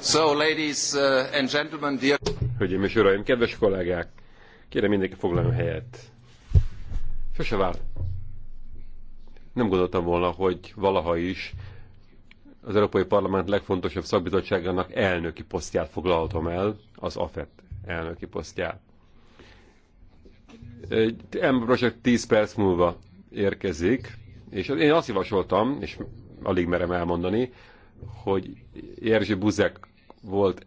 So, ladies uh, and gentlemen, dear... Hölgyeim és uraim, kedves kollégák, kérem mindenki foglaljon helyet. Sose Nem gondoltam volna, hogy valaha is az Európai Parlament legfontosabb szakbizottságának elnöki posztját foglalhatom el, az AFET elnöki posztját. M Project 10 perc múlva érkezik, és én azt javasoltam, és alig merem elmondani, hogy Jerzy Buzek volt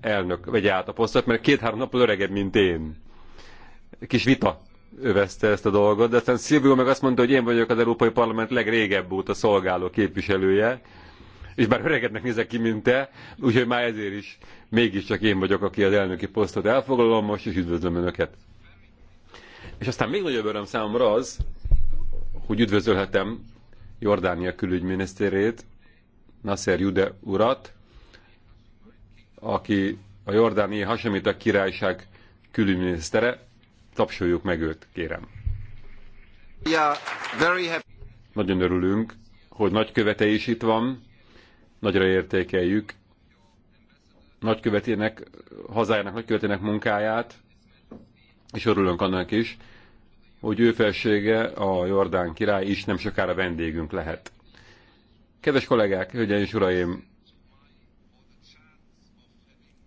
elnök vagy át a posztot, mert két-három nap öregebb, mint én. Kis vita övezte ezt a dolgot, de aztán Szilvió meg azt mondta, hogy én vagyok az Európai Parlament legrégebb óta szolgáló képviselője, és bár öregednek nézek ki, mint te, úgyhogy már ezért is mégiscsak én vagyok, aki az elnöki posztot elfoglalom most, is üdvözlöm Önöket. És aztán még nagyobb öröm számomra az, hogy üdvözölhetem Jordánia külügyminiszterét, Nasser Jude urat, aki a jordáni Hasemita királyság külügyminisztere. Tapsoljuk meg őt, kérem. Nagyon örülünk, hogy nagykövete is itt van. Nagyra értékeljük nagykövetének, hazájának nagykövetének munkáját, és örülünk annak is, hogy ő felsége, a Jordán király is nem sokára vendégünk lehet. Kedves kollégák, hölgyeim és uraim,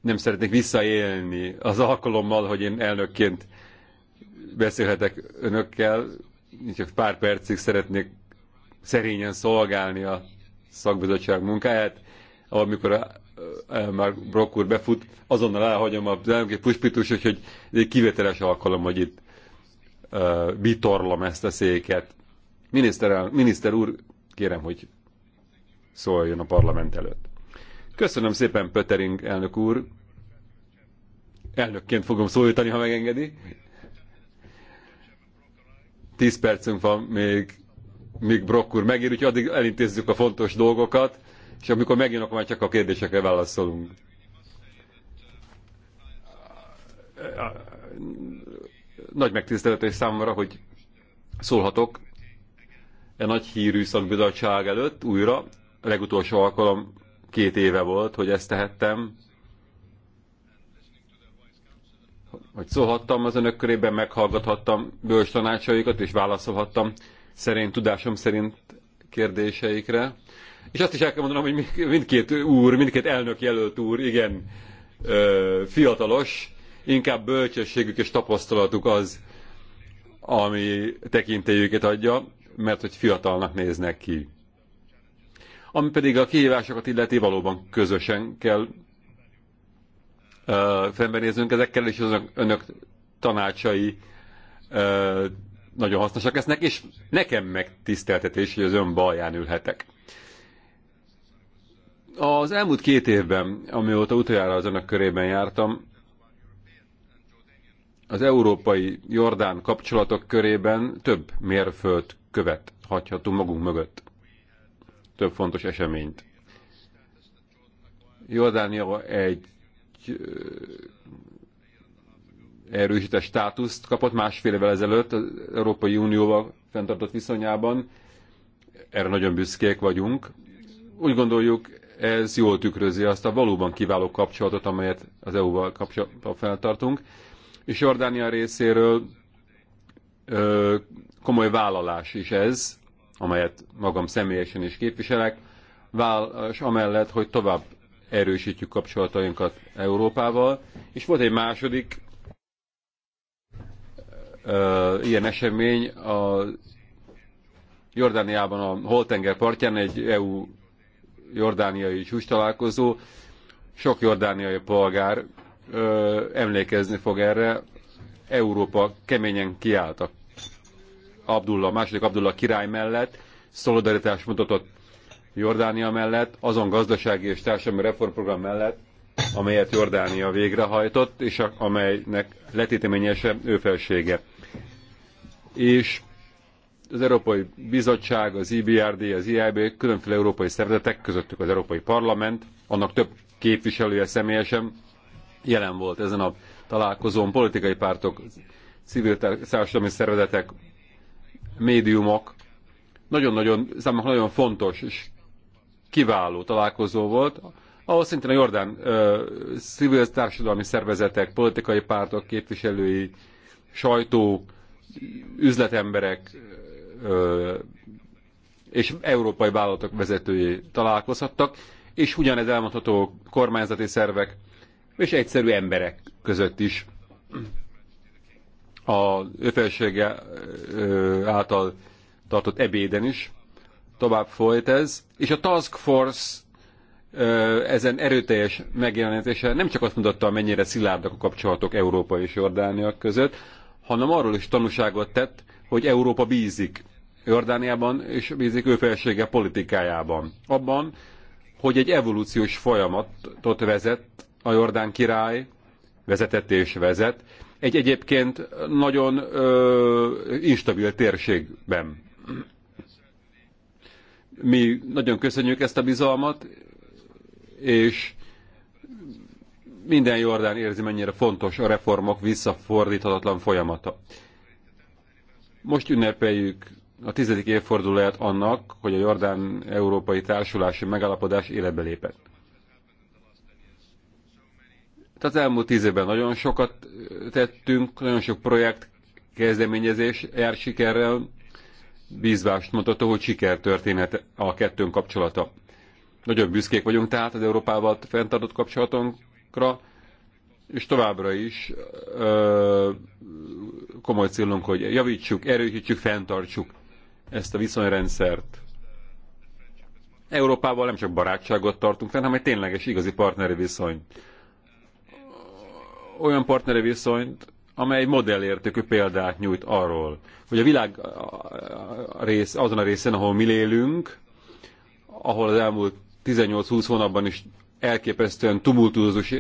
nem szeretnék visszaélni az alkalommal, hogy én elnökként beszélhetek önökkel, csak pár percig szeretnék szerényen szolgálni a szakbizottság munkáját, amikor a, a, a, már Brock úr befut, azonnal elhagyom az elnöki puspitus, hogy egy kivételes alkalom, hogy itt uh, ezt a széket. Miniszter, miniszter úr, kérem, hogy szóljon a parlament előtt. Köszönöm szépen, Pöttering elnök úr. Elnökként fogom szólítani, ha megengedi. Tíz percünk van még, még Brock úr megír, úgyhogy addig elintézzük a fontos dolgokat, és amikor megjön, akkor már csak a kérdésekre válaszolunk. Nagy megtiszteltetés számomra, hogy szólhatok e nagy hírű szakbizottság előtt újra, legutolsó alkalom két éve volt, hogy ezt tehettem, hogy szólhattam az önök körében, meghallgathattam bős tanácsaikat, és válaszolhattam szerint tudásom szerint kérdéseikre. És azt is el kell mondanom, hogy mindkét úr, mindkét elnök jelölt úr, igen, fiatalos, inkább bölcsességük és tapasztalatuk az, ami tekintélyüket adja, mert hogy fiatalnak néznek ki ami pedig a kihívásokat illeti valóban közösen kell ö, szembenéznünk ezekkel, és az önök, önök tanácsai uh, nagyon hasznosak lesznek, és nekem megtiszteltetés, hogy az ön balján ülhetek. Az elmúlt két évben, amióta utoljára az önök körében jártam, az európai-jordán kapcsolatok körében több mérföld követ hagyhatunk magunk mögött több fontos eseményt. Jordánia egy erősített státuszt kapott másfél évvel ezelőtt az Európai Unióval fenntartott viszonyában. Erre nagyon büszkék vagyunk. Úgy gondoljuk, ez jól tükrözi azt a valóban kiváló kapcsolatot, amelyet az EU-val kapcsolatban feltartunk. És Jordánia részéről ö, komoly vállalás is ez, amelyet magam személyesen is képviselek, válasz amellett, hogy tovább erősítjük kapcsolatainkat Európával. És volt egy második ö, ilyen esemény a Jordániában a Holtenger partján egy EU jordániai csúcs találkozó. Sok jordániai polgár ö, emlékezni fog erre. Európa keményen kiálltak Abdullah, második Abdullah király mellett szolidaritást mutatott Jordánia mellett, azon gazdasági és társadalmi reformprogram mellett, amelyet Jordánia végrehajtott, és amelynek letéteményese ő felsége. És az Európai Bizottság, az IBRD, e az e IIB, különféle európai szervezetek, közöttük az Európai Parlament, annak több képviselője személyesen jelen volt ezen a találkozón, politikai pártok, civil társadalmi szervezetek, médiumok nagyon-nagyon, számomra nagyon fontos és kiváló találkozó volt, ahol szintén a Jordán ö, civil társadalmi szervezetek, politikai pártok képviselői, sajtó, üzletemberek ö, és európai vállalatok vezetői találkozhattak, és ugyanez elmondható kormányzati szervek és egyszerű emberek között is a öfelsége által tartott ebéden is tovább folyt ez, és a Task Force ezen erőteljes megjelenítése nem csak azt mutatta, mennyire szilárdak a kapcsolatok Európa és Jordánia között, hanem arról is tanúságot tett, hogy Európa bízik Jordániában, és bízik ő felsége politikájában. Abban, hogy egy evolúciós folyamatot vezet a Jordán király, vezetett és vezet, egy egyébként nagyon ö, instabil térségben. Mi nagyon köszönjük ezt a bizalmat, és minden Jordán érzi, mennyire fontos a reformok visszafordíthatatlan folyamata. Most ünnepeljük a tizedik évfordulóját annak, hogy a Jordán Európai Társulási Megalapodás életbe lépett. Tehát az elmúlt tíz évben nagyon sokat tettünk, nagyon sok projekt kezdeményezés jár sikerrel, bízvást mondható, hogy sikertörténet a kettőn kapcsolata. Nagyon büszkék vagyunk tehát az Európával fenntartott kapcsolatunkra, és továbbra is ö, komoly célunk, hogy javítsuk, erősítsük, fenntartsuk ezt a viszonyrendszert. Európával nem csak barátságot tartunk fenn, hanem egy tényleges, igazi partneri viszonyt olyan partneri viszonyt, amely modellértékű példát nyújt arról, hogy a világ rész, azon a részen, ahol mi élünk, ahol az elmúlt 18-20 hónapban is elképesztően tumultuózus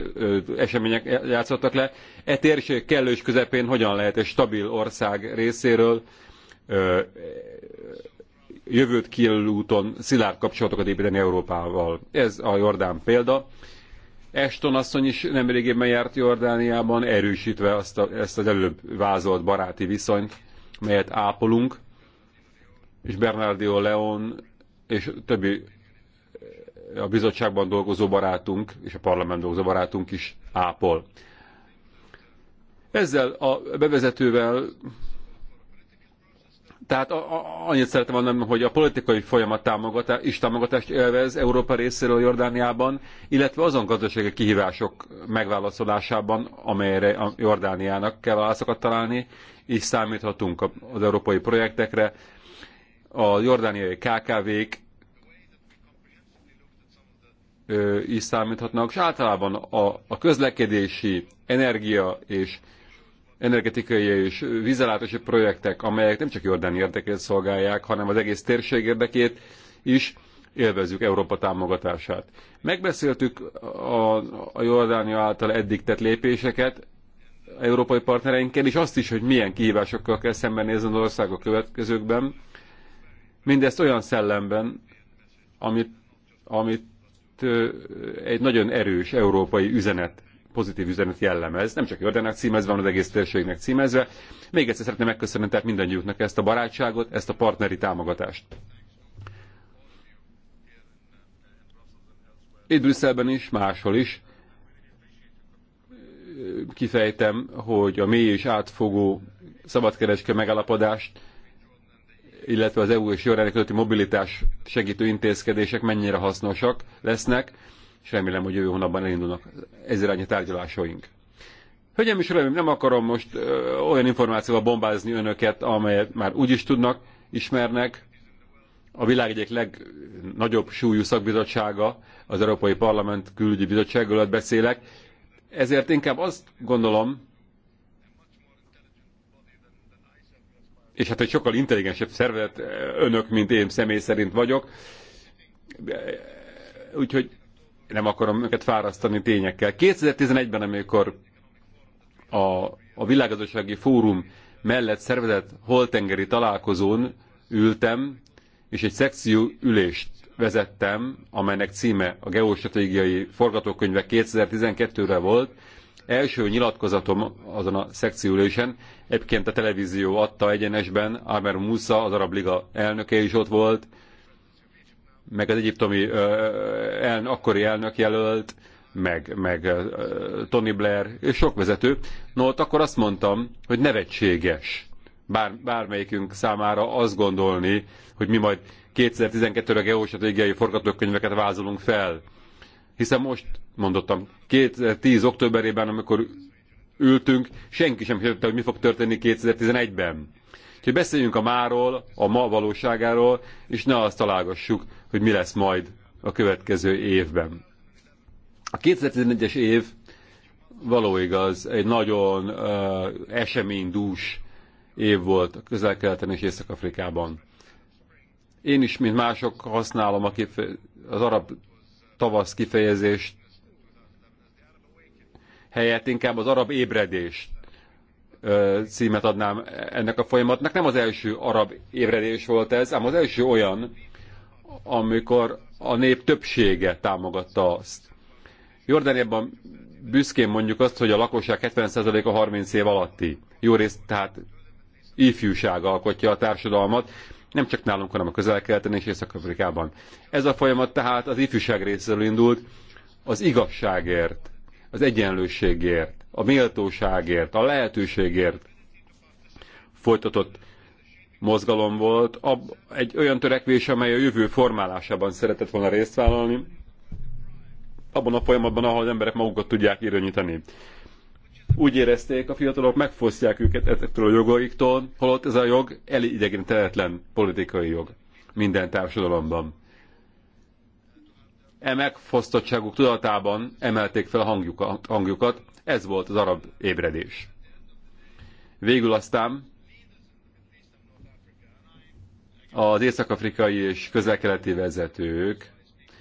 események játszottak le, e térség kellős közepén hogyan lehet egy stabil ország részéről jövőt kielő úton szilárd kapcsolatokat építeni Európával. Ez a Jordán példa. Eston asszony is nemrégében járt Jordániában, erősítve azt a, ezt az előbb vázolt baráti viszonyt, melyet ápolunk, és Bernardio Leon és többi a bizottságban dolgozó barátunk és a parlament dolgozó barátunk is ápol. Ezzel a bevezetővel tehát a, a, annyit szeretem mondani, hogy a politikai folyamat támogatá, is támogatást élvez Európa részéről Jordániában, illetve azon gazdasági kihívások megválaszolásában, amelyre a Jordániának kell válaszokat találni, és számíthatunk az európai projektekre. A jordániai KKV-k is számíthatnak, és általában a, a közlekedési, energia és energetikai és vízellátási projektek, amelyek nem csak Jordán érdekét szolgálják, hanem az egész térség érdekét is élvezzük Európa támogatását. Megbeszéltük a, a Jordánia által eddig tett lépéseket európai partnereinkkel, és azt is, hogy milyen kihívásokkal kell szembenézni az országok következőkben. Mindezt olyan szellemben, amit, amit egy nagyon erős európai üzenet pozitív üzenet jellemez, nem csak Jordának címezve, hanem az egész térségnek címezve. Még egyszer szeretném megköszönni tehát mindannyiuknak ezt a barátságot, ezt a partneri támogatást. Itt Brüsszelben is, máshol is kifejtem, hogy a mély és átfogó szabadkereskedelmi megállapodást illetve az EU és Jordán közötti mobilitás segítő intézkedések mennyire hasznosak lesznek, és remélem, hogy jövő hónapban elindulnak ez a tárgyalásaink. Hölgyeim és uraim, nem akarom most ö, olyan információval bombázni önöket, amelyet már úgyis tudnak, ismernek. A világ egyik legnagyobb súlyú szakbizottsága, az Európai Parlament külügyi bizottságról beszélek. Ezért inkább azt gondolom, és hát egy sokkal intelligensebb szervezet önök, mint én személy szerint vagyok. Úgyhogy nem akarom őket fárasztani tényekkel. 2011-ben, amikor a, a világgazdasági fórum mellett szervezett holtengeri találkozón ültem, és egy szekció ülést vezettem, amelynek címe a geostratégiai forgatókönyve 2012-re volt. Első nyilatkozatom azon a ülésen. egyébként a televízió adta egyenesben, Ámer Musa, az Arab Liga elnöke is ott volt, meg az egyiptomi el, akkori elnök jelölt, meg, meg Tony Blair, és sok vezető. No, ott akkor azt mondtam, hogy nevetséges bár, bármelyikünk számára azt gondolni, hogy mi majd 2012-re geostratégiai forgatókönyveket vázolunk fel. Hiszen most, mondottam, 2010. októberében, amikor ültünk, senki sem tudta, hogy mi fog történni 2011-ben. Úgyhogy beszéljünk a máról, a ma valóságáról, és ne azt találgassuk, hogy mi lesz majd a következő évben. A 2011-es év való igaz, egy nagyon uh, eseménydús év volt a közel-keleten és Észak-Afrikában. Én is, mint mások, használom a kife- az arab tavasz kifejezést, helyett inkább az arab ébredést címet adnám ennek a folyamatnak. Nem az első arab ébredés volt ez, ám az első olyan, amikor a nép többsége támogatta azt. Jordániában büszkén mondjuk azt, hogy a lakosság 70%-a 30 év alatti. Jó részt tehát ifjúság alkotja a társadalmat, nem csak nálunk, hanem a közel-keleten és Észak-Afrikában. Ez a folyamat tehát az ifjúság részéről indult, az igazságért, az egyenlőségért, a méltóságért, a lehetőségért folytatott mozgalom volt, ab, egy olyan törekvés, amely a jövő formálásában szeretett volna részt vállalni, abban a folyamatban, ahol az emberek magukat tudják irányítani. Úgy érezték, a fiatalok megfosztják őket ezektől a jogaiktól, holott ez a jog elidegenítetlen politikai jog minden társadalomban. E megfosztottságuk tudatában emelték fel hangjuk, hangjukat, ez volt az arab ébredés. Végül aztán az észak-afrikai és közel-keleti vezetők,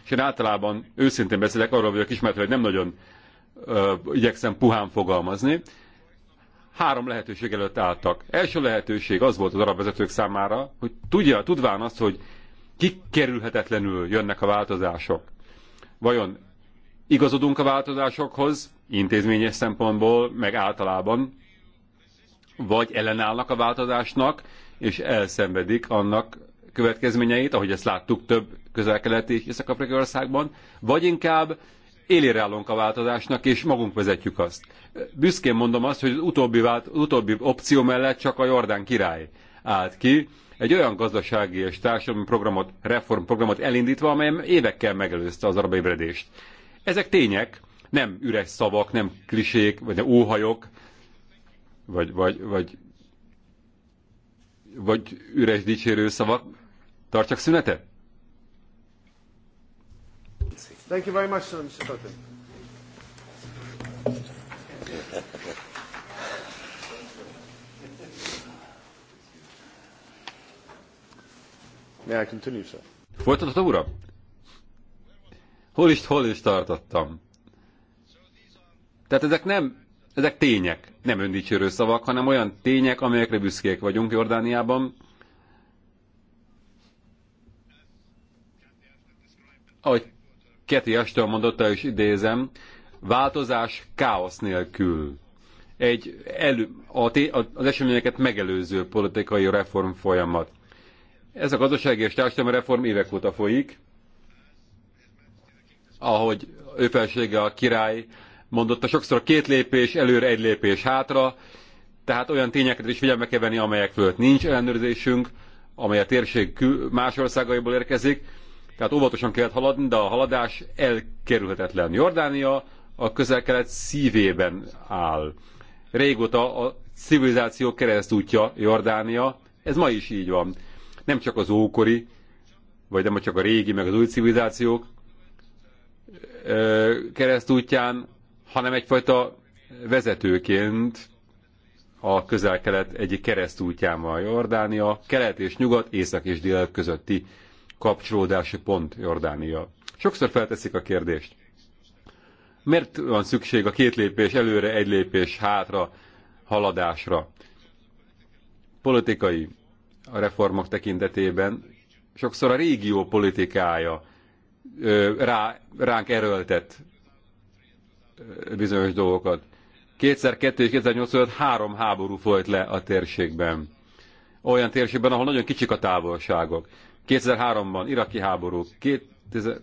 és én általában őszintén beszélek, arról vagyok ismert, hogy nem nagyon ö, igyekszem puhán fogalmazni, három lehetőség előtt álltak. Első lehetőség az volt az arab vezetők számára, hogy tudja, tudván azt, hogy kikerülhetetlenül jönnek a változások. Vajon igazodunk a változásokhoz, intézményes szempontból, meg általában, vagy ellenállnak a változásnak, és elszenvedik annak következményeit, ahogy ezt láttuk több közel-keleti és észak-afrikai országban, vagy inkább élére állunk a változásnak, és magunk vezetjük azt. Büszkén mondom azt, hogy az utóbbi, vált, az utóbbi opció mellett csak a Jordán király állt ki, egy olyan gazdasági és társadalmi programot, reformprogramot elindítva, amely évekkel megelőzte az arab ébredést. Ezek tények, nem üres szavak, nem klisék, vagy nem óhajok, vagy, vagy, vagy, vagy üres dicsérő szavak. Tartsak szünetet? Thank you very much, Mr. Cotton. May I continue, sir? Folytatod, uram? Hol is, hol is tartottam? Tehát ezek nem, ezek tények, nem öndicsérő szavak, hanem olyan tények, amelyekre büszkék vagyunk Jordániában. Ahogy Keti Aston mondotta, és idézem, változás káosz nélkül. Egy elő, a, té, az eseményeket megelőző politikai reform folyamat. Ez a gazdasági és társadalmi reform évek óta folyik, ahogy ő felsége a király mondotta, sokszor két lépés előre, egy lépés hátra, tehát olyan tényeket is figyelme kell venni, amelyek fölött nincs ellenőrzésünk, amely a térség más országaiból érkezik, tehát óvatosan kellett haladni, de a haladás elkerülhetetlen. Jordánia a közel-kelet szívében áll. Régóta a civilizáció keresztútja Jordánia, ez ma is így van. Nem csak az ókori, vagy nem csak a régi, meg az új civilizációk, keresztútján, hanem egyfajta vezetőként a közel-kelet egyik keresztútján van Jordánia, kelet és nyugat, észak és dél közötti kapcsolódási pont Jordánia. Sokszor felteszik a kérdést, miért van szükség a két lépés előre, egy lépés hátra haladásra? Politikai reformok tekintetében sokszor a régió politikája rá, ránk erőltet bizonyos dolgokat. 2002 és 2008 között három háború folyt le a térségben. Olyan térségben, ahol nagyon kicsik a távolságok. 2003-ban iraki háború, 2006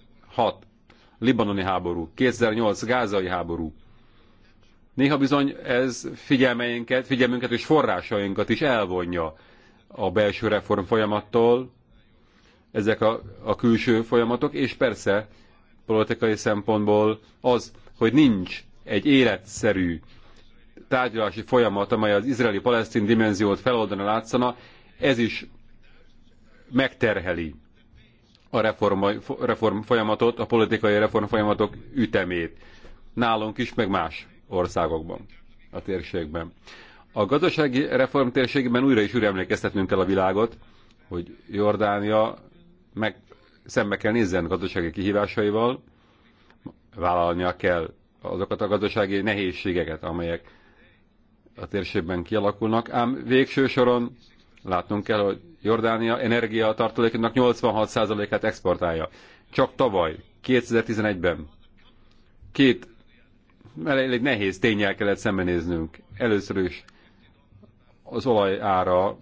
libanoni háború, 2008 gázai háború. Néha bizony ez figyelmeinket, figyelmünket és forrásainkat is elvonja a belső reform folyamattól, ezek a, a külső folyamatok, és persze politikai szempontból az, hogy nincs egy életszerű tárgyalási folyamat, amely az izraeli-palesztin dimenziót feloldani látszana, ez is megterheli a reform, reform folyamatot, a politikai reform folyamatok ütemét. Nálunk is, meg más országokban, a térségben. A gazdasági reform térségben újra is újra emlékeztetnünk kell a világot, hogy Jordánia meg szembe kell nézzen gazdasági kihívásaival, vállalnia kell azokat a gazdasági nehézségeket, amelyek a térségben kialakulnak, ám végső soron látnunk kell, hogy Jordánia energiatartalékának 86%-át exportálja. Csak tavaly, 2011-ben két elég nehéz tényel kellett szembenéznünk. Először is az olaj ára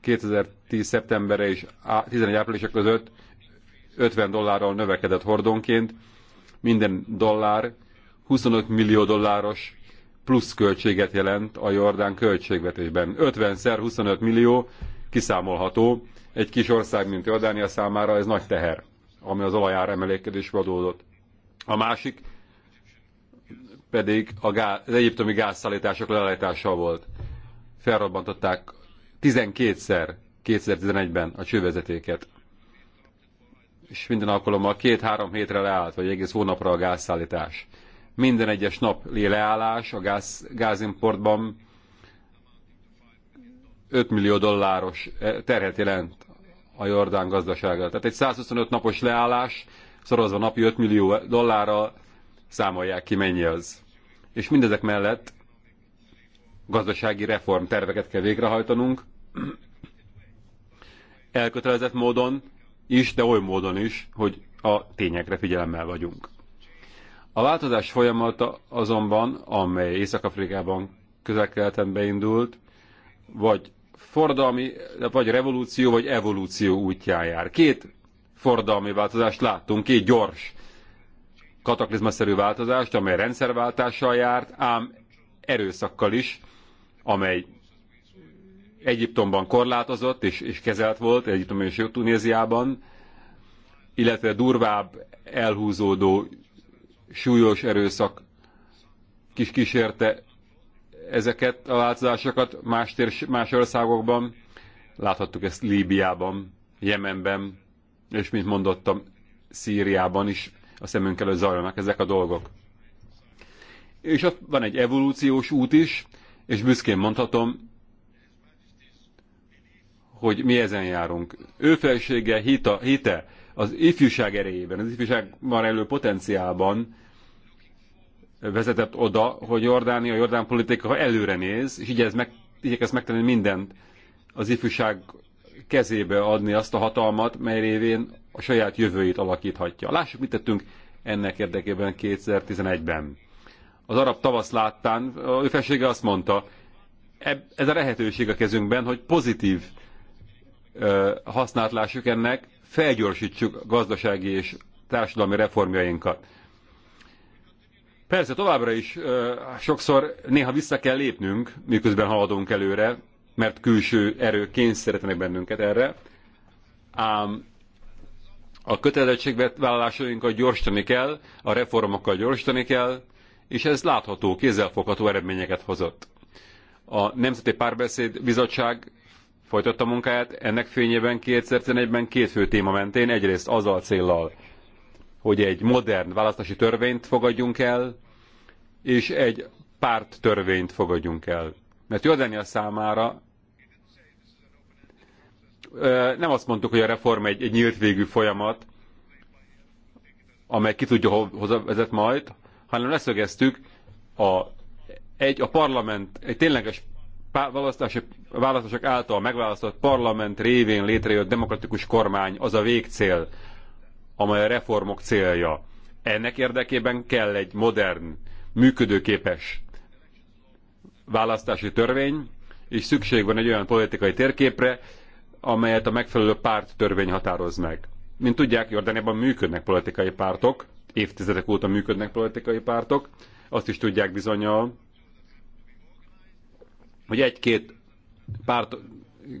2000 10. szeptembere és 11. áprilisa között 50 dollárral növekedett hordonként, minden dollár 25 millió dolláros plusz költséget jelent a Jordán költségvetésben. 50-szer 25 millió kiszámolható, egy kis ország, mint Jordánia számára ez nagy teher, ami az olajár emelkedésből adódott. A másik pedig a gáz, az egyiptomi gázszállítások leállítása volt. Felrobbantották 12-szer 2011-ben a csővezetéket. És minden alkalommal két-három hétre leállt, vagy egész hónapra a gázszállítás. Minden egyes nap leállás a gáz, gázimportban 5 millió dolláros eh, terhet jelent a Jordán gazdasága. Tehát egy 125 napos leállás, szorozva napi 5 millió dollárral számolják ki, mennyi az. És mindezek mellett gazdasági reform terveket kell végrehajtanunk, elkötelezett módon is, de oly módon is, hogy a tényekre figyelemmel vagyunk. A változás folyamata azonban, amely Észak-Afrikában közel-keleten beindult, vagy fordalmi, vagy revolúció, vagy evolúció útján jár. Két fordalmi változást láttunk, két gyors kataklizmaszerű változást, amely rendszerváltással járt, ám erőszakkal is, amely Egyiptomban korlátozott és, és kezelt volt, Egyiptom és Tunéziában, illetve durvább, elhúzódó, súlyos erőszak kis kísérte ezeket a változásokat más, térs, más országokban. Láthattuk ezt Líbiában, Jemenben, és mint mondottam, Szíriában is a szemünk előtt zajlanak ezek a dolgok. És ott van egy evolúciós út is, és büszkén mondhatom, hogy mi ezen járunk. Ő felsége hita, hite az ifjúság erejében, az ifjúság már elő potenciálban vezetett oda, hogy Jordánia, a jordán politika előre néz, és igyekez, meg, igyekez megtenni mindent az ifjúság kezébe adni azt a hatalmat, mely révén a saját jövőjét alakíthatja. Lássuk, mit tettünk ennek érdekében 2011-ben. Az arab tavasz láttán, a ő felsége azt mondta, ez a lehetőség a kezünkben, hogy pozitív hasznát lássuk ennek, felgyorsítsuk gazdasági és társadalmi reformjainkat. Persze továbbra is sokszor néha vissza kell lépnünk, miközben haladunk előre, mert külső erők kényszerítenek bennünket erre, ám a kötelezettségvállalásainkat gyorsítani kell, a reformokkal gyorsítani kell, és ez látható, kézzelfogható eredményeket hozott. A Nemzeti Párbeszéd Bizottság folytatta munkáját, ennek fényében 2011-ben két fő téma mentén, egyrészt azzal a céllal, hogy egy modern választási törvényt fogadjunk el, és egy párt törvényt fogadjunk el. Mert Jordania számára nem azt mondtuk, hogy a reform egy, egy nyílt végű folyamat, amely ki tudja, hova vezet majd, hanem leszögeztük a, egy a parlament, egy tényleges választások által megválasztott parlament révén létrejött demokratikus kormány az a végcél, amely a reformok célja. Ennek érdekében kell egy modern, működőképes választási törvény, és szükség van egy olyan politikai térképre, amelyet a megfelelő párt törvény határoz meg. Mint tudják, Jordániában működnek politikai pártok, évtizedek óta működnek politikai pártok, azt is tudják bizonyal, hogy egy-két párt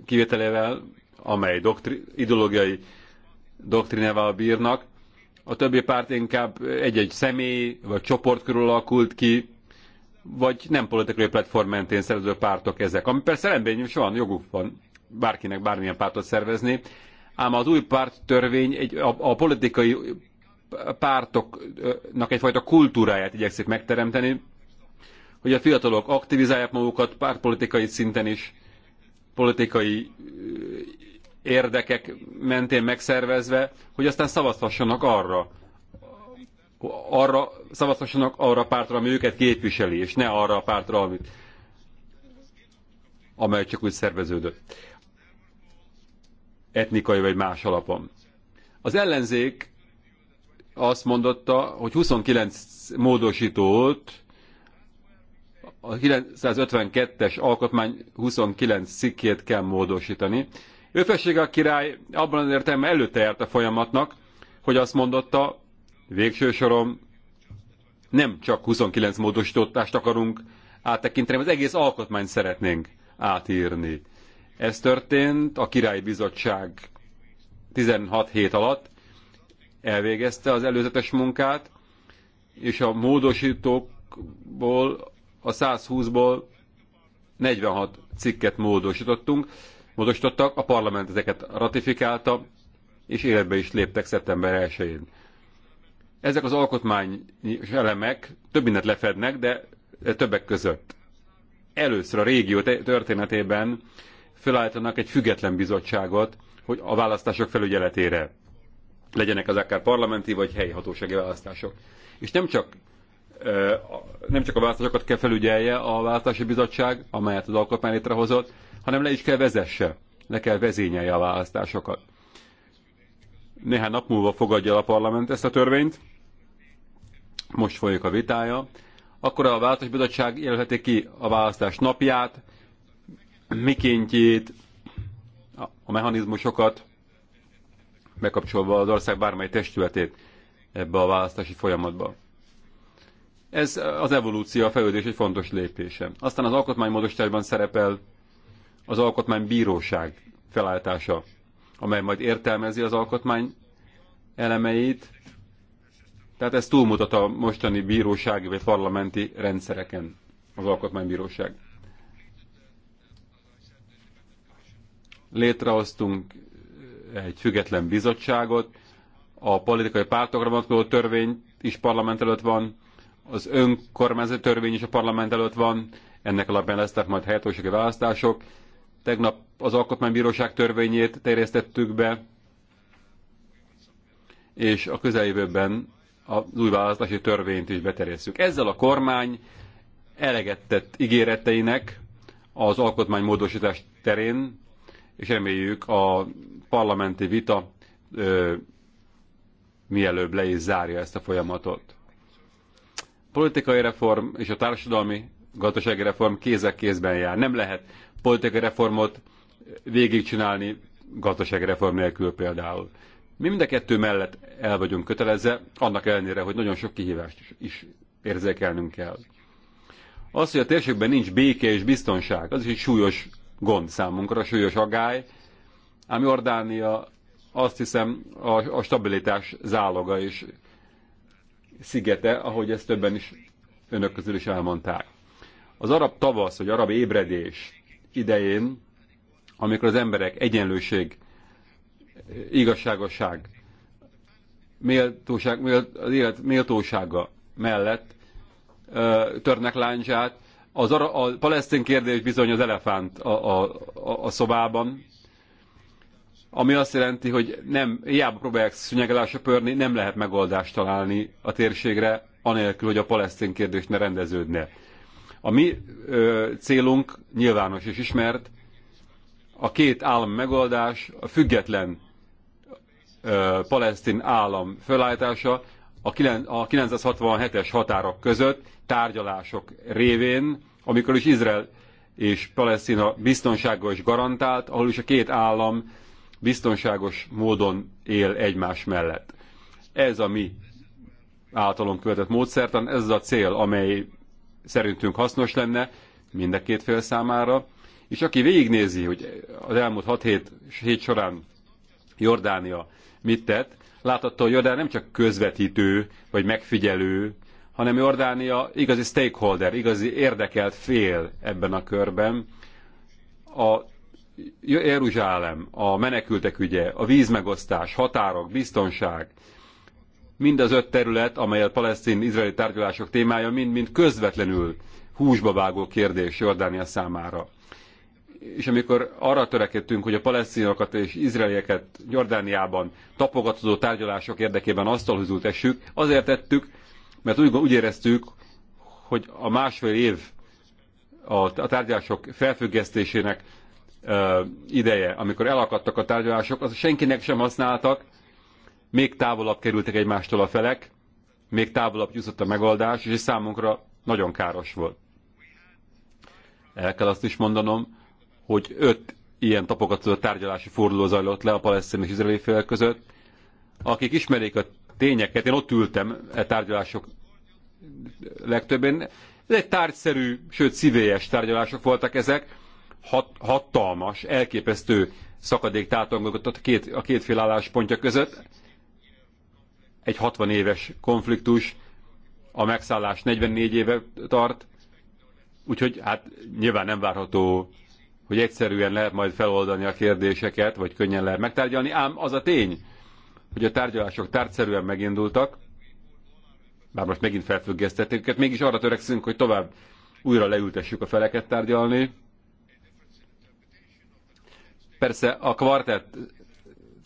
kivételével, amely doktri, ideológiai doktrinával bírnak, a többi párt inkább egy-egy személy vagy csoport körül alakult ki, vagy nem politikai platform mentén szervező pártok ezek. Ami persze rendben is van, joguk van bárkinek bármilyen pártot szervezni, ám az új párt törvény egy, a, a politikai pártoknak egyfajta kultúráját igyekszik megteremteni, hogy a fiatalok aktivizálják magukat pártpolitikai szinten is, politikai érdekek mentén megszervezve, hogy aztán szavazhassanak arra, arra szavazhassanak arra a pártra, ami őket képviseli, és ne arra a pártra, amit, amely csak úgy szerveződött. Etnikai vagy más alapon. Az ellenzék azt mondotta, hogy 29 módosítót a 952-es alkotmány 29 cikkét kell módosítani. Ő felsége a király abban az értelemben előtte járt a folyamatnak, hogy azt mondotta, végső soron nem csak 29 módosítást akarunk áttekinteni, az egész alkotmányt szeretnénk átírni. Ez történt, a királyi bizottság 16 hét alatt elvégezte az előzetes munkát, és a módosítókból a 120-ból 46 cikket módosítottunk, módosítottak, a parlament ezeket ratifikálta, és életbe is léptek szeptember 1-én. Ezek az alkotmányi elemek több mindent lefednek, de többek között. Először a régió történetében felállítanak egy független bizottságot, hogy a választások felügyeletére legyenek az akár parlamenti vagy helyi hatósági választások. És nem csak nem csak a változásokat kell felügyelje a Választási bizottság, amelyet az alkotmány létrehozott, hanem le is kell vezesse, le kell vezényelje a választásokat. Néhány nap múlva fogadja el a parlament ezt a törvényt, most folyik a vitája, akkor a Választási bizottság jelölheti ki a választás napját, mikéntjét, a mechanizmusokat, bekapcsolva az ország bármely testületét ebbe a választási folyamatba. Ez az evolúció, a fejlődés egy fontos lépése. Aztán az alkotmánymódosításban szerepel az alkotmánybíróság felállítása, amely majd értelmezi az alkotmány elemeit, tehát ez túlmutat a mostani bírósági vagy parlamenti rendszereken az alkotmánybíróság. Létrehoztunk egy független bizottságot, a politikai pártokra vonatkozó törvény is parlament előtt van, az önkormányzat törvény is a parlament előtt van, ennek alapján lesznek majd helyhatósági választások. Tegnap az alkotmánybíróság törvényét terjesztettük be, és a közeljövőben az új választási törvényt is beterjesztjük Ezzel a kormány eleget tett ígéreteinek az alkotmánymódosítás terén, és reméljük a parlamenti vita ö, mielőbb le is zárja ezt a folyamatot politikai reform és a társadalmi gazdasági reform kézek kézben jár. Nem lehet politikai reformot végigcsinálni gazdasági reform nélkül például. Mi mind a kettő mellett el vagyunk kötelezve, annak ellenére, hogy nagyon sok kihívást is, érzékelnünk kell. Az, hogy a térségben nincs béke és biztonság, az is egy súlyos gond számunkra, súlyos agály, ám Jordánia azt hiszem a, a stabilitás záloga és szigete, ahogy ezt többen is önök közül is elmondták. Az arab tavasz, vagy arab ébredés idején, amikor az emberek egyenlőség, igazságosság, méltóság, mélt, az élet méltósága mellett ö, törnek láncsát, az arab a palesztin kérdés bizony az elefánt a, a, a, a szobában, ami azt jelenti, hogy nem, hiába próbálják szűnyeggel söpörni, nem lehet megoldást találni a térségre, anélkül, hogy a palesztin kérdés ne rendeződne. A mi ö, célunk nyilvános és ismert, a két állam megoldás, a független ö, palesztin állam fölállítása a, a 967-es határok között tárgyalások révén, amikor is Izrael és Palesztina biztonságos garantált, ahol is a két állam biztonságos módon él egymás mellett. Ez a mi általunk követett módszertan, ez a cél, amely szerintünk hasznos lenne mind a két fél számára, és aki végignézi, hogy az elmúlt 6 hét, hét során Jordánia mit tett, láthatta, hogy Jordán nem csak közvetítő vagy megfigyelő, hanem Jordánia igazi stakeholder, igazi érdekelt fél ebben a körben. A Jeruzsálem, a menekültek ügye, a vízmegosztás, határok, biztonság, mind az öt terület, amely a palesztin-izraeli tárgyalások témája, mind-mind közvetlenül húsba vágó kérdés Jordánia számára. És amikor arra törekedtünk, hogy a palesztinokat és izraelieket Jordániában tapogatózó tárgyalások érdekében asztalhoz ültessük, azért tettük, mert úgy, úgy éreztük, hogy a másfél év a tárgyalások felfüggesztésének ideje, amikor elakadtak a tárgyalások, az senkinek sem használtak, még távolabb kerültek egymástól a felek, még távolabb jutott a megoldás, és számunkra nagyon káros volt. El kell azt is mondanom, hogy öt ilyen tapogató tárgyalási forduló zajlott le a palesztin és izraeli fél között. Akik ismerik a tényeket, én ott ültem e tárgyalások legtöbbén. Ez egy tárgyszerű, sőt szívélyes tárgyalások voltak ezek, hat, hatalmas, elképesztő szakadék tátongott a két, a két fél álláspontja között. Egy 60 éves konfliktus, a megszállás 44 éve tart, úgyhogy hát nyilván nem várható, hogy egyszerűen lehet majd feloldani a kérdéseket, vagy könnyen lehet megtárgyalni, ám az a tény, hogy a tárgyalások tárgyszerűen megindultak, bár most megint felfüggesztették őket, mégis arra törekszünk, hogy tovább újra leültessük a feleket tárgyalni, Persze a kvartett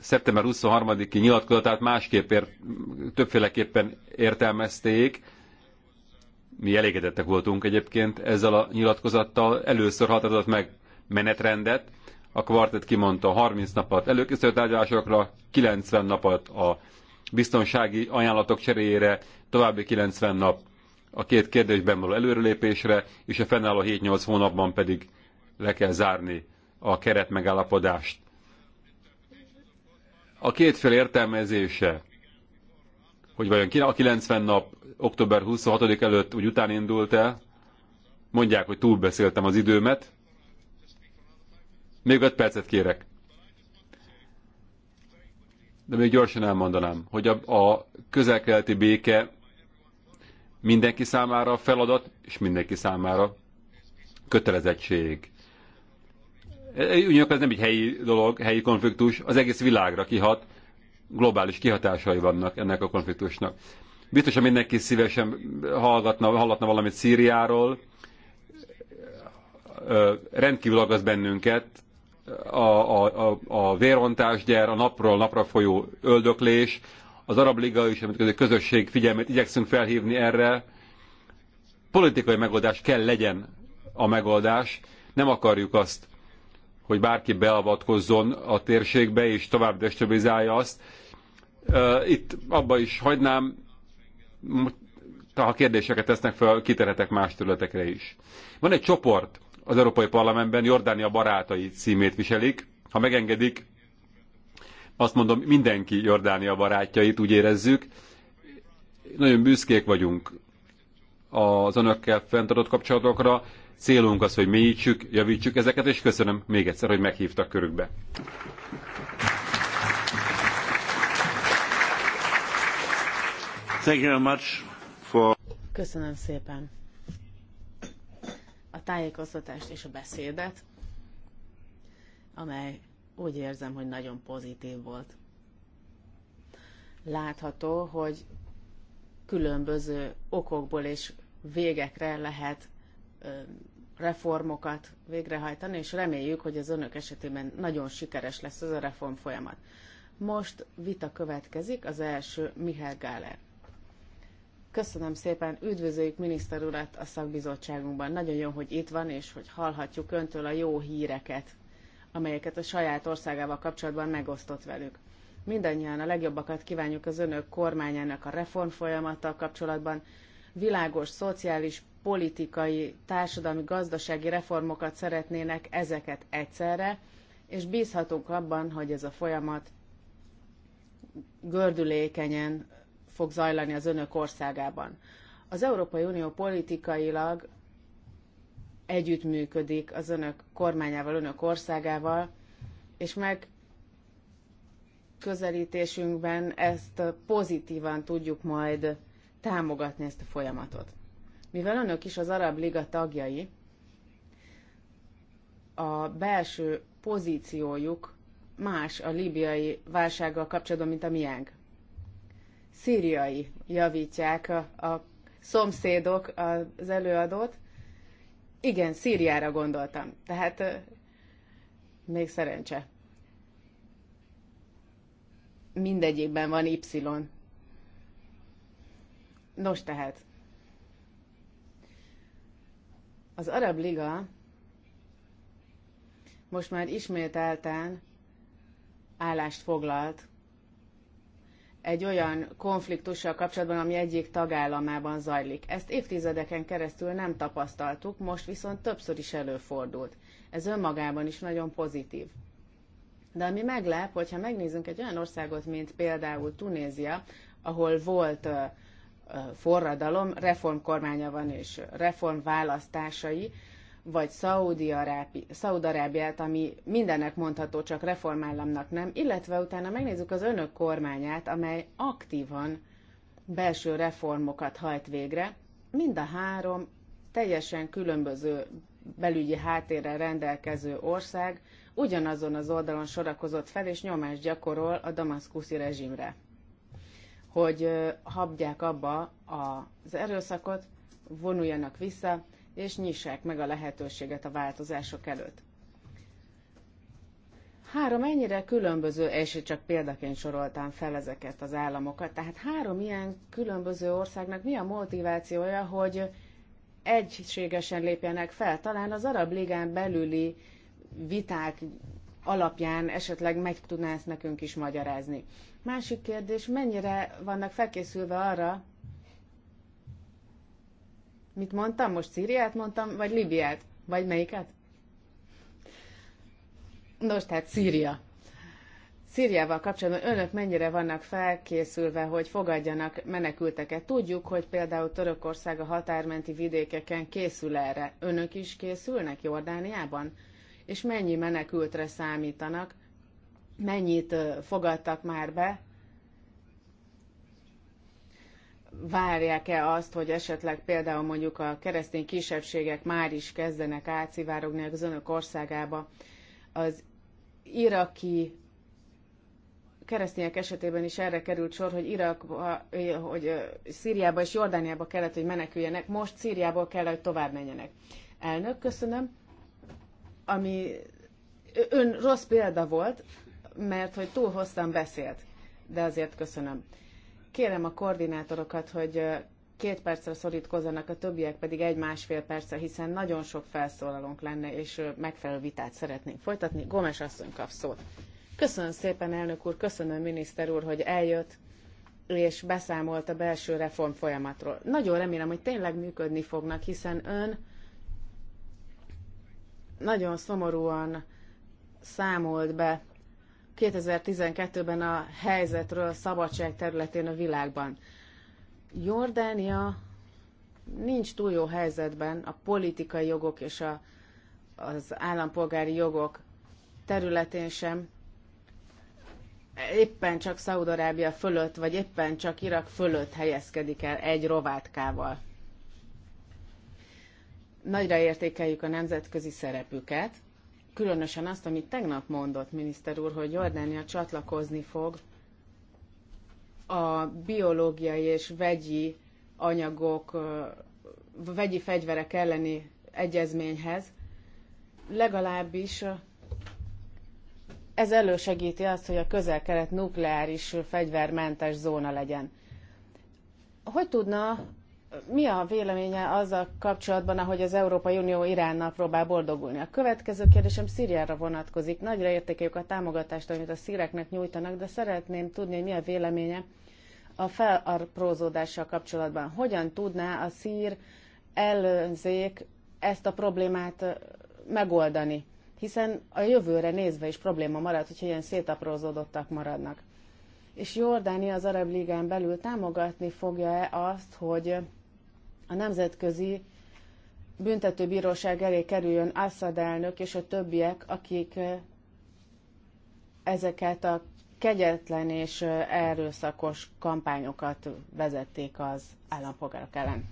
szeptember 23-i nyilatkozatát másképp ért, többféleképpen értelmezték. Mi elégedettek voltunk egyébként ezzel a nyilatkozattal. Először határozott meg menetrendet. A kvartett kimondta 30 napot előkészítő tárgyalásokra, 90 napot a biztonsági ajánlatok cseréjére, további 90 nap a két kérdésben való előrelépésre, és a fennálló 7-8 hónapban pedig le kell zárni a keretmegállapodást. A két fél értelmezése, hogy vajon a 90 nap október 26 előtt úgy után indult el, mondják, hogy túlbeszéltem az időmet, még öt percet kérek. De még gyorsan elmondanám, hogy a, a közelkeleti béke mindenki számára feladat, és mindenki számára kötelezettség. Ugyanakkor ez nem egy helyi dolog, helyi konfliktus, az egész világra kihat, globális kihatásai vannak ennek a konfliktusnak. Biztos, hogy mindenki szívesen hallgatna, hallatna valamit Szíriáról, rendkívül aggaszt bennünket a, a, a, a vérontásgyár, a napról napra folyó öldöklés, az Arab Liga és a közösség figyelmét igyekszünk felhívni erre. Politikai megoldás kell legyen a megoldás, nem akarjuk azt, hogy bárki beavatkozzon a térségbe és tovább destabilizálja azt. Itt abba is hagynám, ha kérdéseket tesznek fel, kiterhetek más területekre is. Van egy csoport az Európai Parlamentben, Jordánia barátai címét viselik. Ha megengedik, azt mondom, mindenki Jordánia barátjait, úgy érezzük. Nagyon büszkék vagyunk az önökkel fenntartott kapcsolatokra, Célunk az, hogy mélyítsük, javítsuk ezeket, és köszönöm még egyszer, hogy meghívtak körükbe. Thank you very much for... Köszönöm szépen a tájékoztatást és a beszédet, amely úgy érzem, hogy nagyon pozitív volt. Látható, hogy különböző okokból és végekre lehet reformokat végrehajtani, és reméljük, hogy az önök esetében nagyon sikeres lesz ez a reform folyamat. Most vita következik, az első Mihály Gáler. Köszönöm szépen, üdvözöljük miniszter urat a szakbizottságunkban. Nagyon jó, hogy itt van, és hogy hallhatjuk öntől a jó híreket, amelyeket a saját országával kapcsolatban megosztott velük. Mindannyian a legjobbakat kívánjuk az önök kormányának a reform folyamattal kapcsolatban. Világos, szociális, politikai, társadalmi, gazdasági reformokat szeretnének ezeket egyszerre, és bízhatunk abban, hogy ez a folyamat gördülékenyen fog zajlani az önök országában. Az Európai Unió politikailag együttműködik az önök kormányával, önök országával, és meg közelítésünkben ezt pozitívan tudjuk majd támogatni ezt a folyamatot. Mivel önök is az Arab Liga tagjai, a belső pozíciójuk más a líbiai válsággal kapcsolatban, mint a miénk. Szíriai javítják a, a szomszédok az előadót. Igen, Szíriára gondoltam. Tehát még szerencse. Mindegyikben van Y. Nos tehát, Az Arab Liga most már ismételten állást foglalt egy olyan konfliktussal kapcsolatban, ami egyik tagállamában zajlik. Ezt évtizedeken keresztül nem tapasztaltuk, most viszont többször is előfordult. Ez önmagában is nagyon pozitív. De ami meglep, hogyha megnézzünk egy olyan országot, mint például Tunézia, ahol volt forradalom, reformkormánya van és reformválasztásai, vagy Szaúd-Arábiát, ami mindennek mondható, csak reformállamnak nem, illetve utána megnézzük az önök kormányát, amely aktívan belső reformokat hajt végre. Mind a három teljesen különböző belügyi háttérrel rendelkező ország ugyanazon az oldalon sorakozott fel, és nyomást gyakorol a damaszkuszi rezsimre hogy habdják abba az erőszakot, vonuljanak vissza, és nyissák meg a lehetőséget a változások előtt. Három ennyire különböző, és csak példaként soroltam fel ezeket az államokat, tehát három ilyen különböző országnak mi a motivációja, hogy egységesen lépjenek fel. Talán az Arab Ligán belüli viták alapján esetleg meg tudná ezt nekünk is magyarázni. Másik kérdés, mennyire vannak felkészülve arra, mit mondtam most, Szíriát mondtam, vagy Libiát, vagy melyiket? Nos, tehát Szíria. Szíriával kapcsolatban önök mennyire vannak felkészülve, hogy fogadjanak menekülteket? Tudjuk, hogy például Törökország a határmenti vidékeken készül erre. Önök is készülnek Jordániában? És mennyi menekültre számítanak? mennyit fogadtak már be, várják-e azt, hogy esetleg például mondjuk a keresztény kisebbségek már is kezdenek átszivárogni az önök országába. Az iraki keresztények esetében is erre került sor, hogy Irak, hogy Szíriába és Jordániába kellett, hogy meneküljenek, most Szíriából kell, hogy tovább menjenek. Elnök, köszönöm. Ami ön rossz példa volt, mert hogy túl hosszan beszélt, de azért köszönöm. Kérem a koordinátorokat, hogy két percre szorítkozzanak, a többiek pedig egy-másfél percre, hiszen nagyon sok felszólalónk lenne, és megfelelő vitát szeretnénk folytatni. Gomes asszony kap szót. Köszönöm szépen, elnök úr, köszönöm, miniszter úr, hogy eljött és beszámolt a belső reform folyamatról. Nagyon remélem, hogy tényleg működni fognak, hiszen ön nagyon szomorúan számolt be 2012-ben a helyzetről a szabadság területén a világban. Jordánia nincs túl jó helyzetben a politikai jogok és a, az állampolgári jogok területén sem. Éppen csak Szaudarábia fölött, vagy éppen csak Irak fölött helyezkedik el egy rovátkával. Nagyra értékeljük a nemzetközi szerepüket, különösen azt, amit tegnap mondott miniszter úr, hogy Jordánia csatlakozni fog a biológiai és vegyi anyagok, vegyi fegyverek elleni egyezményhez, legalábbis ez elősegíti azt, hogy a közel-kelet nukleáris fegyvermentes zóna legyen. Hogy tudna mi a véleménye azzal kapcsolatban, ahogy az Európai Unió Iránnal próbál boldogulni? A következő kérdésem Szíriára vonatkozik. Nagyra értékeljük a támogatást, amit a szíreknek nyújtanak, de szeretném tudni, hogy mi a véleménye a felaprózódással kapcsolatban. Hogyan tudná a szír ellenzék ezt a problémát megoldani? Hiszen a jövőre nézve is probléma marad, hogyha ilyen szétaprózódottak maradnak és Jordánia az Arab Ligán belül támogatni fogja-e azt, hogy a nemzetközi büntetőbíróság elé kerüljön Assad elnök és a többiek, akik ezeket a kegyetlen és erőszakos kampányokat vezették az állampolgárok ellen.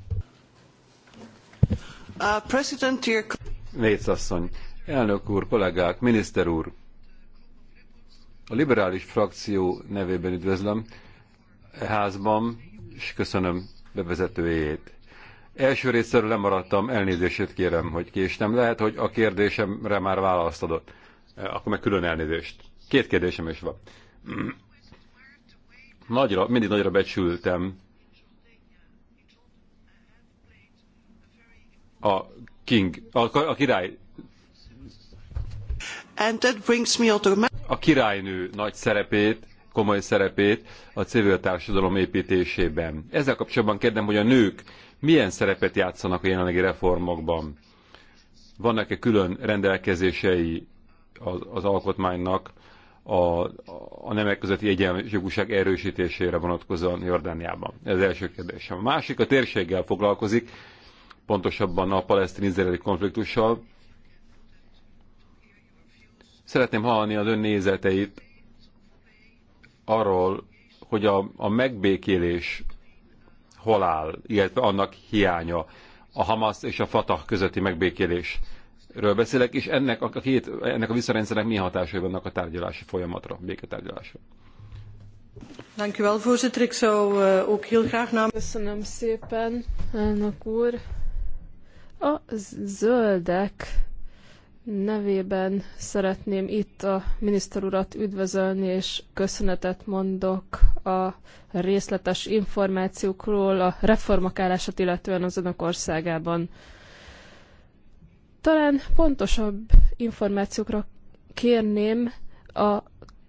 Uh, asszony, elnök úr, kollégák, miniszter úr, a liberális frakció nevében üdvözlöm házban, és köszönöm bevezetőjét. Első részről lemaradtam, elnézését kérem, hogy késtem. Lehet, hogy a kérdésemre már választ adott. E, akkor meg külön elnézést. Két kérdésem is van. Nagyra, mindig nagyra becsültem a King, a, a király And that brings me A királynő nagy szerepét, komoly szerepét a civil társadalom építésében. Ezzel kapcsolatban kérdem, hogy a nők milyen szerepet játszanak a jelenlegi reformokban? Vannak-e külön rendelkezései az, az alkotmánynak a, a nemek közötti egyenjogúság erősítésére vonatkozóan Jordániában? Ez az első kérdésem. A másik a térséggel foglalkozik, pontosabban a palesztin-izraeli konfliktussal. Szeretném hallani az ön nézeteit arról, hogy a, a megbékélés hol áll, illetve annak hiánya, a Hamas és a Fatah közötti megbékélésről beszélek, és ennek a, két, ennek a visszarendszernek mi hatásai vannak a tárgyalási folyamatra, béketárgyalásra. Dank u wel, voorzitter. Ik zou uh, ook heel graag naam... Köszönöm szépen, elnök úr. A zöldek nevében szeretném itt a miniszter urat üdvözölni, és köszönetet mondok a részletes információkról, a reformok állását illetően az önök országában. Talán pontosabb információkra kérném a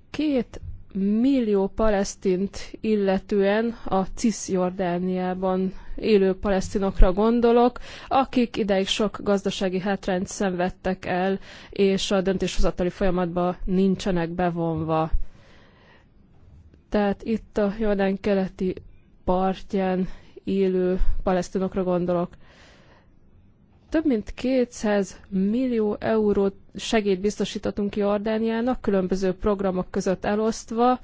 két millió palesztint illetően a Cisjordániában élő palesztinokra gondolok, akik ideig sok gazdasági hátrányt szenvedtek el, és a döntéshozatali folyamatba nincsenek bevonva. Tehát itt a Jordán keleti partján élő palesztinokra gondolok több mint 200 millió eurót segélyt biztosítottunk Jordániának, különböző programok között elosztva,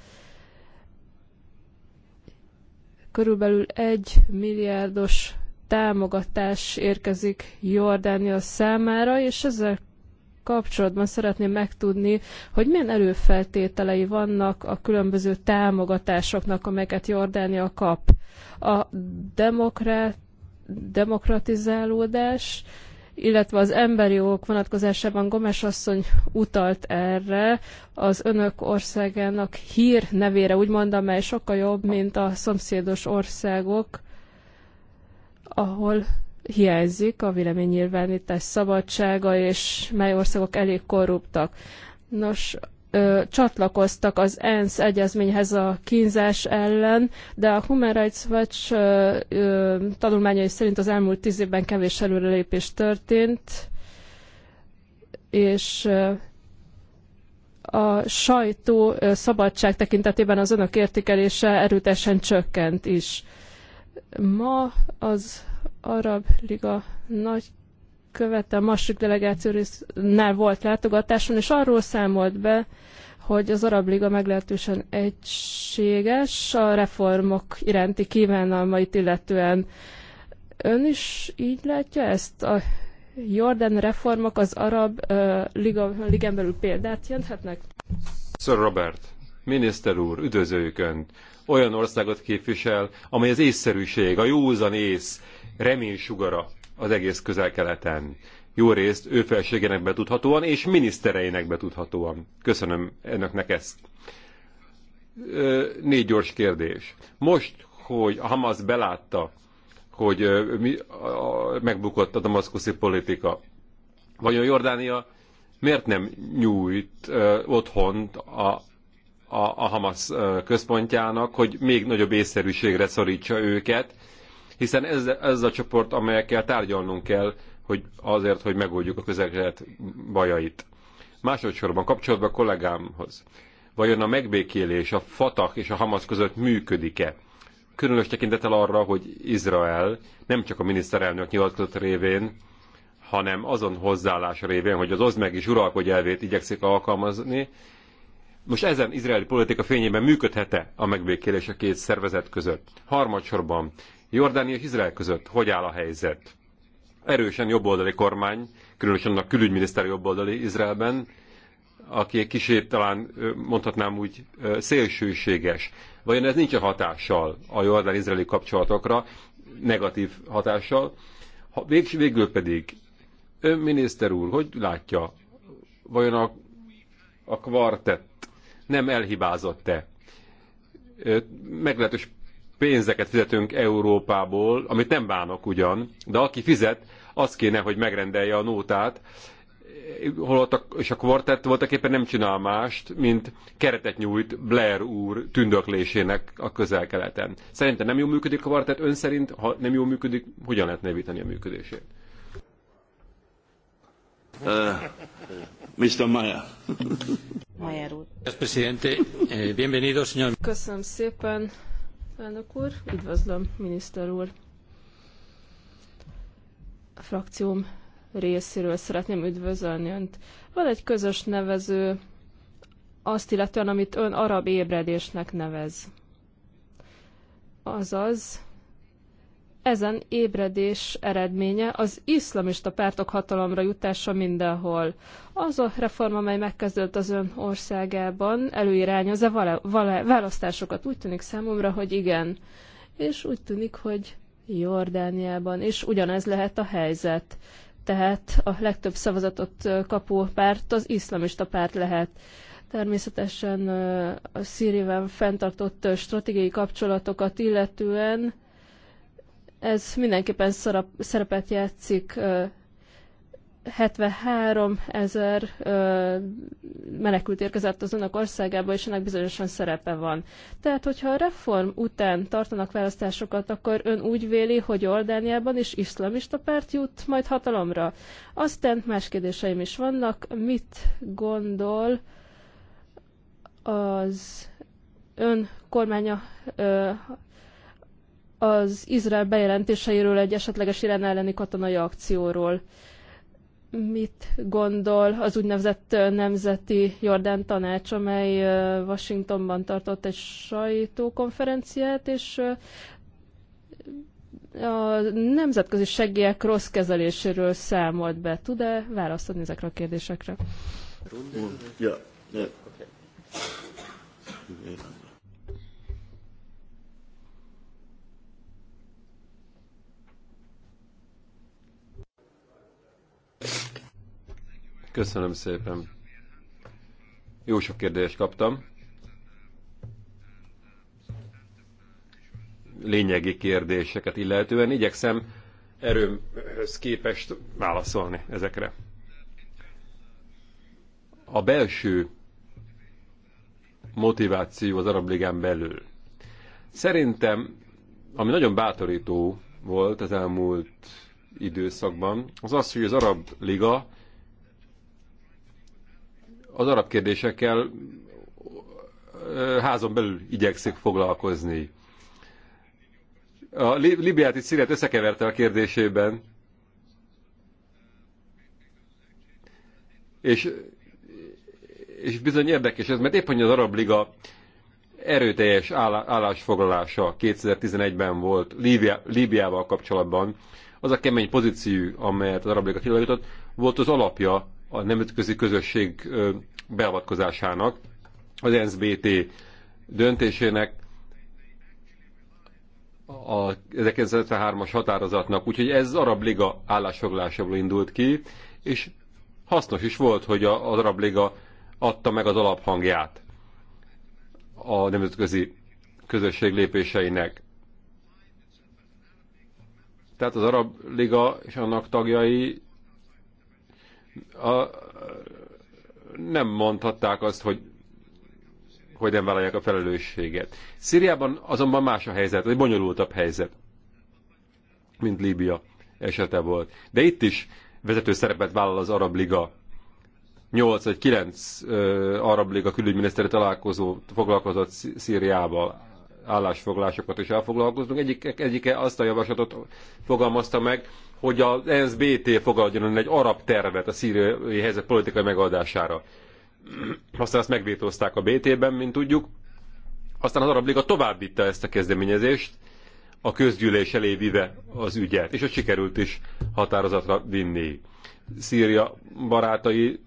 körülbelül egy milliárdos támogatás érkezik Jordánia számára, és ezzel kapcsolatban szeretném megtudni, hogy milyen előfeltételei vannak a különböző támogatásoknak, amelyeket Jordánia kap. A demokratizálódás, illetve az emberi jogok vonatkozásában Gomes asszony utalt erre az önök országának hír nevére, úgymond, amely sokkal jobb, mint a szomszédos országok, ahol hiányzik a véleménynyilvánítás szabadsága, és mely országok elég korruptak. Nos, ö, csatlakoztak az ENSZ egyezményhez a kínzás ellen, de a Human Rights Watch ö, ö, tanulmányai szerint az elmúlt tíz évben kevés előrelépés történt, és a sajtó szabadság tekintetében az önök értékelése erőteljesen csökkent is. Ma az Arab Liga nagy követte, a delegáció résznál volt látogatáson, és arról számolt be, hogy az Arab Liga meglehetősen egységes a reformok iránti kívánalmait illetően. Ön is így látja ezt? A Jordan reformok az Arab uh, Liga, belül példát jelenthetnek? Sir Robert, miniszter úr, üdvözöljük Önt! Olyan országot képvisel, amely az észszerűség, a józan ész, remény sugara az egész közel-keleten. Jó részt ő felségének betudhatóan és minisztereinek betudhatóan. Köszönöm önöknek ezt. Négy gyors kérdés. Most, hogy a Hamas belátta, hogy megbukott a damaszkuszi politika, vajon Jordánia miért nem nyújt otthont a a, a Hamas központjának, hogy még nagyobb észszerűségre szorítsa őket, hiszen ez, ez a csoport, amelyekkel tárgyalnunk kell, hogy azért, hogy megoldjuk a közelkelet bajait. Másodszorban kapcsolatban a kollégámhoz. Vajon a megbékélés a Fatah és a Hamas között működik-e? Különös tekintettel arra, hogy Izrael nem csak a miniszterelnök nyilatkozott révén, hanem azon hozzáállás révén, hogy az oszd meg is uralkodj elvét igyekszik alkalmazni. Most ezen izraeli politika fényében működhet-e a megbékélés a két szervezet között? Harmadsorban Jordánia és Izrael között hogy áll a helyzet? Erősen jobboldali kormány, különösen a külügyminiszter jobboldali Izraelben, aki kicsit talán mondhatnám úgy szélsőséges. Vajon ez nincs a hatással a jordán-izraeli kapcsolatokra, negatív hatással? Ha végs, végül pedig ön miniszter úr, hogy látja, vajon a, a kvartett nem elhibázott-e? Meglehetős pénzeket fizetünk Európából, amit nem bánok ugyan, de aki fizet, az kéne, hogy megrendelje a nótát, holott a, és a kvartett voltak éppen nem csinál mást, mint keretet nyújt Blair úr tündöklésének a közel-keleten. Szerintem nem jól működik a kvartett, ön szerint, ha nem jól működik, hogyan lehet nevíteni a működését? Uh, Mr. Maya. Maya úr. Eh, Köszönöm szépen, Elnök úr, üdvözlöm, miniszter úr. A frakcióm részéről szeretném üdvözölni önt. Van egy közös nevező, azt illetően, amit ön arab ébredésnek nevez. Azaz, ezen ébredés eredménye az iszlamista pártok hatalomra jutása mindenhol. Az a reform, amely megkezdődött az ön országában, előirányozza vala, vala, választásokat. Úgy tűnik számomra, hogy igen. És úgy tűnik, hogy Jordániában is ugyanez lehet a helyzet. Tehát a legtöbb szavazatot kapó párt az iszlamista párt lehet. Természetesen a Szíriven fenntartott stratégiai kapcsolatokat illetően ez mindenképpen szarap, szerepet játszik 73 ezer menekült érkezett az önök országába, és ennek bizonyosan szerepe van. Tehát, hogyha a reform után tartanak választásokat, akkor ön úgy véli, hogy Jordániában is iszlamista párt jut majd hatalomra. Aztán más kérdéseim is vannak. Mit gondol az ön kormánya ö, az Izrael bejelentéseiről egy esetleges Irán elleni katonai akcióról. Mit gondol az úgynevezett Nemzeti Jordán Tanács, amely Washingtonban tartott egy sajtókonferenciát, és a nemzetközi segélyek rossz kezeléséről számolt be. Tud-e választani ezekre a kérdésekre? yeah. yeah. okay. Köszönöm szépen. Jó sok kérdést kaptam. Lényegi kérdéseket illetően igyekszem erőmhöz képest válaszolni ezekre. A belső motiváció az Arab Ligán belül. Szerintem, ami nagyon bátorító volt az elmúlt időszakban, az az, hogy az Arab Liga az arab kérdésekkel házon belül igyekszik foglalkozni. A Libiát és Szíriát összekeverte a kérdésében, és, és bizony érdekes ez, mert épp hogy az Arab Liga erőteljes állásfoglalása 2011-ben volt Líbia, Líbiával kapcsolatban, az a kemény pozíció, amelyet az Arab Liga volt az alapja a nemzetközi közösség beavatkozásának, az NSBT döntésének, a 1953-as határozatnak, úgyhogy ez az Arab Liga állásfoglalásából indult ki, és hasznos is volt, hogy az Arab Liga adta meg az alaphangját a nemzetközi közösség lépéseinek. Tehát az Arab Liga és annak tagjai a, nem mondhatták azt, hogy hogy nem vállalják a felelősséget. Szíriában azonban más a helyzet, egy bonyolultabb helyzet, mint Líbia esete volt. De itt is vezető szerepet vállal az Arab Liga. 8 vagy 9 uh, Arab Liga külügyminiszteri találkozó foglalkozott Szíriával állásfoglásokat is elfoglalkoztunk. Egyik, egyike azt a javaslatot fogalmazta meg, hogy az BT fogadjon egy arab tervet a szíriai helyzet politikai megoldására. Aztán azt megvétózták a BT-ben, mint tudjuk. Aztán az Arab Liga vitte ezt a kezdeményezést, a közgyűlés elé vive az ügyet, és ott sikerült is határozatra vinni. Szíria barátai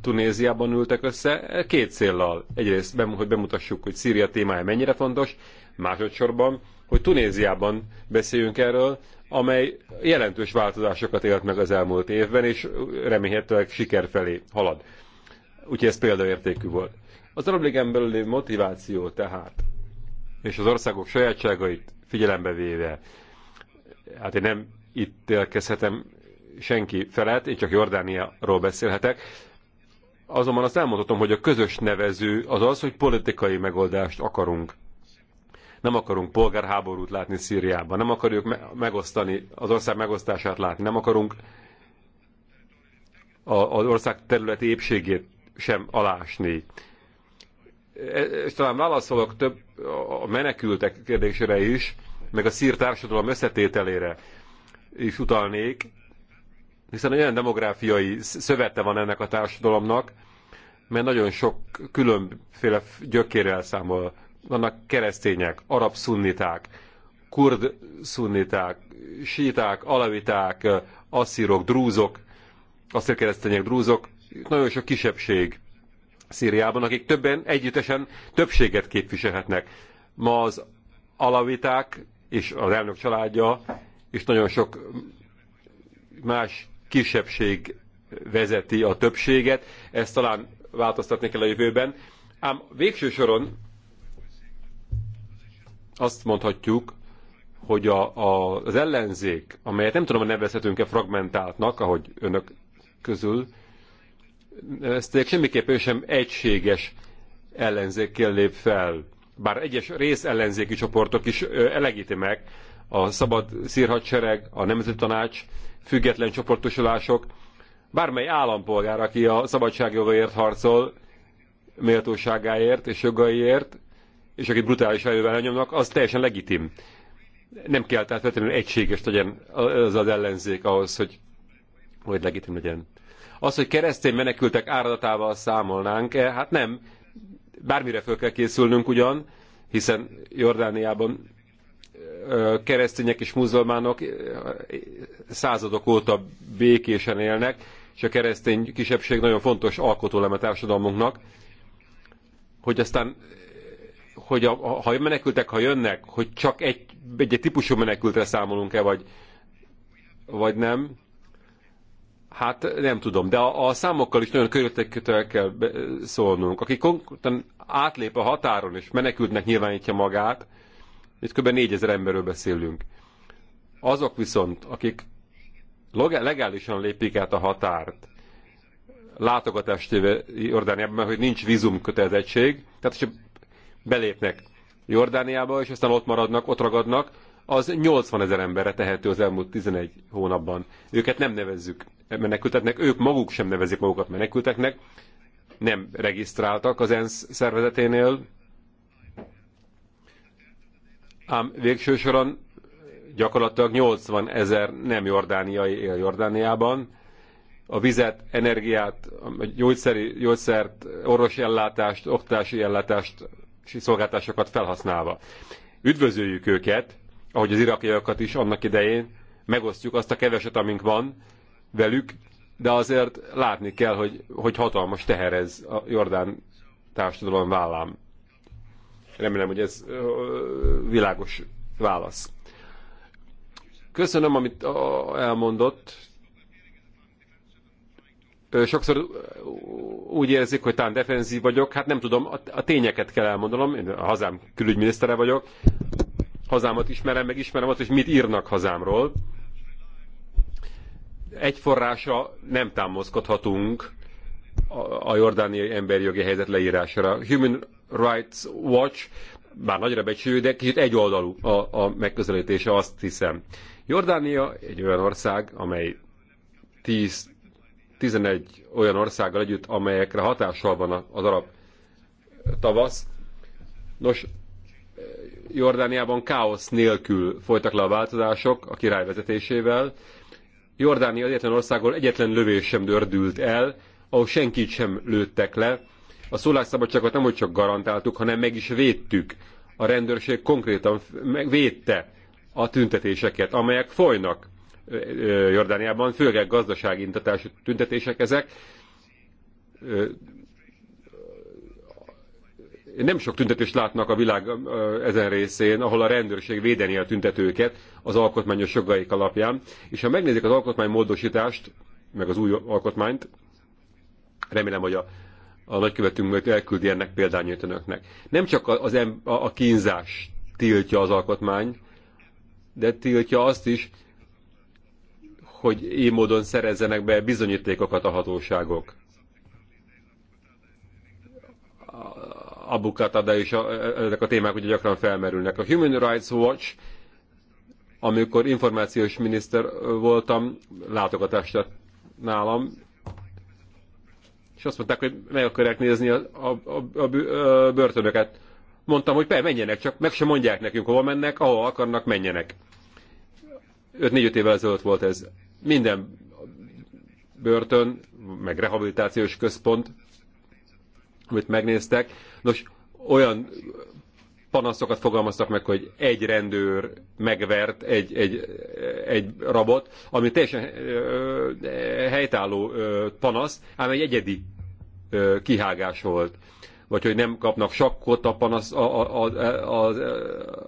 Tunéziában ültek össze két céllal. Egyrészt, hogy bemutassuk, hogy Szíria témája mennyire fontos, Másodszorban, hogy Tunéziában beszéljünk erről, amely jelentős változásokat élt meg az elmúlt évben, és remélhetőleg siker felé halad. Úgyhogy ez példaértékű volt. Az arab ligán belüli motiváció tehát, és az országok sajátságait figyelembe véve, hát én nem itt érkezhetem senki felett, én csak Jordániáról beszélhetek, azonban azt elmondhatom, hogy a közös nevező az az, hogy politikai megoldást akarunk. Nem akarunk polgárháborút látni Szíriában, nem akarjuk megosztani, az ország megosztását látni, nem akarunk a, az ország területi épségét sem alásni. E, és talán válaszolok több a menekültek kérdésére is, meg a szír társadalom összetételére is utalnék, hiszen olyan demográfiai szövete van ennek a társadalomnak, mert nagyon sok különféle gyökérrel számol vannak keresztények, arab szunniták, kurd szunniták, síták, alaviták, asszírok, drúzok, asszír keresztények, drúzok, nagyon sok kisebbség Szíriában, akik többen együttesen többséget képviselhetnek. Ma az alaviták és az elnök családja és nagyon sok más kisebbség vezeti a többséget, ezt talán változtatni kell a jövőben. Ám végső soron azt mondhatjuk, hogy a, a, az ellenzék, amelyet nem tudom, hogy nevezhetünk-e fragmentáltnak, ahogy önök közül, ezt semmiképpen sem egységes ellenzékkel lép fel. Bár egyes rész ellenzéki csoportok is meg, a szabad szírhadsereg, a nemzeti tanács, független csoportosulások, bármely állampolgár, aki a szabadságjogaiért harcol, méltóságáért és jogaiért, és akit brutális erővel elnyomnak, az teljesen legitim. Nem kell tehát feltétlenül egységes legyen az az ellenzék ahhoz, hogy, hogy legitim legyen. Az, hogy keresztény menekültek áradatával számolnánk-e, hát nem. Bármire föl kell készülnünk ugyan, hiszen Jordániában keresztények és muzulmánok századok óta békésen élnek, és a keresztény kisebbség nagyon fontos a társadalmunknak, hogy aztán hogy a, ha menekültek, ha jönnek, hogy csak egy, egy, egy típusú menekültre számolunk-e, vagy, vagy nem, hát nem tudom, de a, a számokkal is nagyon körültekintően kell szólnunk. Aki konkrétan átlép a határon és menekültnek nyilvánítja magát, itt kb. 4000 emberről beszélünk. Azok viszont, akik legálisan lépik át a határt, látogatást téve Jordániában, mert hogy nincs kötelezettség, tehát belépnek Jordániába, és aztán ott maradnak, ott ragadnak, az 80 ezer emberre tehető az elmúlt 11 hónapban. Őket nem nevezzük menekülteknek, ők maguk sem nevezik magukat menekülteknek, nem regisztráltak az ENSZ szervezeténél, ám végső soron gyakorlatilag 80 ezer nem jordániai él Jordániában. A vizet, energiát, gyógyszeri, gyógyszert, orvosi ellátást, oktatási ellátást szolgáltásokat felhasználva. Üdvözöljük őket, ahogy az irakiakat is annak idején, megosztjuk azt a keveset, amink van velük, de azért látni kell, hogy, hogy hatalmas teher ez a Jordán társadalom vállám. Remélem, hogy ez világos válasz. Köszönöm, amit elmondott sokszor úgy érzik, hogy talán defenzív vagyok, hát nem tudom, a tényeket kell elmondanom, én a hazám külügyminisztere vagyok, hazámat ismerem, meg ismerem azt, hogy mit írnak hazámról. Egy forrása nem támaszkodhatunk a jordániai emberjogi helyzet leírására. Human Rights Watch, bár nagyra becsülő, de kicsit egyoldalú a, a megközelítése, azt hiszem. Jordánia egy olyan ország, amely 10 11 olyan országgal együtt, amelyekre hatással van az arab tavasz. Nos, Jordániában káosz nélkül folytak le a változások a király vezetésével. Jordánia egyetlen országból egyetlen lövés sem dördült el, ahol senkit sem lőttek le. A szólásszabadságot nem hogy csak garantáltuk, hanem meg is védtük. A rendőrség konkrétan védte a tüntetéseket, amelyek folynak Jordániában, főleg gazdasági intatású tüntetések ezek. Nem sok tüntetést látnak a világ ezen részén, ahol a rendőrség védeni a tüntetőket az alkotmányos jogaik alapján, és ha megnézik az alkotmánymódosítást, meg az új alkotmányt, remélem, hogy a, a nagykövetünk majd elküldi ennek példányait önöknek. Nem csak az, a, a kínzás tiltja az alkotmány, de tiltja azt is, hogy így módon szerezzenek be bizonyítékokat a hatóságok. Abu de és a, ezek a témák ugye gyakran felmerülnek. A Human Rights Watch, amikor információs miniszter voltam, látogatást nálam, és azt mondták, hogy meg akarják nézni a, a, a, a börtönöket. Mondtam, hogy persze, menjenek, csak meg sem mondják nekünk, hova mennek, ahol akarnak, menjenek. 5-4-5 évvel ezelőtt volt ez. Minden börtön, meg rehabilitációs központ, amit megnéztek, nos, olyan panaszokat fogalmaztak meg, hogy egy rendőr megvert egy, egy, egy rabot, ami teljesen helytálló panasz, ám egy egyedi kihágás volt vagy hogy nem kapnak sakkot a, panasz, a, a, a,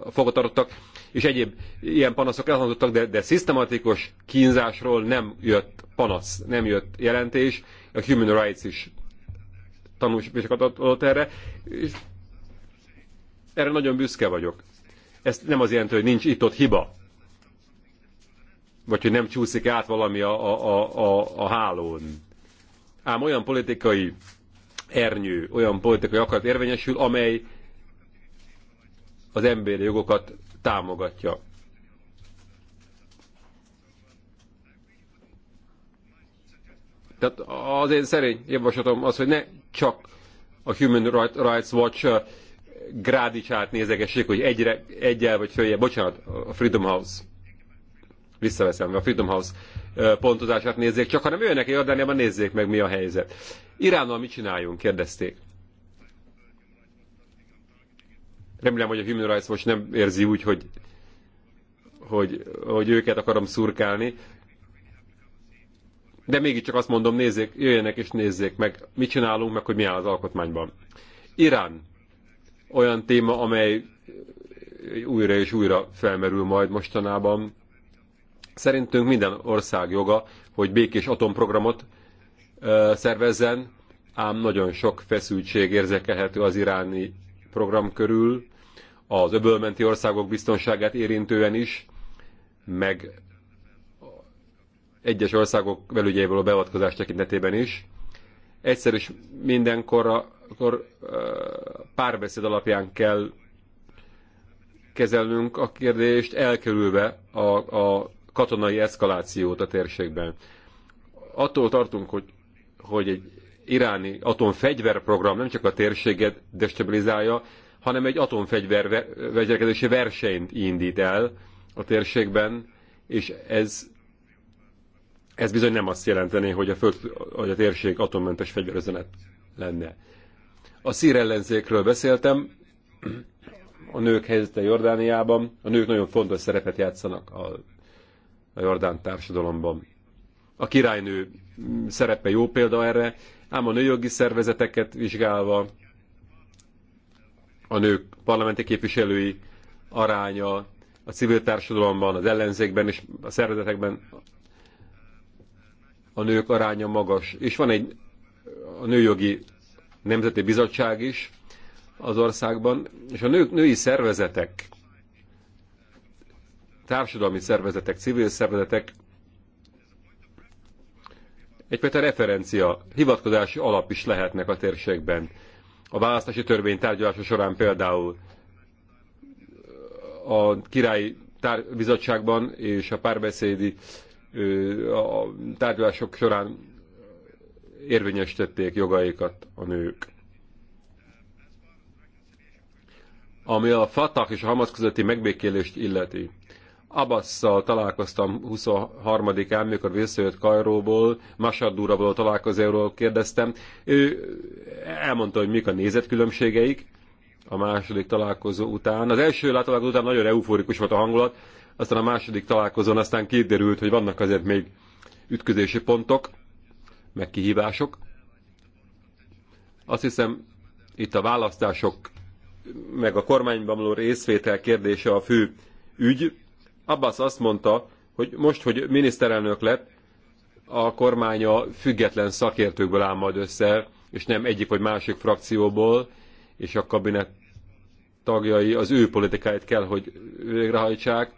a fogatartottak, és egyéb ilyen panaszok elhangzottak, de, de szisztematikus kínzásról nem jött panasz, nem jött jelentés, a Human Rights is tanulságokat adott erre, és erre nagyon büszke vagyok. Ez nem az jelenti, hogy nincs itt-ott hiba, vagy hogy nem csúszik át valami a, a, a, a hálón. Ám olyan politikai ernyő, olyan politikai akarat érvényesül, amely az emberi jogokat támogatja. Tehát az én szerény javaslatom az, hogy ne csak a Human Rights Watch uh, grádicsát nézegessék, hogy egyre, egyel vagy följe, bocsánat, a Freedom House visszaveszem, a Freedom House pontozását nézzék, csak nem jönnek, Jordániában, nézzék meg, mi a helyzet. Iránnal mit csináljunk? kérdezték. Remélem, hogy a Human Rights most nem érzi úgy, hogy, hogy, hogy őket akarom szurkálni. De mégiscsak azt mondom, nézzék, jöjjenek és nézzék meg, mit csinálunk, meg hogy mi áll az alkotmányban. Irán olyan téma, amely újra és újra felmerül majd mostanában Szerintünk minden ország joga, hogy békés atomprogramot szervezzen, ám nagyon sok feszültség érzékelhető az iráni program körül, az öbölmenti országok biztonságát érintően is, meg egyes országok belügyeiből a beavatkozás tekintetében is. Egyszerűs is mindenkor a, párbeszéd alapján kell kezelnünk a kérdést, elkerülve a, a katonai eszkalációt a térségben. Attól tartunk, hogy, hogy egy iráni atomfegyverprogram nem csak a térséget destabilizálja, hanem egy atomfegyver vegyelkedési versenyt indít el a térségben, és ez, ez bizony nem azt jelenteni, hogy a, föld, hogy a térség atommentes fegyverözenet lenne. A szír ellenzékről beszéltem, a nők helyzete Jordániában. A nők nagyon fontos szerepet játszanak a a jordán társadalomban. A királynő szerepe jó példa erre, ám a nőjogi szervezeteket vizsgálva a nők parlamenti képviselői aránya a civil társadalomban, az ellenzékben és a szervezetekben a nők aránya magas. És van egy a nőjogi nemzeti bizottság is az országban, és a nők, női szervezetek társadalmi szervezetek, civil szervezetek egyfajta referencia, hivatkozási alap is lehetnek a térségben. A választási törvény tárgyalása során például a királyi tár- bizottságban és a párbeszédi a tárgyalások során érvényesítették jogaikat a nők. Ami a Fatah és a Hamas közötti megbékélést illeti, Abbasszal találkoztam 23-án, mikor visszajött Kajróból, Masadúra való találkozóról kérdeztem. Ő elmondta, hogy mik a nézetkülönbségeik a második találkozó után. Az első találkozó után nagyon euforikus volt a hangulat, aztán a második találkozón aztán kiderült, hogy vannak azért még ütközési pontok, meg kihívások. Azt hiszem, itt a választások meg a kormányban való részvétel kérdése a fő ügy, Abbas azt mondta, hogy most, hogy miniszterelnök lett, a kormánya független szakértőkből áll majd össze, és nem egyik vagy másik frakcióból, és a kabinet tagjai az ő politikáit kell, hogy végrehajtsák,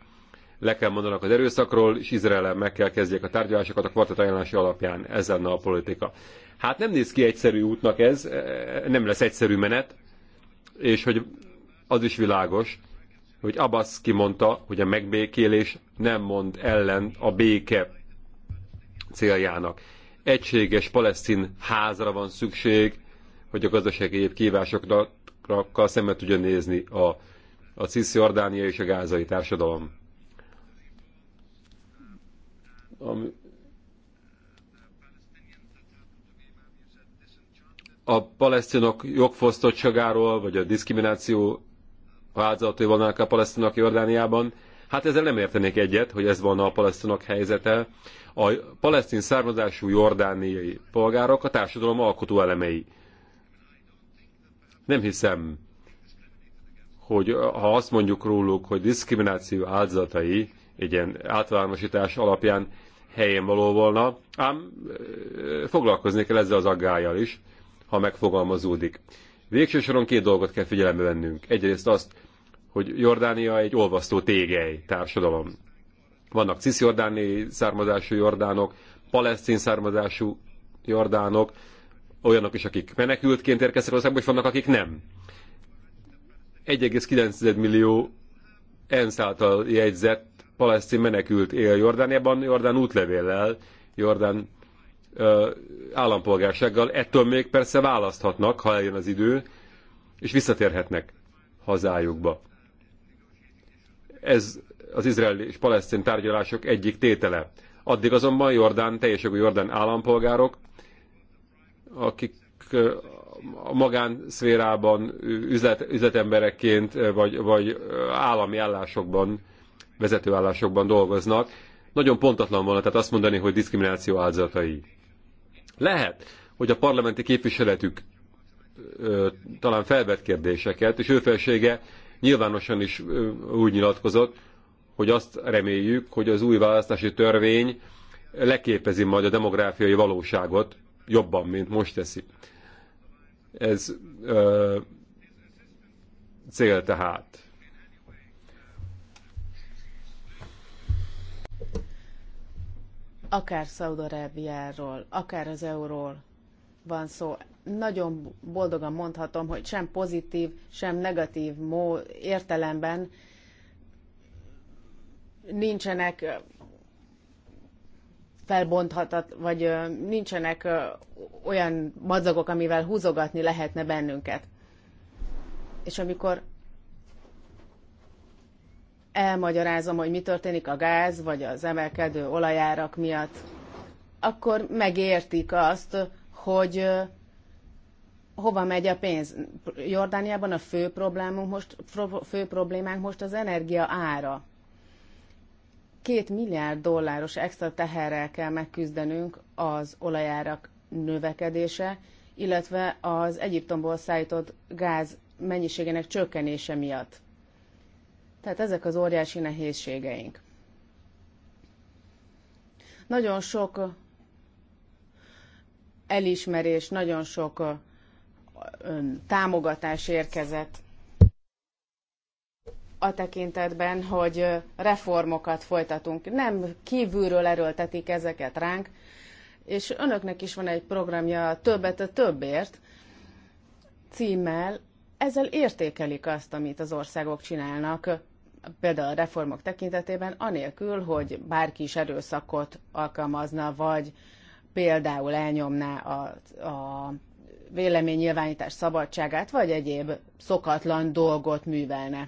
le kell mondanak az erőszakról, és Izrael meg kell kezdjék a tárgyalásokat a kvartat ajánlási alapján. Ez lenne a politika. Hát nem néz ki egyszerű útnak ez, nem lesz egyszerű menet, és hogy az is világos, hogy Abbas kimondta, hogy a megbékélés nem mond ellen a béke céljának. Egységes palesztin házra van szükség, hogy a gazdasági kívásokra szembe tudja nézni a, a Cisziordánia és a gázai társadalom. Ami, a palesztinok jogfosztottságáról, vagy a diszkrimináció áldozatai vannak a palesztinok Jordániában. Hát ezzel nem értenék egyet, hogy ez volna a palesztinok helyzete. A palesztin származású jordániai polgárok a társadalom alkotó elemei. Nem hiszem, hogy ha azt mondjuk róluk, hogy diszkrimináció áldozatai, egy ilyen általánosítás alapján helyén való volna, ám foglalkozni kell ezzel az aggájjal is, ha megfogalmazódik. Végső soron két dolgot kell figyelembe vennünk. Egyrészt azt, hogy Jordánia egy olvasztó tégely társadalom. Vannak cisjordáni származású jordánok, palesztin származású jordánok, olyanok is, akik menekültként érkeztek országba, és vannak, akik nem. 1,9 millió ENSZ által jegyzett palesztin menekült él Jordániában, Jordán útlevéllel, Jordán ö, állampolgársággal. Ettől még persze választhatnak, ha eljön az idő, és visszatérhetnek hazájukba. Ez az izraeli és palesztin tárgyalások egyik tétele. Addig azonban Jordán, teljes jogú Jordán állampolgárok, akik a magánszférában üzlet, üzletemberekként vagy, vagy állami állásokban, vezető állásokban dolgoznak, nagyon pontatlan volna tehát azt mondani, hogy diszkrimináció áldozatai. Lehet, hogy a parlamenti képviseletük ö, talán felvett kérdéseket, és ő felsége nyilvánosan is úgy nyilatkozott, hogy azt reméljük, hogy az új választási törvény leképezi majd a demográfiai valóságot jobban, mint most teszi. Ez ö, cél tehát. Akár Szaudarábiáról, akár az euróról, van szó. Nagyon boldogan mondhatom, hogy sem pozitív, sem negatív mó értelemben nincsenek felbonthatat, vagy nincsenek olyan madzagok, amivel húzogatni lehetne bennünket. És amikor elmagyarázom, hogy mi történik a gáz, vagy az emelkedő olajárak miatt, akkor megértik azt, hogy hova megy a pénz. Jordániában a fő problémánk most, fő problémánk most az energia ára. Két milliárd dolláros extra teherrel kell megküzdenünk az olajárak növekedése, illetve az Egyiptomból szállított gáz mennyiségének csökkenése miatt. Tehát ezek az óriási nehézségeink. Nagyon sok elismerés, nagyon sok támogatás érkezett a tekintetben, hogy reformokat folytatunk. Nem kívülről erőltetik ezeket ránk, és önöknek is van egy programja a többet a többért címmel. Ezzel értékelik azt, amit az országok csinálnak, például a reformok tekintetében, anélkül, hogy bárki is erőszakot alkalmazna, vagy például elnyomná a, a véleménynyilvánítás szabadságát, vagy egyéb szokatlan dolgot művelne.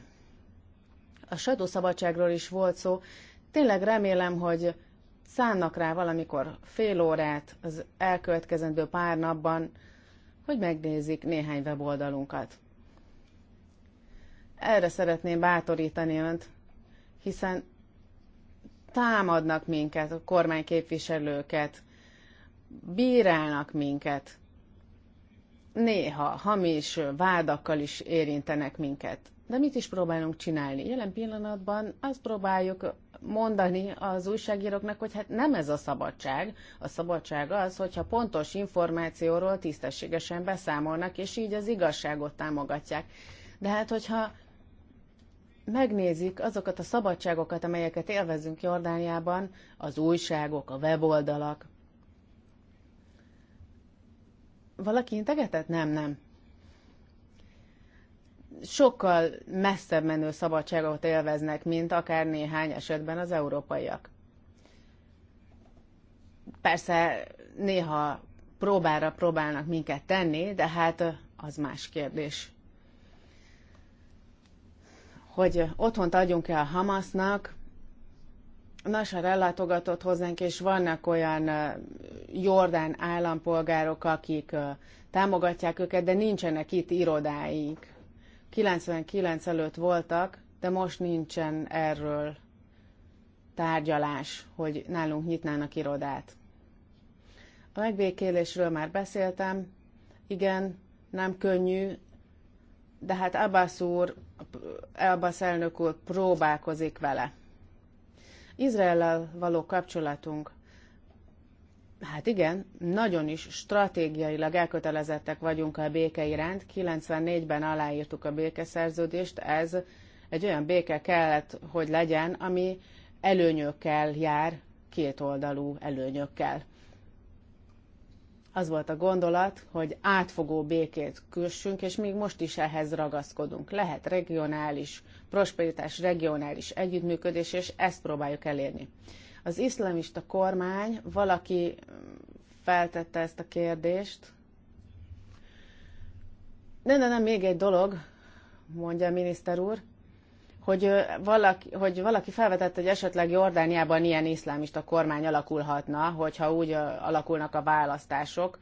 A sajtószabadságról is volt szó. Tényleg remélem, hogy szánnak rá valamikor fél órát az elkövetkezendő pár napban, hogy megnézik néhány weboldalunkat. Erre szeretném bátorítani önt, hiszen támadnak minket, a kormányképviselőket, bírálnak minket. Néha hamis vádakkal is érintenek minket. De mit is próbálunk csinálni? Jelen pillanatban azt próbáljuk mondani az újságíróknak, hogy hát nem ez a szabadság. A szabadság az, hogyha pontos információról tisztességesen beszámolnak, és így az igazságot támogatják. De hát, hogyha megnézik azokat a szabadságokat, amelyeket élvezünk Jordániában, az újságok, a weboldalak, valaki integetett? Nem, nem. Sokkal messzebb menő szabadságot élveznek, mint akár néhány esetben az európaiak. Persze néha próbára próbálnak minket tenni, de hát eh, az más kérdés. Hogy otthont adjunk-e a Hamasznak, Nasar ellátogatott hozzánk, és vannak olyan jordán állampolgárok, akik támogatják őket, de nincsenek itt irodáink. 99 előtt voltak, de most nincsen erről tárgyalás, hogy nálunk nyitnának irodát. A megbékélésről már beszéltem. Igen, nem könnyű, de hát Abbas úr, Abbas elnök úr próbálkozik vele. Izraellel való kapcsolatunk. Hát igen, nagyon is stratégiailag elkötelezettek vagyunk a béke iránt. 94-ben aláírtuk a békeszerződést, ez egy olyan béke kellett, hogy legyen, ami előnyökkel jár, kétoldalú előnyökkel az volt a gondolat, hogy átfogó békét küssünk, és még most is ehhez ragaszkodunk. Lehet regionális prosperitás, regionális együttműködés, és ezt próbáljuk elérni. Az iszlamista kormány, valaki mm, feltette ezt a kérdést. Nem, nem, nem, még egy dolog, mondja a miniszter úr hogy valaki, hogy valaki felvetett, hogy esetleg Jordániában ilyen iszlámista kormány alakulhatna, hogyha úgy alakulnak a választások,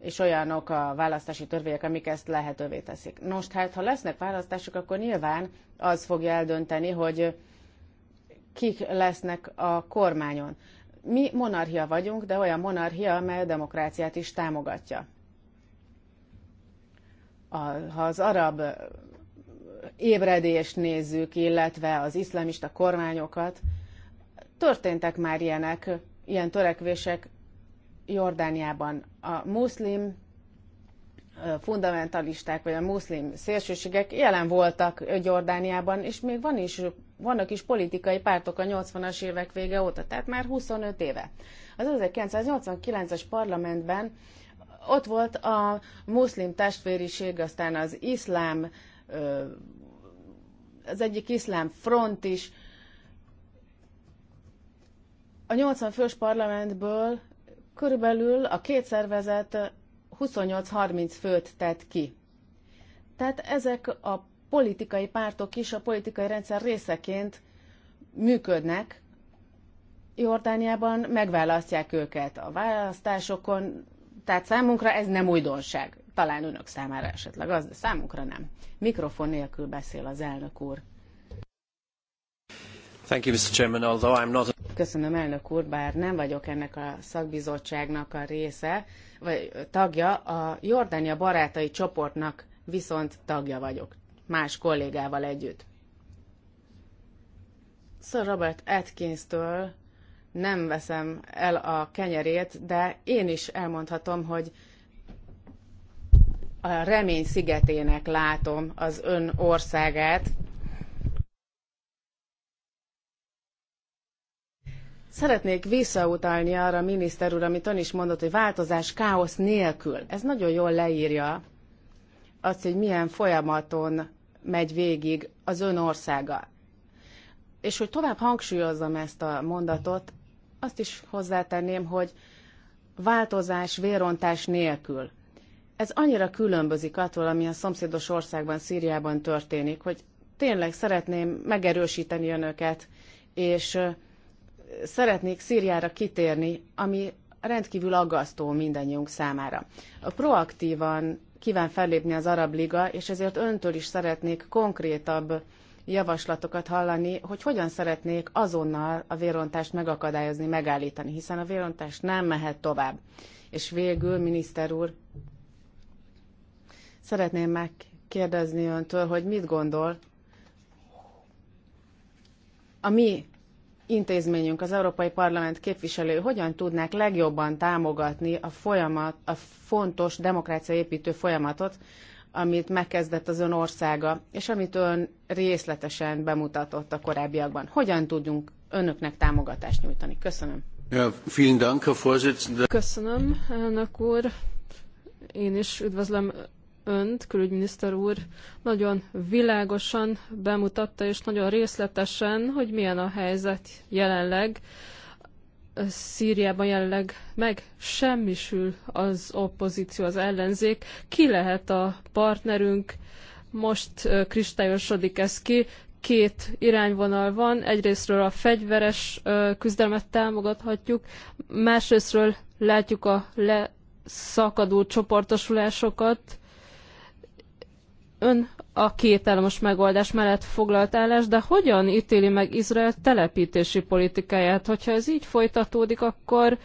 és olyanok a választási törvények, amik ezt lehetővé teszik. Nos, hát ha lesznek választások, akkor nyilván az fogja eldönteni, hogy kik lesznek a kormányon. Mi monarchia vagyunk, de olyan monarchia, amely a demokráciát is támogatja. A, ha az arab ébredést nézzük, illetve az iszlamista kormányokat, történtek már ilyenek, ilyen törekvések Jordániában. A muszlim fundamentalisták, vagy a muszlim szélsőségek jelen voltak Jordániában, és még van is, vannak is politikai pártok a 80-as évek vége óta, tehát már 25 éve. Az 1989-es parlamentben ott volt a muszlim testvériség, aztán az iszlám az egyik iszlám front is. A 80 fős parlamentből körülbelül a két szervezet 28-30 főt tett ki. Tehát ezek a politikai pártok is a politikai rendszer részeként működnek. Jordániában megválasztják őket a választásokon, tehát számunkra ez nem újdonság. Talán önök számára esetleg az, de számunkra nem. Mikrofon nélkül beszél az elnök úr. Thank you, Mr. Chairman, although I'm not... Köszönöm, elnök úr, bár nem vagyok ennek a szakbizottságnak a része, vagy tagja, a Jordánia barátai csoportnak viszont tagja vagyok, más kollégával együtt. Sir Robert Atkins-től nem veszem el a kenyerét, de én is elmondhatom, hogy a remény szigetének látom az ön országát. Szeretnék visszautalni arra, miniszter úr, amit ön is mondott, hogy változás káosz nélkül. Ez nagyon jól leírja azt, hogy milyen folyamaton megy végig az ön országa. És hogy tovább hangsúlyozzam ezt a mondatot, azt is hozzátenném, hogy változás, vérontás nélkül. Ez annyira különbözik attól, ami a szomszédos országban, Szíriában történik, hogy tényleg szeretném megerősíteni önöket, és szeretnék Szíriára kitérni, ami rendkívül aggasztó mindannyiunk számára. A proaktívan kíván fellépni az Arab Liga, és ezért öntől is szeretnék konkrétabb javaslatokat hallani, hogy hogyan szeretnék azonnal a vérontást megakadályozni, megállítani, hiszen a vérontás nem mehet tovább. És végül, miniszter úr, Szeretném megkérdezni öntől, hogy mit gondol a mi intézményünk, az Európai Parlament képviselői hogyan tudnák legjobban támogatni a folyamat, a fontos demokráciaépítő folyamatot, amit megkezdett az ön országa, és amit ön részletesen bemutatott a korábbiakban. Hogyan tudjunk önöknek támogatást nyújtani? Köszönöm. Ja, vielen Dank, Herr Vorsitzender. Köszönöm, elnök úr. Én is üdvözlöm önt, külügyminiszter úr, nagyon világosan bemutatta, és nagyon részletesen, hogy milyen a helyzet jelenleg. Szíriában jelenleg meg semmisül az opozíció, az ellenzék. Ki lehet a partnerünk? Most kristályosodik ez ki. Két irányvonal van. Egyrésztről a fegyveres küzdelmet támogathatjuk, másrésztről látjuk a le szakadó csoportosulásokat, Ön a két államos megoldás mellett foglalt állást, de hogyan ítéli meg Izrael telepítési politikáját? Hogyha ez így folytatódik, akkor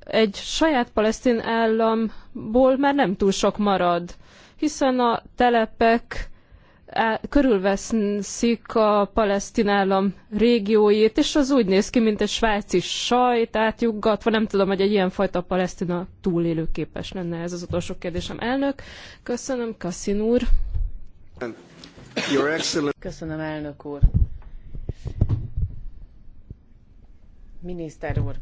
egy saját palesztin államból már nem túl sok marad, hiszen a telepek körülveszik a palesztin állam régióit, és az úgy néz ki, mint egy svájci sajt átjuggatva. Nem tudom, hogy egy ilyenfajta palesztina túlélőképes lenne. Ez az utolsó kérdésem. Elnök, köszönöm, Kassin úr. Köszönöm, elnök úr. Miniszter úr,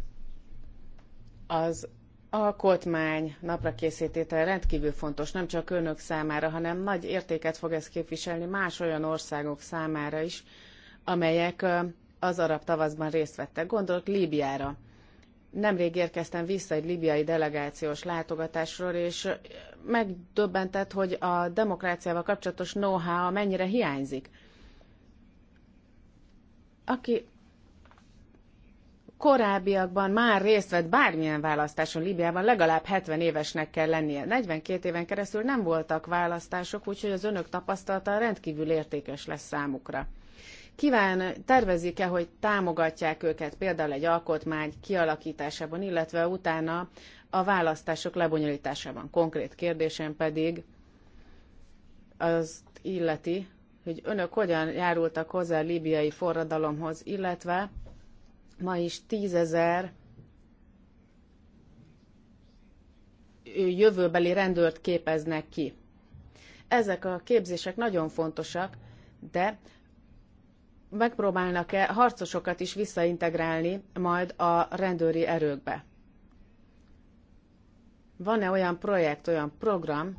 az alkotmány napra készítétel rendkívül fontos, nem csak önök számára, hanem nagy értéket fog ez képviselni más olyan országok számára is, amelyek az arab tavaszban részt vettek. Gondolok Líbiára. Nemrég érkeztem vissza egy libiai delegációs látogatásról, és megdöbbentett, hogy a demokráciával kapcsolatos know-how mennyire hiányzik. Aki korábbiakban már részt vett bármilyen választáson Líbiában, legalább 70 évesnek kell lennie. 42 éven keresztül nem voltak választások, úgyhogy az önök tapasztalata rendkívül értékes lesz számukra. Kíván, tervezik-e, hogy támogatják őket például egy alkotmány kialakításában, illetve utána a választások lebonyolításában? Konkrét kérdésem pedig az illeti, hogy önök hogyan járultak hozzá a líbiai forradalomhoz, illetve Ma is tízezer jövőbeli rendőrt képeznek ki. Ezek a képzések nagyon fontosak, de megpróbálnak-e harcosokat is visszaintegrálni majd a rendőri erőkbe? Van-e olyan projekt, olyan program,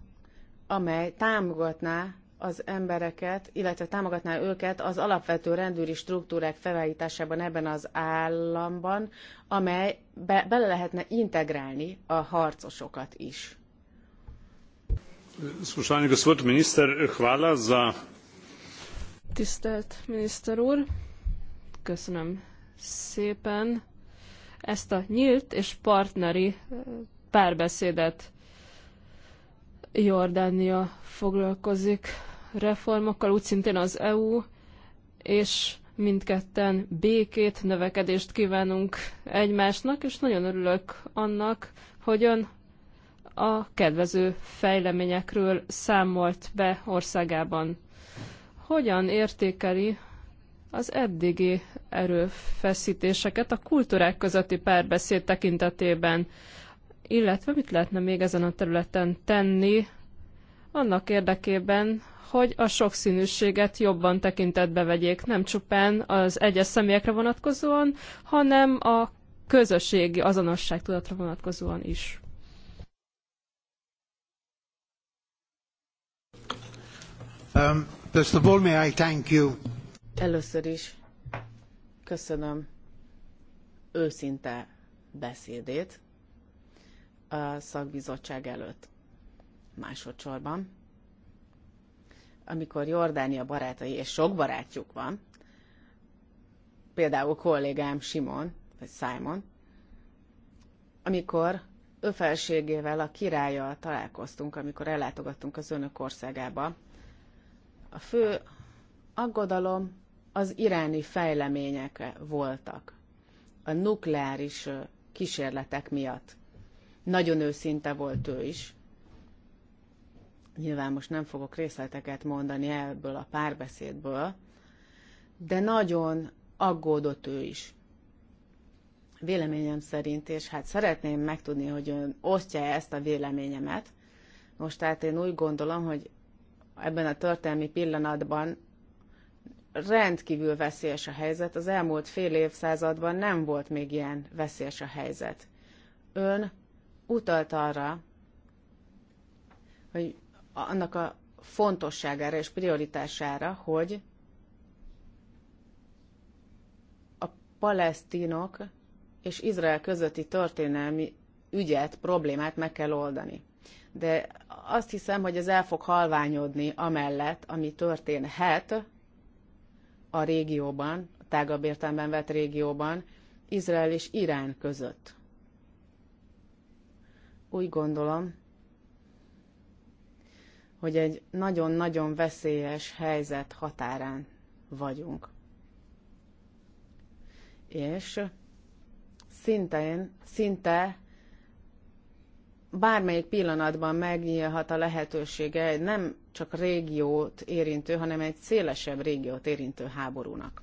amely támogatná az embereket, illetve támogatná őket az alapvető rendőri struktúrák felállításában ebben az államban, amely be, bele lehetne integrálni a harcosokat is. Spoštovani gospod minister, hvala za... Tisztelt miniszter úr, köszönöm szépen ezt a nyílt és partneri eh, párbeszédet Jordánia foglalkozik reformokkal, úgy szintén az EU, és mindketten békét, növekedést kívánunk egymásnak, és nagyon örülök annak, hogy ön a kedvező fejleményekről számolt be országában. Hogyan értékeli az eddigi erőfeszítéseket a kultúrák közötti párbeszéd tekintetében, illetve mit lehetne még ezen a területen tenni annak érdekében, hogy a sokszínűséget jobban tekintetbe vegyék, nem csupán az egyes személyekre vonatkozóan, hanem a közösségi tudatra vonatkozóan is. Um, first of all, may I thank you. Először is köszönöm őszinte beszédét a szakbizottság előtt. Másodszorban amikor Jordánia barátai, és sok barátjuk van, például kollégám Simon, vagy Simon, amikor ő felségével, a királlyal találkoztunk, amikor ellátogattunk az önök országába, a fő aggodalom az iráni fejlemények voltak. A nukleáris kísérletek miatt. Nagyon őszinte volt ő is, Nyilván most nem fogok részleteket mondani ebből a párbeszédből, de nagyon aggódott ő is. Véleményem szerint, és hát szeretném megtudni, hogy ön osztja -e ezt a véleményemet. Most tehát én úgy gondolom, hogy ebben a történelmi pillanatban rendkívül veszélyes a helyzet. Az elmúlt fél évszázadban nem volt még ilyen veszélyes a helyzet. Ön utalt arra, hogy annak a fontosságára és prioritására, hogy a palesztinok és Izrael közötti történelmi ügyet, problémát meg kell oldani. De azt hiszem, hogy ez el fog halványodni amellett, ami történhet a régióban, a tágabb értelemben vett régióban, Izrael és Irán között. Úgy gondolom, hogy egy nagyon-nagyon veszélyes helyzet határán vagyunk. És szintén, szinte bármelyik pillanatban megnyílhat a lehetősége egy nem csak régiót érintő, hanem egy szélesebb régiót érintő háborúnak.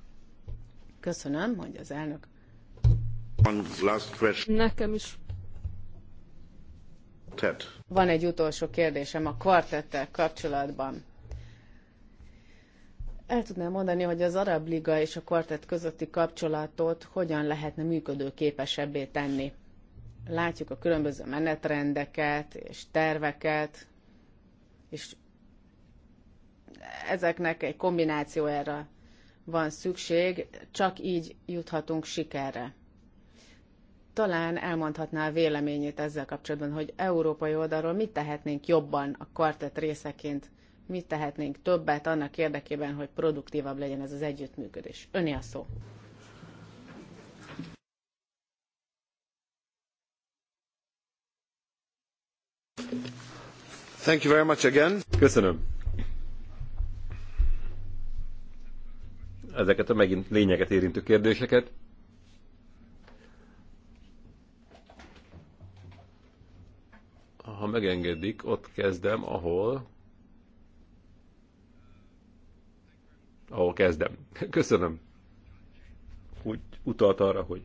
Köszönöm, hogy az elnök. Nekem is quartet. Van egy utolsó kérdésem a kvartettel kapcsolatban. El tudnám mondani, hogy az Arab Liga és a kvartett közötti kapcsolatot hogyan lehetne működőképesebbé tenni? Látjuk a különböző menetrendeket és terveket, és ezeknek egy kombinációjára van szükség, csak így juthatunk sikerre talán elmondhatná a véleményét ezzel kapcsolatban, hogy európai oldalról mit tehetnénk jobban a kvartett részeként, mit tehetnénk többet annak érdekében, hogy produktívabb legyen ez az együttműködés. Öné a szó. Thank you very much again. Köszönöm. Ezeket a megint lényeget érintő kérdéseket. ha megengedik, ott kezdem, ahol ahol kezdem. Köszönöm, hogy utalt arra, hogy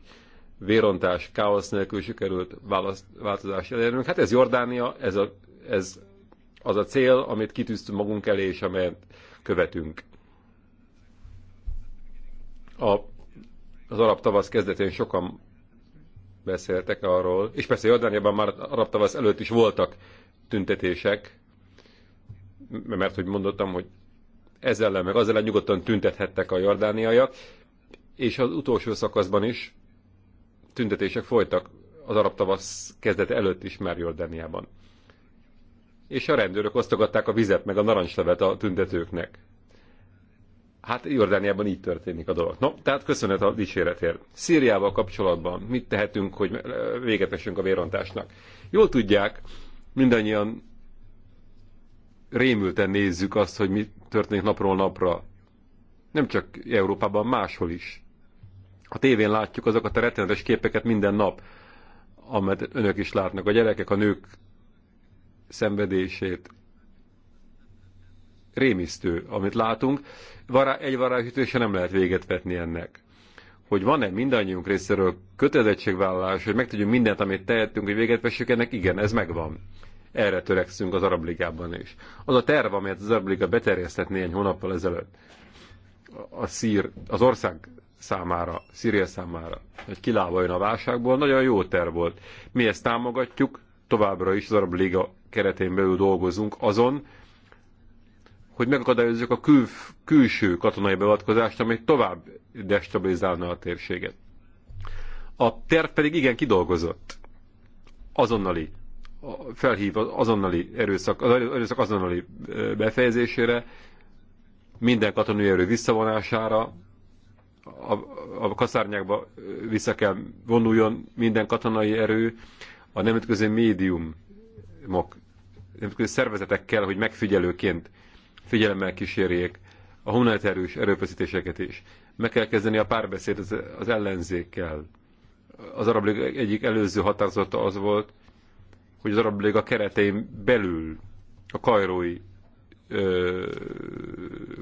vérontás, káosz nélkül sikerült választ, változást elérnünk. Hát ez Jordánia, ez, a, ez az a cél, amit kitűztünk magunk elé, és amelyet követünk. A, az arab tavasz kezdetén sokan beszéltek arról, és persze Jordániában már arab tavasz előtt is voltak tüntetések, mert hogy mondottam, hogy ez ellen meg az ellen nyugodtan tüntethettek a jordániaiak, és az utolsó szakaszban is tüntetések folytak az arab tavasz kezdete előtt is már Jordániában. És a rendőrök osztogatták a vizet meg a narancslevet a tüntetőknek. Hát Jordániában így történik a dolog. No, tehát köszönet a dicséretért. Szíriával kapcsolatban mit tehetünk, hogy eh, véget vessünk a vérontásnak? Jól tudják, mindannyian rémülten nézzük azt, hogy mi történik napról napra. Nem csak Európában, máshol is. A tévén látjuk azokat a rettenetes képeket minden nap, amit önök is látnak. A gyerekek, a nők szenvedését, rémisztő, amit látunk. Vará, egy varázsütésre nem lehet véget vetni ennek. Hogy van-e mindannyiunk részéről kötelezettségvállalás, hogy megtudjunk mindent, amit tehetünk, hogy véget vessük ennek, igen, ez megvan. Erre törekszünk az Arab Ligában is. Az a terv, amelyet az Arab Liga beterjesztett néhány hónappal ezelőtt, a szír, az ország számára, Szíria számára, hogy kilábaljon a válságból, nagyon jó terv volt. Mi ezt támogatjuk, továbbra is az Arab Liga keretén belül dolgozunk azon, hogy megakadályozzuk a kül, külső katonai beavatkozást, amely tovább destabilizálna a térséget. A terv pedig igen kidolgozott. Azonnali felhív az azonnali erőszak, az erőszak azonnali befejezésére, minden katonai erő visszavonására, a, a kaszárnyákba vissza kell vonuljon minden katonai erő, a nemzetközi médiumok, nemzetközi szervezetek kell, hogy megfigyelőként figyelemmel kísérjék a humanitárius erőfeszítéseket is. Meg kell kezdeni a párbeszéd az, az ellenzékkel. Az Arab Liga egyik előző határozata az volt, hogy az Arab Liga keretein belül a kajrói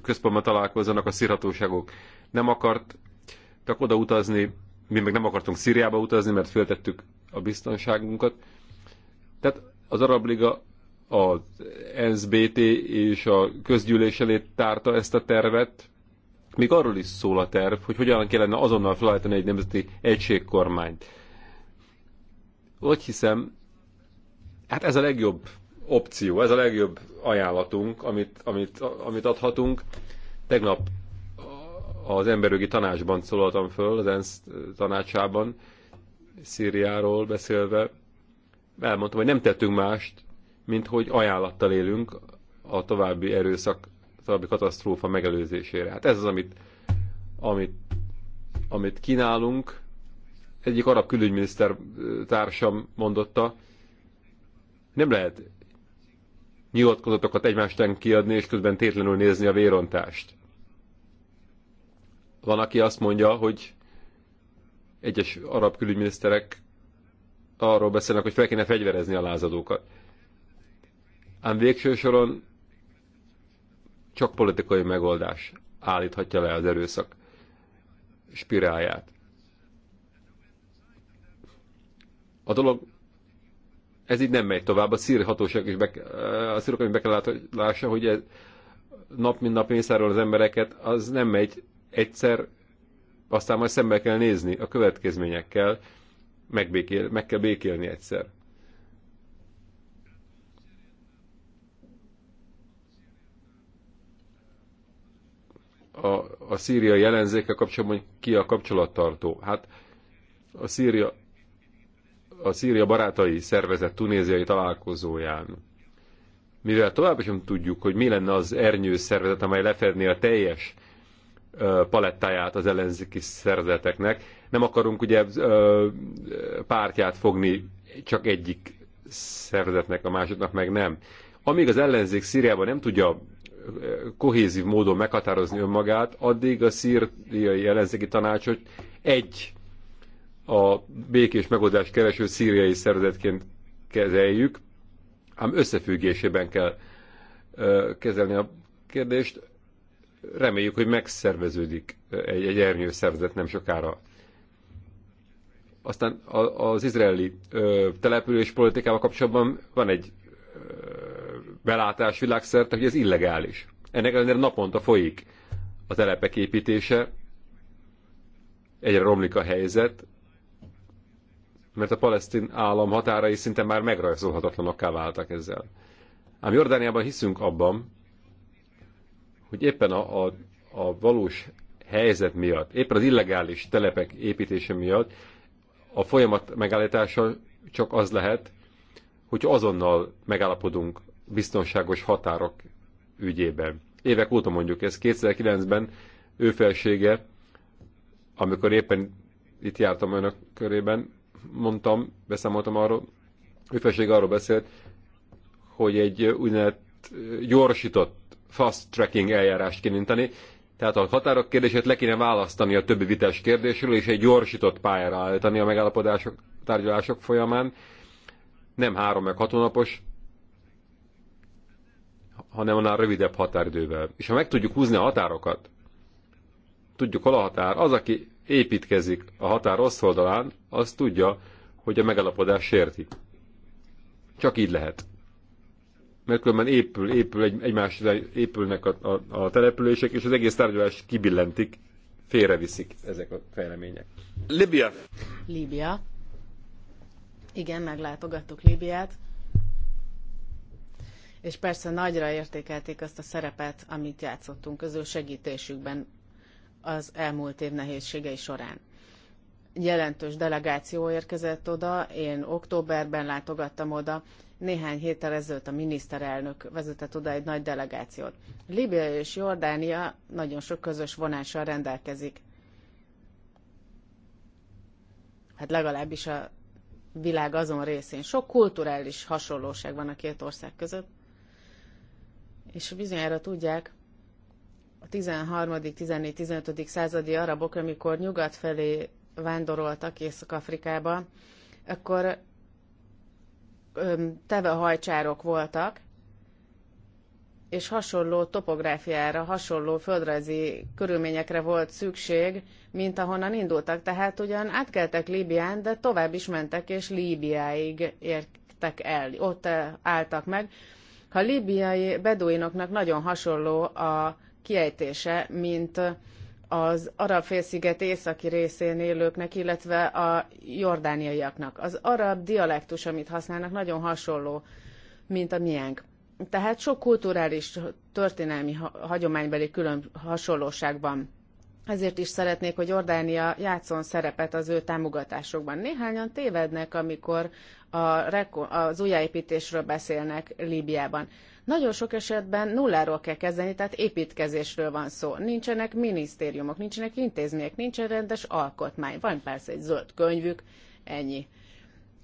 központban találkozzanak a szírhatóságok. Nem akartak oda utazni, mi meg nem akartunk Szíriába utazni, mert féltettük a biztonságunkat. Tehát az Arab Liga az NSBT és a közgyűlés elé tárta ezt a tervet. Még arról is szól a terv, hogy hogyan kellene azonnal felállítani egy nemzeti egységkormányt. Úgy hiszem, hát ez a legjobb opció, ez a legjobb ajánlatunk, amit, amit, amit adhatunk. Tegnap az emberjogi tanácsban szólaltam föl, az ENSZ tanácsában, Szíriáról beszélve, elmondtam, hogy nem tettünk mást, mint hogy ajánlattal élünk a további erőszak, további katasztrófa megelőzésére. Hát ez az, amit, amit, amit kínálunk. Egyik arab külügyminiszter társam mondotta, nem lehet nyilatkozatokat egymástán kiadni, és közben tétlenül nézni a vérontást. Van, aki azt mondja, hogy egyes arab külügyminiszterek arról beszélnek, hogy fel kéne fegyverezni a lázadókat ám végső soron csak politikai megoldás állíthatja le az erőszak spirálját. A dolog ez így nem megy tovább. A hatóság is be, a szírok, be kell lássa, hogy ez nap mint nap mészárol az embereket, az nem megy egyszer, aztán majd szembe kell nézni a következményekkel, békél, meg kell békélni egyszer. a, a szíriai ellenzékkel kapcsolatban, hogy ki a kapcsolattartó. Hát a Szíria, a Szíria barátai szervezet tunéziai találkozóján. Mivel tovább sem tudjuk, hogy mi lenne az ernyő szervezet, amely lefedné a teljes palettáját az ellenzéki szervezeteknek. Nem akarunk ugye pártját fogni csak egyik szervezetnek, a másodnak meg nem. Amíg az ellenzék Szíriában nem tudja kohézív módon meghatározni önmagát, addig a szíriai ellenzéki hogy egy a békés megoldás kereső szíriai szervezetként kezeljük, ám összefüggésében kell kezelni a kérdést. Reméljük, hogy megszerveződik egy, egy ernyő szervezet nem sokára. Aztán az izraeli település politikával kapcsolatban van egy belátás világszerte, hogy ez illegális. Ennek ellenére naponta folyik a telepek építése, egyre romlik a helyzet, mert a palesztin állam határai szinte már megrajzolhatatlanokká váltak ezzel. Ám Jordániában hiszünk abban, hogy éppen a, a, a valós helyzet miatt, éppen az illegális telepek építése miatt a folyamat megállítása csak az lehet, hogy azonnal megállapodunk biztonságos határok ügyében. Évek óta mondjuk ez. 2009-ben ő felsége, amikor éppen itt jártam önök körében, mondtam, beszámoltam arról, ő felsége arról beszélt, hogy egy úgynevezett gyorsított fast tracking eljárást indítani, tehát a határok kérdését le kéne választani a többi vitás kérdésről, és egy gyorsított pályára állítani a megállapodások, tárgyalások folyamán, nem három meg hat hanem annál rövidebb határidővel. És ha meg tudjuk húzni a határokat, tudjuk hol a határ, az, aki építkezik a határ rossz oldalán, az tudja, hogy a megalapodás sérti. Csak így lehet. Mert különben épül, épül egy, egymás épülnek a, a, a települések, és az egész tárgyalás kibillentik, félreviszik ezek a fejlemények. Libia. Libia. Igen, meglátogattuk Líbiát és persze nagyra értékelték azt a szerepet, amit játszottunk az ő segítésükben az elmúlt év nehézségei során. Jelentős delegáció érkezett oda, én októberben látogattam oda, néhány héttel ezelőtt a miniszterelnök vezetett oda egy nagy delegációt. Libia és Jordánia nagyon sok közös vonással rendelkezik. Hát legalábbis a világ azon részén. Sok kulturális hasonlóság van a két ország között, és bizonyára tudják, a 13., 14., 15. századi arabok, amikor nyugat felé vándoroltak Észak-Afrikába, akkor tevehajcsárok voltak, és hasonló topográfiára, hasonló földrajzi körülményekre volt szükség, mint ahonnan indultak. Tehát ugyan átkeltek Líbián, de tovább is mentek, és Líbiáig értek el, ott eh, álltak meg. A líbiai beduinoknak nagyon hasonló a kiejtése, mint az arab félsziget északi részén élőknek, illetve a jordániaiaknak. Az arab dialektus, amit használnak, nagyon hasonló, mint a miénk. Tehát sok kulturális, történelmi, hagyománybeli külön hasonlóság van. Ezért is szeretnék, hogy Jordánia játszon szerepet az ő támogatásokban. Néhányan tévednek, amikor a, az újjáépítésről beszélnek Líbiában. Nagyon sok esetben nulláról kell kezdeni, tehát építkezésről van szó. Nincsenek minisztériumok, nincsenek intézmények, nincsen rendes alkotmány. Van persze egy zöld könyvük, ennyi.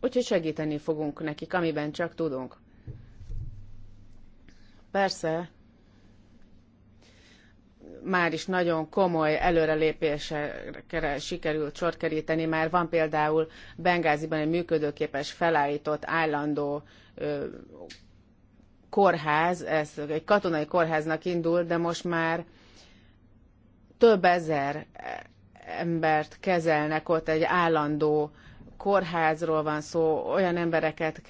Úgyhogy segíteni fogunk nekik, amiben csak tudunk. Persze, már is nagyon komoly előrelépésekre sikerült sor keríteni. Már van például Bengáziban egy működőképes felállított állandó kórház, ez egy katonai kórháznak indul, de most már több ezer embert kezelnek ott egy állandó kórházról van szó, olyan embereket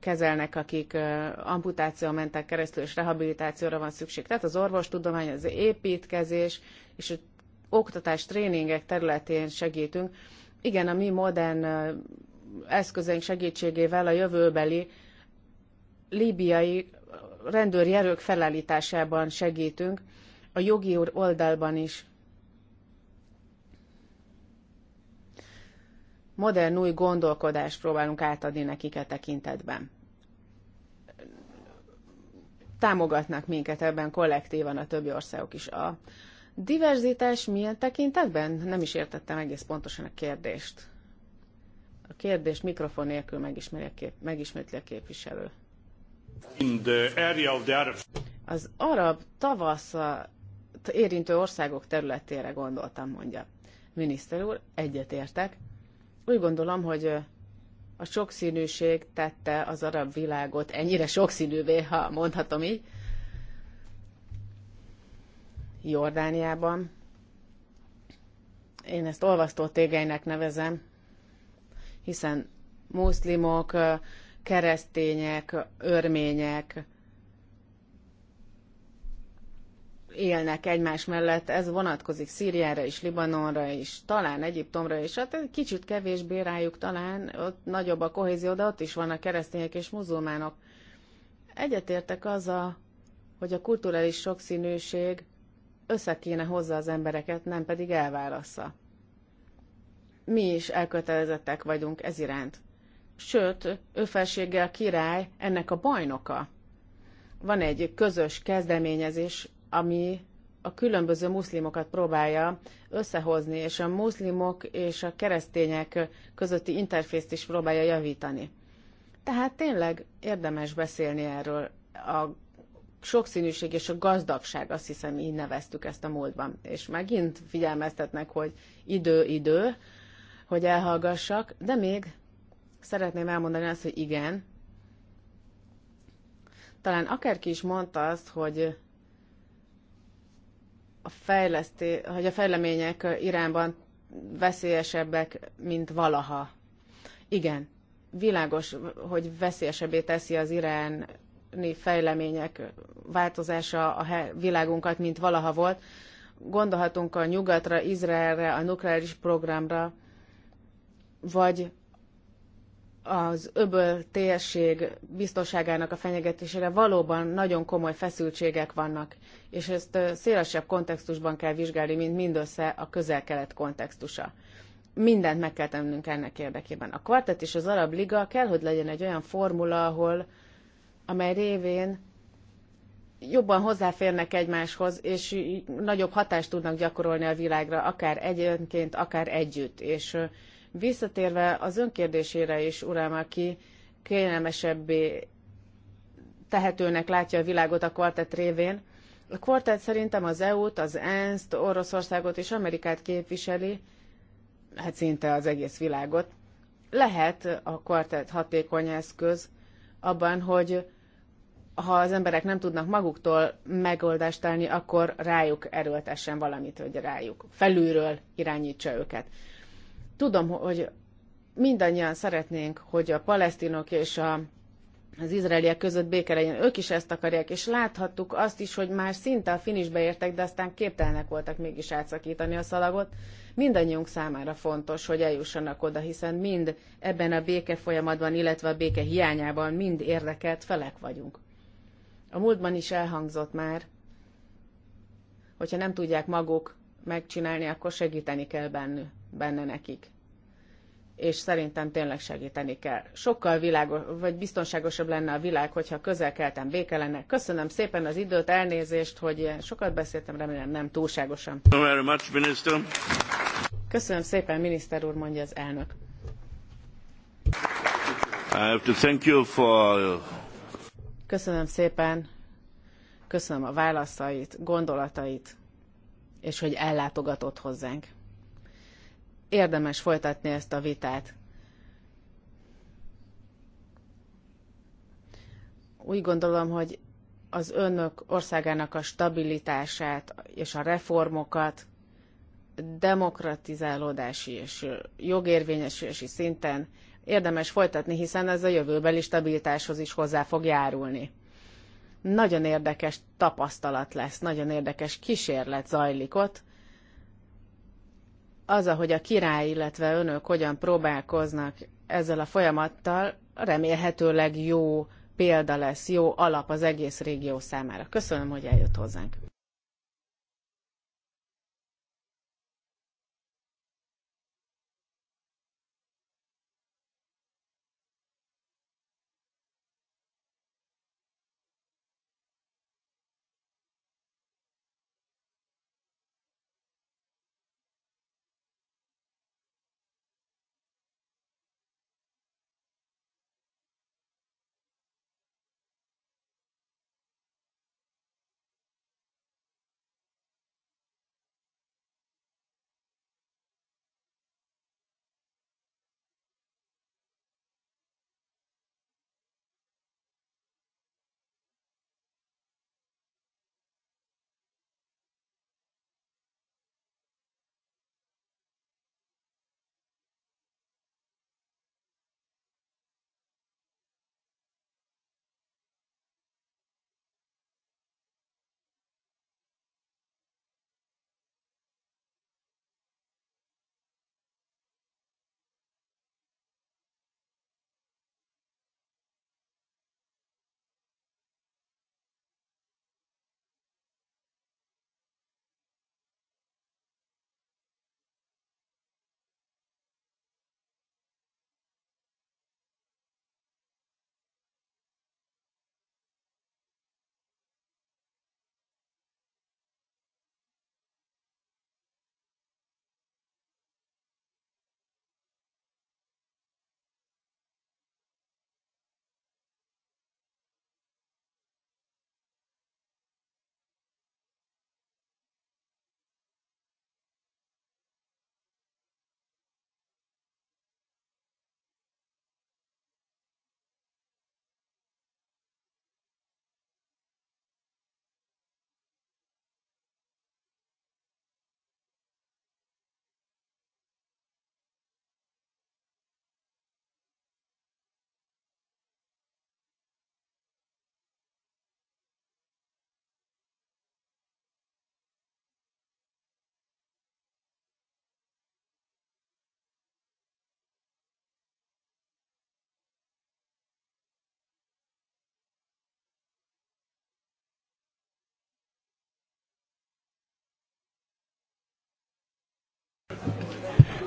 kezelnek, akik amputáció mentek keresztül, és rehabilitációra van szükség. Tehát az orvostudomány, az építkezés és az oktatás, tréningek területén segítünk. Igen, a mi modern eszközeink segítségével a jövőbeli líbiai rendőri erők felállításában segítünk, a jogi oldalban is modern új gondolkodást próbálunk átadni nekik a e tekintetben. Támogatnak minket ebben kollektívan a többi országok is. A diverzitás milyen tekintetben? Nem is értettem egész pontosan a kérdést. A kérdést mikrofon nélkül megismeri a megismétli a képviselő. Az arab tavasz érintő országok területére gondoltam, mondja. Miniszter úr, egyetértek, úgy gondolom, hogy a sokszínűség tette az arab világot ennyire sokszínűvé, ha mondhatom így. Jordániában. Én ezt olvasztó tégeinek nevezem, hiszen muszlimok, keresztények, örmények, élnek egymás mellett, ez vonatkozik Szíriára és Libanonra is, talán Egyiptomra is, hát kicsit kevésbé rájuk talán, ott nagyobb a kohézió, de ott is vannak keresztények és muzulmánok. Egyetértek az a, hogy a kulturális sokszínűség összekéne hozza az embereket, nem pedig elválassza. Mi is elkötelezettek vagyunk ez iránt. Sőt, ő felséggel király ennek a bajnoka. Van egy közös kezdeményezés ami a különböző muszlimokat próbálja összehozni, és a muszlimok és a keresztények közötti interfészt is próbálja javítani. Tehát tényleg érdemes beszélni erről. A sokszínűség és a gazdagság, azt hiszem így neveztük ezt a múltban. És megint figyelmeztetnek, hogy idő-idő, hogy elhallgassak, de még szeretném elmondani azt, hogy igen, talán akárki is mondta azt, hogy a fejleszté, hogy a fejlemények Iránban veszélyesebbek, mint valaha. Igen, világos, hogy veszélyesebbé teszi az iráni fejlemények változása a világunkat, mint valaha volt. Gondolhatunk a nyugatra, Izraelre, a nukleáris programra, vagy az öböl térség biztonságának a fenyegetésére valóban nagyon komoly feszültségek vannak, és ezt szélesebb kontextusban kell vizsgálni, mint mindössze a közel-kelet kontextusa. Mindent meg kell tennünk ennek érdekében. A kvartet és az Arab Liga kell, hogy legyen egy olyan formula, ahol, amely révén jobban hozzáférnek egymáshoz, és nagyobb hatást tudnak gyakorolni a világra, akár egyönként, akár együtt. És Visszatérve az önkérdésére is, uram, aki kényelmesebbé tehetőnek látja a világot a kvartett révén, a kvartett szerintem az EU-t, az ENSZ-t, Oroszországot és Amerikát képviseli, hát szinte az egész világot. Lehet a kvartett hatékony eszköz abban, hogy ha az emberek nem tudnak maguktól megoldást találni, akkor rájuk erőltessen valamit, hogy rájuk felülről irányítsa őket. Tudom, hogy mindannyian szeretnénk, hogy a palesztinok és a, az izraeliek között béke legyen. Ők is ezt akarják, és láthattuk azt is, hogy már szinte a finisbe értek, de aztán képtelnek voltak mégis átszakítani a szalagot. Mindannyiunk számára fontos, hogy eljussanak oda, hiszen mind ebben a béke folyamatban, illetve a béke hiányában mind érdekelt felek vagyunk. A múltban is elhangzott már, hogyha nem tudják maguk megcsinálni, akkor segíteni kell bennük benne nekik. És szerintem tényleg segíteni kell. Sokkal világos, vagy biztonságosabb lenne a világ, hogyha közel keltem, béke lenne. Köszönöm szépen az időt, elnézést, hogy sokat beszéltem, remélem nem túlságosan. Köszönöm szépen, miniszter úr, mondja az elnök. For... Köszönöm szépen, köszönöm a válaszait, gondolatait, és hogy ellátogatott hozzánk érdemes folytatni ezt a vitát. Úgy gondolom, hogy az önök országának a stabilitását és a reformokat demokratizálódási és jogérvényesülési szinten érdemes folytatni, hiszen ez a jövőbeli stabilitáshoz is hozzá fog járulni. Nagyon érdekes tapasztalat lesz, nagyon érdekes kísérlet zajlik ott, az, ahogy a király, illetve önök hogyan próbálkoznak ezzel a folyamattal, remélhetőleg jó példa lesz, jó alap az egész régió számára. Köszönöm, hogy eljött hozzánk.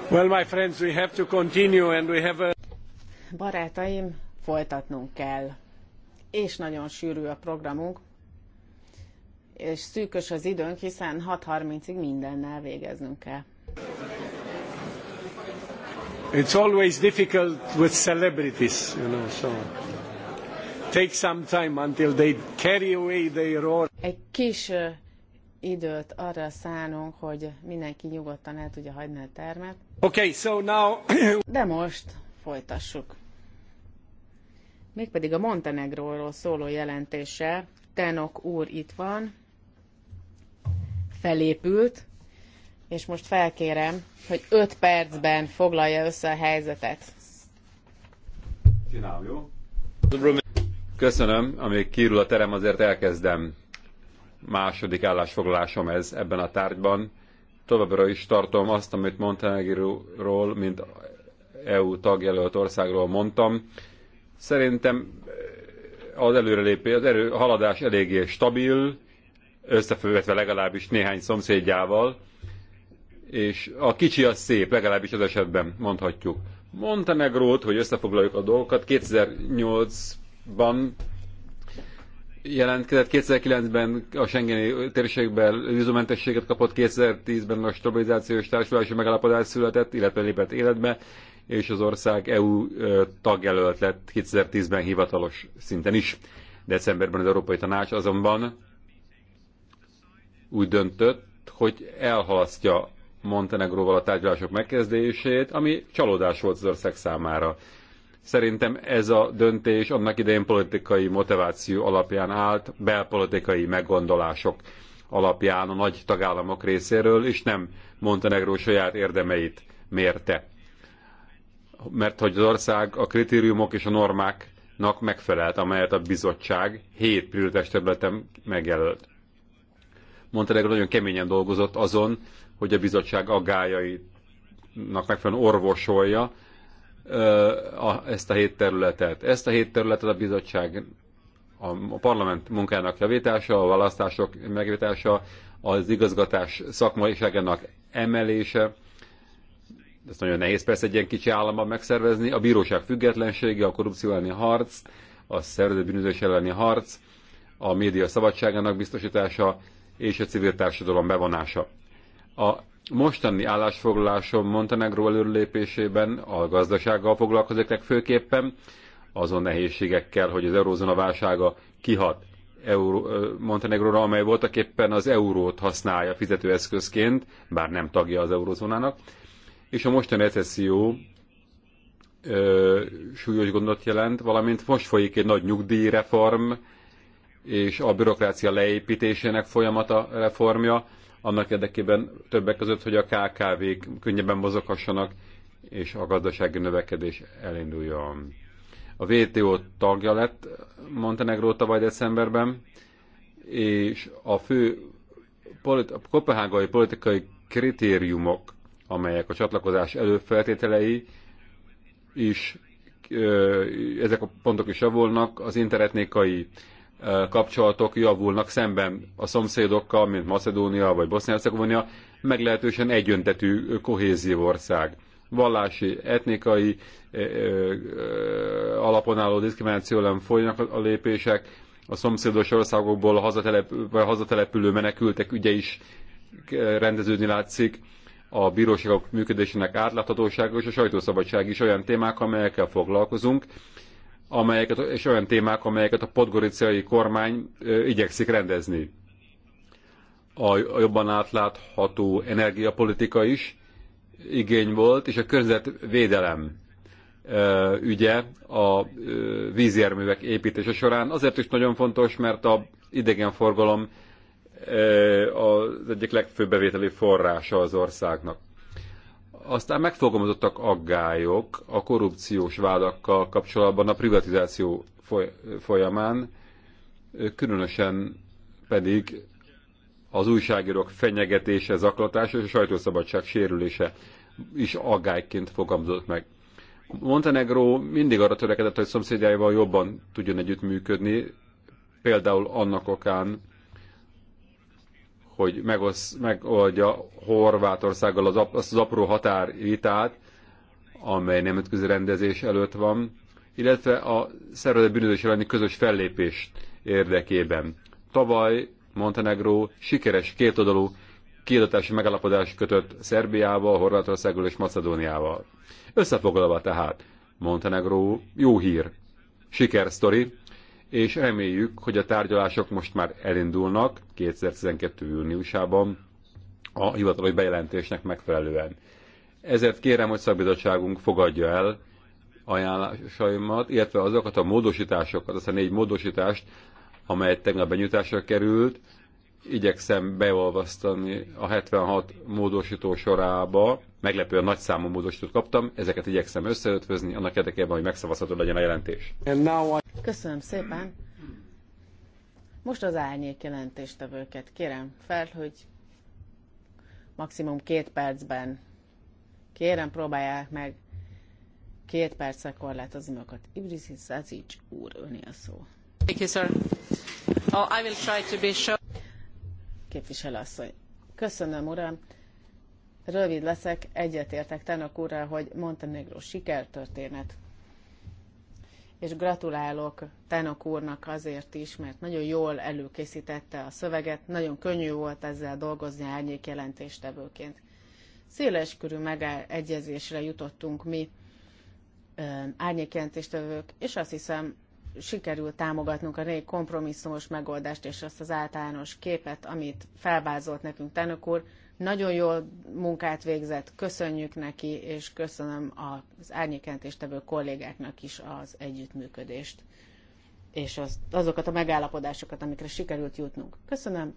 Well, my friends, we have to continue and we have a... Barátaim, folytatnunk kell. És nagyon sűrű a programunk, és szűkös az időnk, hiszen 6.30-ig mindennel végeznünk kell. It's always difficult with celebrities, you know, so take some time until they carry away their role. Egy kis időt arra szánunk, hogy mindenki nyugodtan el tudja hagyni a termet. Okay, so now... De most folytassuk. Mégpedig a Montenegróról szóló jelentése. Tenok úr itt van, felépült, és most felkérem, hogy 5 percben foglalja össze a helyzetet. Csinál, jó? Köszönöm, amíg kiírul a terem, azért elkezdem második állásfoglalásom ez ebben a tárgyban. Továbbra is tartom azt, amit Montenegróról, mint EU tagjelölt országról mondtam. Szerintem eh, az előrelépés, az erő, a haladás eléggé stabil, összefővetve legalábbis néhány szomszédjával, és a kicsi az szép, legalábbis az esetben mondhatjuk. Montenegrót, hogy összefoglaljuk a dolgokat, 2008-ban jelentkezett 2009-ben a Schengeni térségben vízumentességet kapott, 2010-ben a stabilizációs társulási megállapodás született, illetve lépett életbe, és az ország EU tagjelölt lett 2010-ben hivatalos szinten is. Decemberben az Európai Tanács azonban úgy döntött, hogy elhalasztja Montenegróval a tárgyalások megkezdését, ami csalódás volt az ország számára. Szerintem ez a döntés annak idején politikai motiváció alapján állt, belpolitikai meggondolások alapján a nagy tagállamok részéről, és nem Montenegró saját érdemeit mérte. Mert hogy az ország a kritériumok és a normáknak megfelelt, amelyet a bizottság hét prioritás területen megjelölt. Montenegro nagyon keményen dolgozott azon, hogy a bizottság aggájainak megfelelően orvosolja a, ezt a hét területet. Ezt a hét területet a bizottság a, a parlament munkának javítása, a választások megjavítása, az igazgatás szakmaiságának emelése, ezt nagyon nehéz persze egy ilyen kicsi államban megszervezni, a bíróság függetlensége, a korrupció elleni harc, a szervezett bűnözés elleni harc, a média szabadságának biztosítása és a civil társadalom bevonása. A mostani állásfoglalásom Montenegró előrelépésében a gazdasággal foglalkozik legfőképpen, azon nehézségekkel, hogy az eurózona válsága kihat Euró, Montenegróra, amely voltak éppen az eurót használja fizetőeszközként, bár nem tagja az eurózónának, és a mostani recesszió ö, súlyos gondot jelent, valamint most folyik egy nagy nyugdíjreform, és a bürokrácia leépítésének folyamata reformja, annak érdekében többek között, hogy a KKV-k könnyebben mozoghassanak, és a gazdasági növekedés elinduljon. A WTO tagja lett Montenegró tavaly decemberben, és a fő politi- a kopenhágai politikai kritériumok, amelyek a csatlakozás előfeltételei is ezek a pontok is javulnak, az interetnikai kapcsolatok javulnak szemben a szomszédokkal, mint Macedónia vagy Bosznia-Hercegovina, meglehetősen egyöntetű kohézió ország. Vallási, etnikai alapon álló diszkrimináció ellen folynak a lépések, a szomszédos országokból a hazatelep, vagy hazatelepülő menekültek ügye is rendeződni látszik, a bíróságok működésének átláthatósága és a sajtószabadság is olyan témák, amelyekkel foglalkozunk, amelyeket, és olyan témák, amelyeket a podgoricai kormány igyekszik rendezni. A jobban átlátható energiapolitika is igény volt, és a környezetvédelem ügye a vízjárművek építése során. Azért is nagyon fontos, mert a idegenforgalom az egyik legfőbb bevételi forrása az országnak. Aztán megfogalmazottak aggályok a korrupciós vádakkal kapcsolatban a privatizáció folyamán, különösen pedig az újságírók fenyegetése, zaklatása és a sajtószabadság sérülése is aggályként fogalmazott meg. Montenegro mindig arra törekedett, hogy szomszédjáival jobban tudjon együttműködni, például annak okán, hogy megosz, megoldja Horvátországgal az, azt az apró határvitát, amely nemzetközi rendezés előtt van, illetve a szervezet bűnözés elleni közös fellépés érdekében. Tavaly Montenegró sikeres kétoldalú kiadatási megállapodást kötött Szerbiával, Horvátországgal és Macedóniával. Összefoglalva tehát, Montenegró jó hír, sikersztori, és reméljük, hogy a tárgyalások most már elindulnak 2012. júniusában a hivatalos bejelentésnek megfelelően. Ezért kérem, hogy szakbizottságunk fogadja el ajánlásaimat, illetve azokat a módosításokat, azt a négy módosítást, amelyet tegnap benyújtásra került, igyekszem beolvasztani a 76 módosító sorába, meglepően nagy számú módosítót kaptam, ezeket igyekszem összeötvözni, annak érdekében, hogy megszavazható legyen a jelentés. Köszönöm szépen! Most az árnyék jelentéstevőket kérem fel, hogy maximum két percben kérem, próbálják meg két percre korlátozni magukat. Ibrisi Szazics úr, öné a szó. Thank you, sir. Oh, I will try to be sure képviselőasszony. Köszönöm, uram. Rövid leszek, egyetértek Tának úrral, hogy Montenegro sikertörténet. És gratulálok Tának úrnak azért is, mert nagyon jól előkészítette a szöveget, nagyon könnyű volt ezzel dolgozni árnyék jelentéstevőként. körű megegyezésre jutottunk mi árnyékjelentéstevők, és azt hiszem, sikerült támogatnunk a régi kompromisszumos megoldást és azt az általános képet, amit felvázolt nekünk Tenök úr. Nagyon jó munkát végzett, köszönjük neki, és köszönöm az árnyékentéstevő kollégáknak is az együttműködést, és az, azokat a megállapodásokat, amikre sikerült jutnunk. Köszönöm.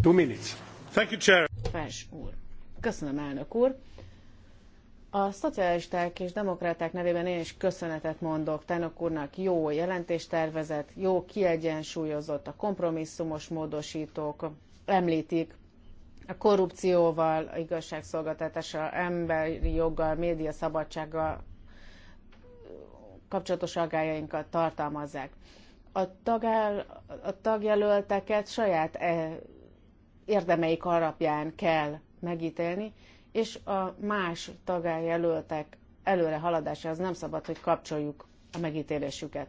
Two minutes. Thank you, Chair. Fels úr. Köszönöm, elnök úr. A szocialisták és demokraták nevében én is köszönetet mondok Tenok úrnak jó jelentéstervezet, jó kiegyensúlyozott, a kompromisszumos módosítók említik a korrupcióval, a igazságszolgáltatással, emberi joggal, média szabadsággal kapcsolatos aggájainkat tartalmazzák. A, tagál, a tagjelölteket saját eh, érdemeik alapján kell megítélni, és a más tagáljelöltek előre haladása az nem szabad, hogy kapcsoljuk a megítélésüket.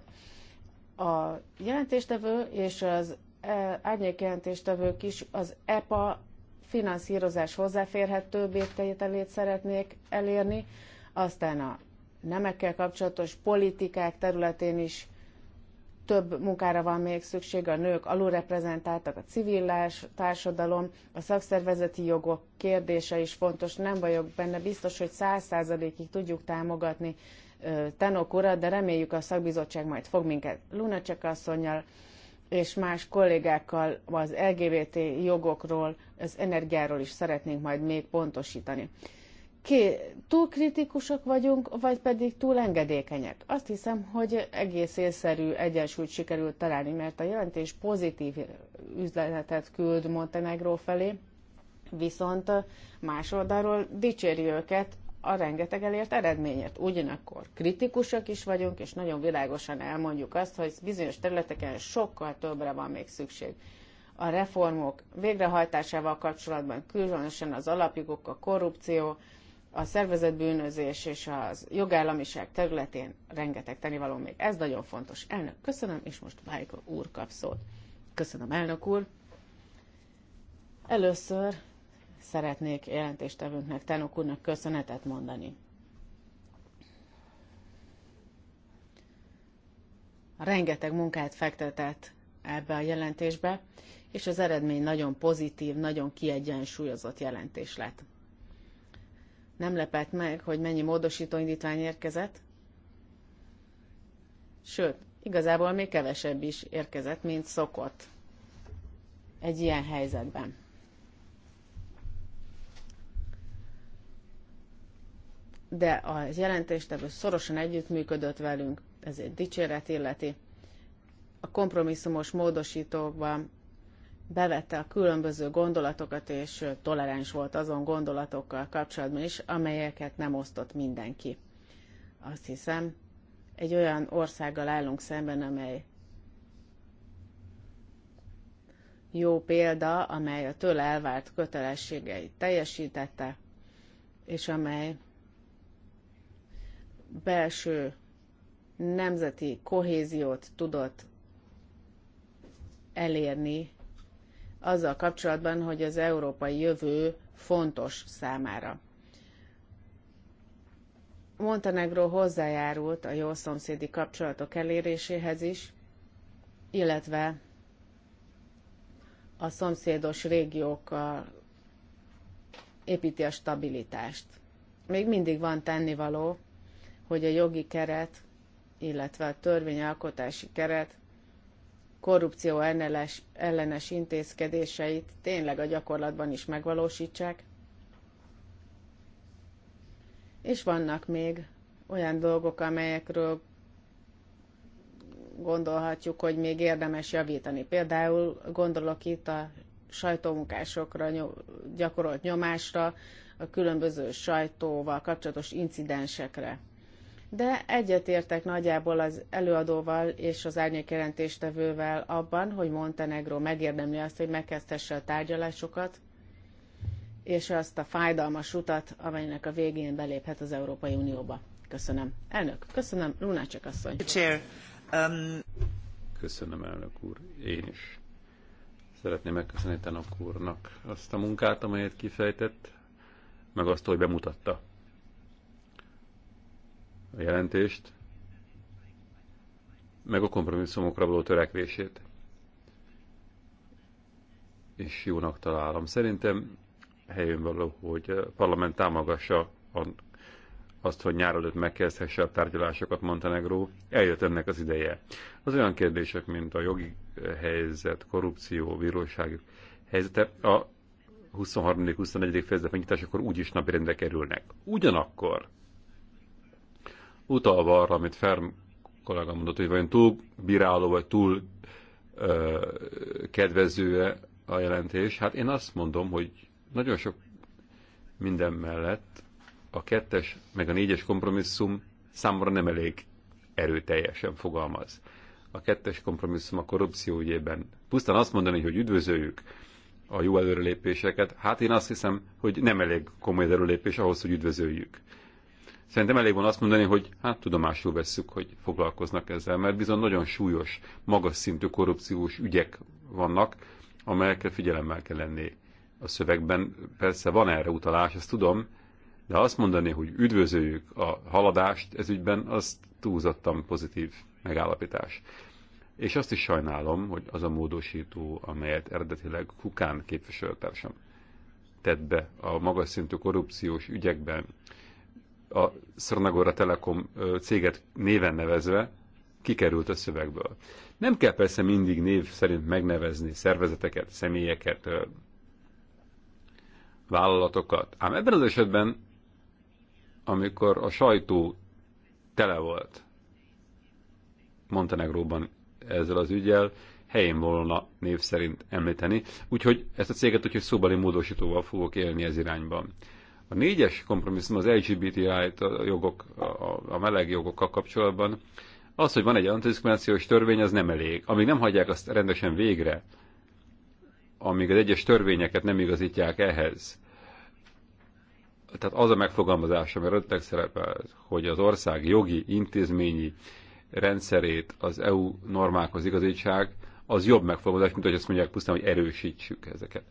A jelentéstevő és az e, árnyék jelentéstevők is az EPA finanszírozás hozzáférhető tételét szeretnék elérni, aztán a nemekkel kapcsolatos politikák területén is több munkára van még szükség, a nők alulreprezentáltak, a civil társadalom, a szakszervezeti jogok kérdése is fontos. Nem vagyok benne biztos, hogy száz százalékig tudjuk támogatni Tenok urat, de reméljük a szakbizottság majd fog minket Lunacek asszonynal és más kollégákkal az LGBT jogokról, az energiáról is szeretnénk majd még pontosítani ki, túl kritikusak vagyunk, vagy pedig túl engedékenyek. Azt hiszem, hogy egész észszerű egyensúlyt sikerült találni, mert a jelentés pozitív üzletet küld Montenegró felé, viszont más oldalról dicséri őket a rengeteg elért eredményet. Ugyanakkor kritikusak is vagyunk, és nagyon világosan elmondjuk azt, hogy bizonyos területeken sokkal többre van még szükség. A reformok végrehajtásával kapcsolatban, különösen az alapjogok, a korrupció, a szervezetbűnözés és az jogállamiság területén rengeteg tennivaló még. Ez nagyon fontos. Elnök, köszönöm, és most Vájko úr kap szót. Köszönöm, elnök úr. Először szeretnék jelentéstevőnknek, Tenok úrnak köszönetet mondani. Rengeteg munkát fektetett ebbe a jelentésbe, és az eredmény nagyon pozitív, nagyon kiegyensúlyozott jelentés lett. Nem lepett meg, hogy mennyi módosító indítvány érkezett. Sőt, igazából még kevesebb is érkezett, mint szokott egy ilyen helyzetben. De a jelentéstevő szorosan együttműködött velünk, ezért dicséret illeti. A kompromisszumos módosítókban bevette a különböző gondolatokat, és toleráns volt azon gondolatokkal kapcsolatban is, amelyeket nem osztott mindenki. Azt hiszem, egy olyan országgal állunk szemben, amely jó példa, amely a tőle elvárt kötelességeit teljesítette, és amely belső nemzeti kohéziót tudott elérni azzal kapcsolatban, hogy az európai jövő fontos számára. Montenegro hozzájárult a jó szomszédi kapcsolatok eléréséhez is, illetve a szomszédos régiókkal építi a stabilitást. Még mindig van tennivaló, hogy a jogi keret, illetve a törvényalkotási keret korrupció ellenes, ellenes intézkedéseit tényleg a gyakorlatban is megvalósítsák. És vannak még olyan dolgok, amelyekről gondolhatjuk, hogy még érdemes javítani. Például gondolok itt a sajtómunkásokra gyakorolt nyomásra, a különböző sajtóval kapcsolatos incidensekre de egyetértek nagyjából az előadóval és az árnyékjelentéstevővel abban, hogy Montenegro megérdemli azt, hogy megkezdhesse a tárgyalásokat, és azt a fájdalmas utat, amelynek a végén beléphet az Európai Unióba. Köszönöm. Elnök, köszönöm. Lunácsek asszony. Um, köszönöm, elnök úr. Én is szeretném megköszönni Tanok úrnak azt a munkát, amelyet kifejtett, meg azt, hogy bemutatta a jelentést, meg a kompromisszumokra való törekvését. És jónak találom. Szerintem helyén való, hogy a parlament támogassa azt, hogy nyár előtt megkezdhesse a tárgyalásokat Montenegró, eljött ennek az ideje. Az olyan kérdések, mint a jogi helyzet, korrupció, bíróság helyzete a 23.-24. fejezet megnyitásakor úgyis napirendre kerülnek. Ugyanakkor utalva arra, amit Ferm kollega mondott, hogy vajon túl bíráló, vagy túl ö, kedvező a jelentés. Hát én azt mondom, hogy nagyon sok minden mellett a kettes meg a négyes kompromisszum számomra nem elég erőteljesen fogalmaz. A kettes kompromisszum a korrupció ügyében. Pusztán azt mondani, hogy üdvözöljük a jó előrelépéseket, hát én azt hiszem, hogy nem elég komoly előrelépés ahhoz, hogy üdvözöljük. Szerintem elég van azt mondani, hogy hát tudomásul vesszük, hogy foglalkoznak ezzel, mert bizony nagyon súlyos, magas szintű korrupciós ügyek vannak, amelyekre figyelemmel kell lenni. A szövegben persze van erre utalás, ezt tudom, de azt mondani, hogy üdvözöljük a haladást ez ügyben, az túlzottan pozitív megállapítás. És azt is sajnálom, hogy az a módosító, amelyet eredetileg Kukán képviselőtársam tett be a magas szintű korrupciós ügyekben, a Szornagora Telekom céget néven nevezve kikerült a szövegből. Nem kell persze mindig név szerint megnevezni szervezeteket, személyeket, vállalatokat. Ám ebben az esetben, amikor a sajtó tele volt Montenegróban ezzel az ügyel, helyén volna név szerint említeni. Úgyhogy ezt a céget hogy szóbali módosítóval fogok élni ez irányban négyes kompromisszum az LGBTI-t, a, jogok, a, a meleg jogokkal kapcsolatban, az, hogy van egy antidiskriminációs törvény, az nem elég. Amíg nem hagyják azt rendesen végre, amíg az egyes törvényeket nem igazítják ehhez, tehát az a megfogalmazás, ami rögtön szerepel, hogy az ország jogi, intézményi rendszerét az EU normákhoz igazítsák, az jobb megfogalmazás, mint hogy azt mondják pusztán, hogy erősítsük ezeket.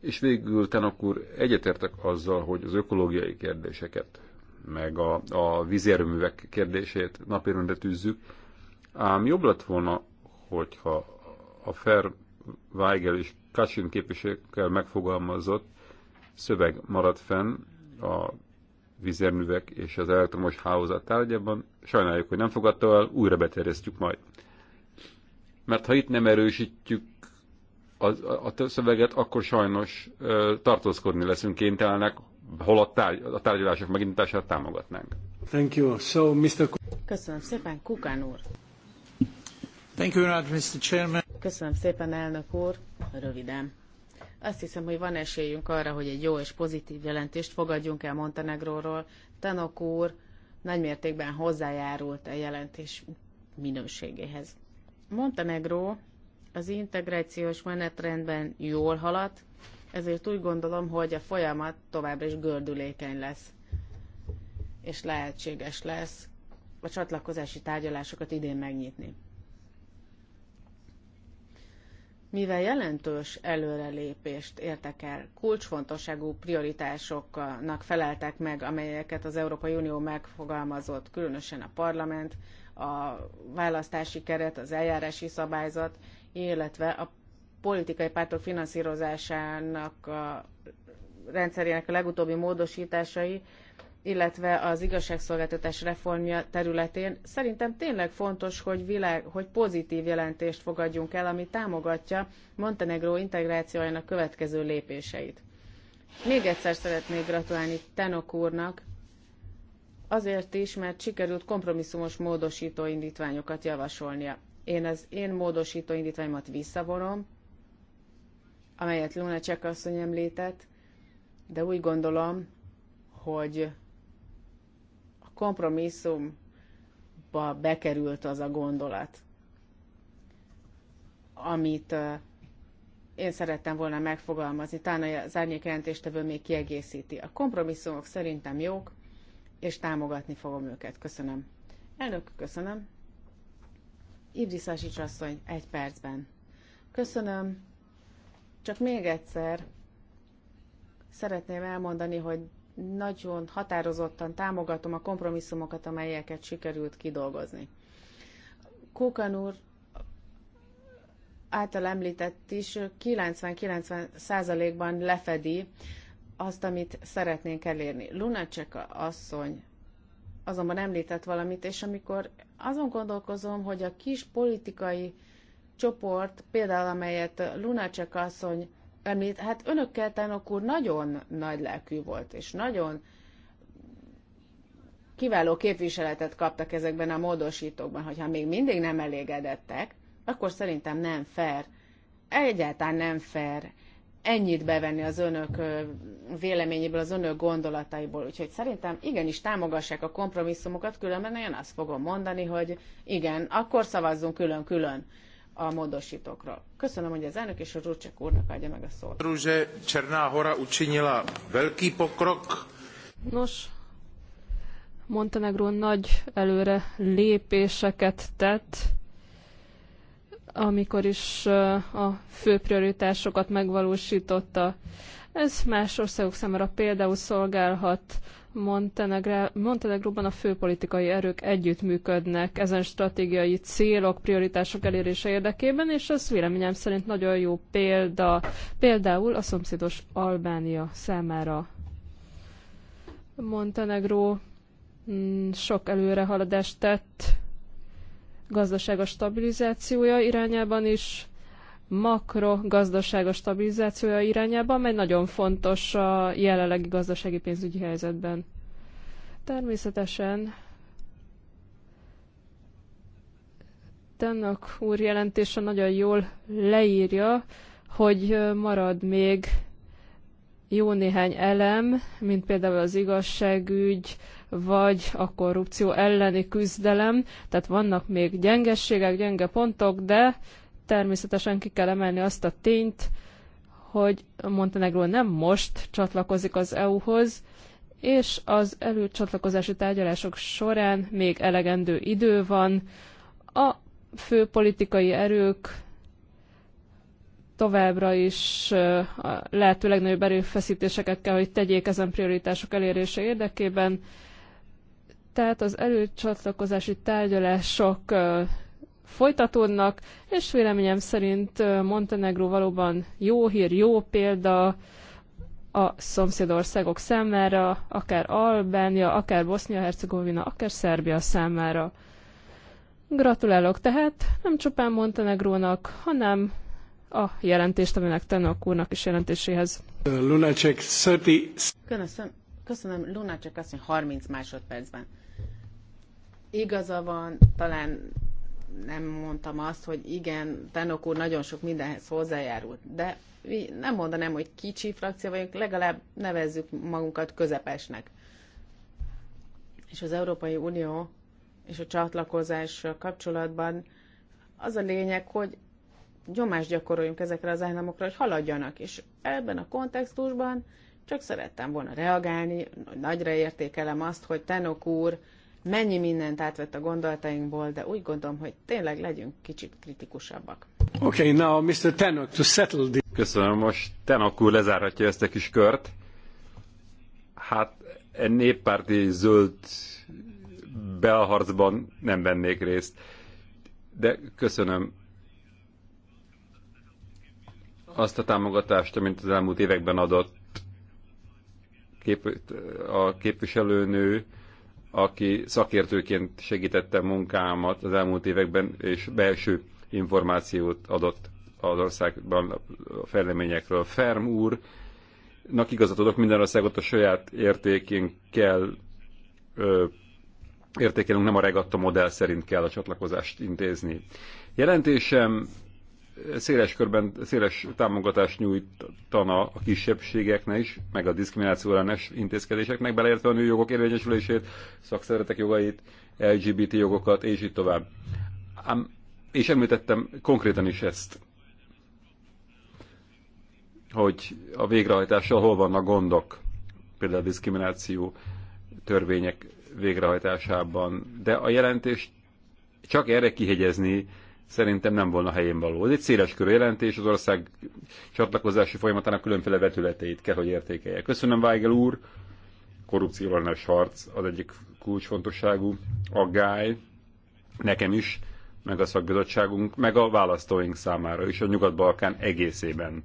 És végül akkor egyetértek azzal, hogy az ökológiai kérdéseket, meg a, a vízérőművek kérdését napirendre tűzzük, ám jobb lett volna, hogyha a Fer Weigel és Kacsin képviselőkkel megfogalmazott szöveg marad fenn a vízérművek és az elektromos hálózat tárgyában. Sajnáljuk, hogy nem fogadta el, újra beterjesztjük majd. Mert ha itt nem erősítjük a, a, a szöveget, akkor sajnos ö, tartózkodni leszünk kénytelenek, hol a, tárgy, a tárgyalások megindítását támogatnánk. Thank you. So, Mr. Köszönöm szépen, Kukán úr. Thank you, Mr. Chairman. Köszönöm szépen, elnök úr. Röviden. Azt hiszem, hogy van esélyünk arra, hogy egy jó és pozitív jelentést fogadjunk el Montenegróról. Tanok úr nagymértékben hozzájárult a jelentés minőségéhez. Montenegró az integrációs menetrendben jól halad, ezért úgy gondolom, hogy a folyamat továbbra is gördülékeny lesz, és lehetséges lesz a csatlakozási tárgyalásokat idén megnyitni. Mivel jelentős előrelépést értek el, kulcsfontosságú prioritásoknak feleltek meg, amelyeket az Európai Unió megfogalmazott, különösen a parlament, a választási keret, az eljárási szabályzat, illetve a politikai pártok finanszírozásának a rendszerének a legutóbbi módosításai, illetve az igazságszolgáltatás reformja területén szerintem tényleg fontos, hogy, világ, hogy pozitív jelentést fogadjunk el, ami támogatja Montenegró integrációjának következő lépéseit. Még egyszer szeretnék gratulálni Tenok úrnak, azért is, mert sikerült kompromisszumos módosító indítványokat javasolnia. Én az én módosító indítványomat visszavonom, amelyet Luna Csak asszony említett, de úgy gondolom, hogy a kompromisszumba bekerült az a gondolat, amit én szerettem volna megfogalmazni, talán az jelentéstevő még kiegészíti. A kompromisszumok szerintem jók, és támogatni fogom őket. Köszönöm. Elnök, köszönöm. Ibdiszasics asszony, egy percben. Köszönöm. Csak még egyszer szeretném elmondani, hogy nagyon határozottan támogatom a kompromisszumokat, amelyeket sikerült kidolgozni. Kókan úr által említett is 90-90 százalékban -90 lefedi azt, amit szeretnénk elérni. Lunacek asszony azonban említett valamit, és amikor azon gondolkozom, hogy a kis politikai csoport, például amelyet Lunacek asszony említ, hát önökkel tánok úr nagyon nagy lelkű volt, és nagyon kiváló képviseletet kaptak ezekben a módosítókban, hogyha még mindig nem elégedettek, akkor szerintem nem fair, egyáltalán nem fair ennyit bevenni az önök véleményéből, az önök gondolataiból. Úgyhogy szerintem igenis támogassák a kompromisszumokat, különben én azt fogom mondani, hogy igen, akkor szavazzunk külön-külön a módosítókról. Köszönöm, hogy az elnök és a Zsurcsek úrnak adja meg a szót. Rúzse Cserná Hora učinila velký pokrok. Nos, Montenegro nagy előre lépéseket tett, amikor is a fő prioritásokat megvalósította. Ez más országok számára például szolgálhat. Montenegróban a főpolitikai erők együttműködnek ezen stratégiai célok, prioritások elérése érdekében, és ez véleményem szerint nagyon jó példa, például a szomszédos Albánia számára. Montenegró mm, sok előrehaladást tett gazdasága stabilizációja irányában is, gazdasága stabilizációja irányában, mely nagyon fontos a jelenlegi gazdasági pénzügyi helyzetben. Természetesen Tennak úr jelentése nagyon jól leírja, hogy marad még jó néhány elem, mint például az igazságügy, vagy a korrupció elleni küzdelem. Tehát vannak még gyengességek, gyenge pontok, de természetesen ki kell emelni azt a tényt, hogy Montenegro nem most csatlakozik az EU-hoz, és az előcsatlakozási tárgyalások során még elegendő idő van. A fő politikai erők továbbra is a lehető legnagyobb erőfeszítéseket kell, hogy tegyék ezen prioritások elérése érdekében, tehát az előcsatlakozási tárgyalások folytatódnak, és véleményem szerint Montenegro valóban jó hír, jó példa a szomszédországok számára, akár Albánia, akár Bosznia-Hercegovina, akár Szerbia számára. Gratulálok tehát nem csupán Montenegrónak, hanem a jelentést, aminek Tenok úrnak is jelentéséhez. Lunacek, 30... Köszönöm, köszönöm Lunacek azt, hogy 30 másodpercben. Igaza van, talán nem mondtam azt, hogy igen, Tenok úr nagyon sok mindenhez hozzájárult, de nem mondanám, hogy kicsi frakció vagyunk, legalább nevezzük magunkat közepesnek. És az Európai Unió és a csatlakozás kapcsolatban az a lényeg, hogy nyomást gyakoroljunk ezekre az államokra, hogy haladjanak. És ebben a kontextusban csak szerettem volna reagálni, nagyra értékelem azt, hogy Tenok úr mennyi mindent átvett a gondolatainkból, de úgy gondolom, hogy tényleg legyünk kicsit kritikusabbak. Okay, now Mr. Tenok to settle the... Köszönöm, most Tenok úr lezárhatja ezt a kis kört. Hát e néppárti zöld belharcban nem vennék részt. De köszönöm azt a támogatást, amit az elmúlt években adott kép, a képviselőnő, aki szakértőként segítette munkámat az elmúlt években, és belső információt adott az országban a fejleményekről. Ferm Nak igazat adok, minden országot a saját értékén kell ö, értékelünk, nem a regatta modell szerint kell a csatlakozást intézni. Jelentésem széles körben, széles támogatást nyújtana a kisebbségeknek is, meg a diszkrimináció ellenes intézkedéseknek, beleértve a nőjogok érvényesülését, szakszeretek jogait, LGBT jogokat, és így tovább. Ám, és említettem konkrétan is ezt, hogy a végrehajtással hol vannak gondok, például a diszkrimináció törvények végrehajtásában, de a jelentést csak erre kihegyezni szerintem nem volna helyén való. Ez egy széles körű jelentés, az ország csatlakozási folyamatának különféle vetületeit kell, hogy értékelje. Köszönöm, Weigel úr! Korrupcióellenes harc az egyik kulcsfontosságú aggály, nekem is, meg a szakbizottságunk, meg a választóink számára is, a Nyugat-Balkán egészében.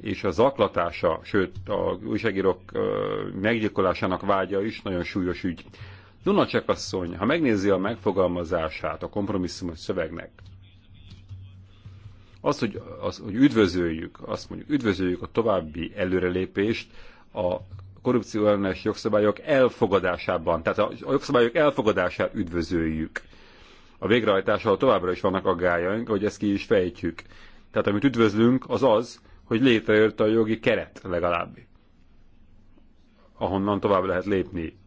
És a zaklatása, sőt, a újságírók meggyilkolásának vágya is nagyon súlyos ügy. Dunacek asszony, ha megnézi a megfogalmazását a kompromisszumos szövegnek, az, hogy, az, hogy üdvözöljük, azt mondjuk, üdvözöljük a további előrelépést a korrupció ellenes jogszabályok elfogadásában. Tehát a jogszabályok elfogadását üdvözöljük. A végrehajtással továbbra is vannak aggájaink, hogy ezt ki is fejtjük. Tehát amit üdvözlünk, az az, hogy létrejött a jogi keret legalább, ahonnan tovább lehet lépni.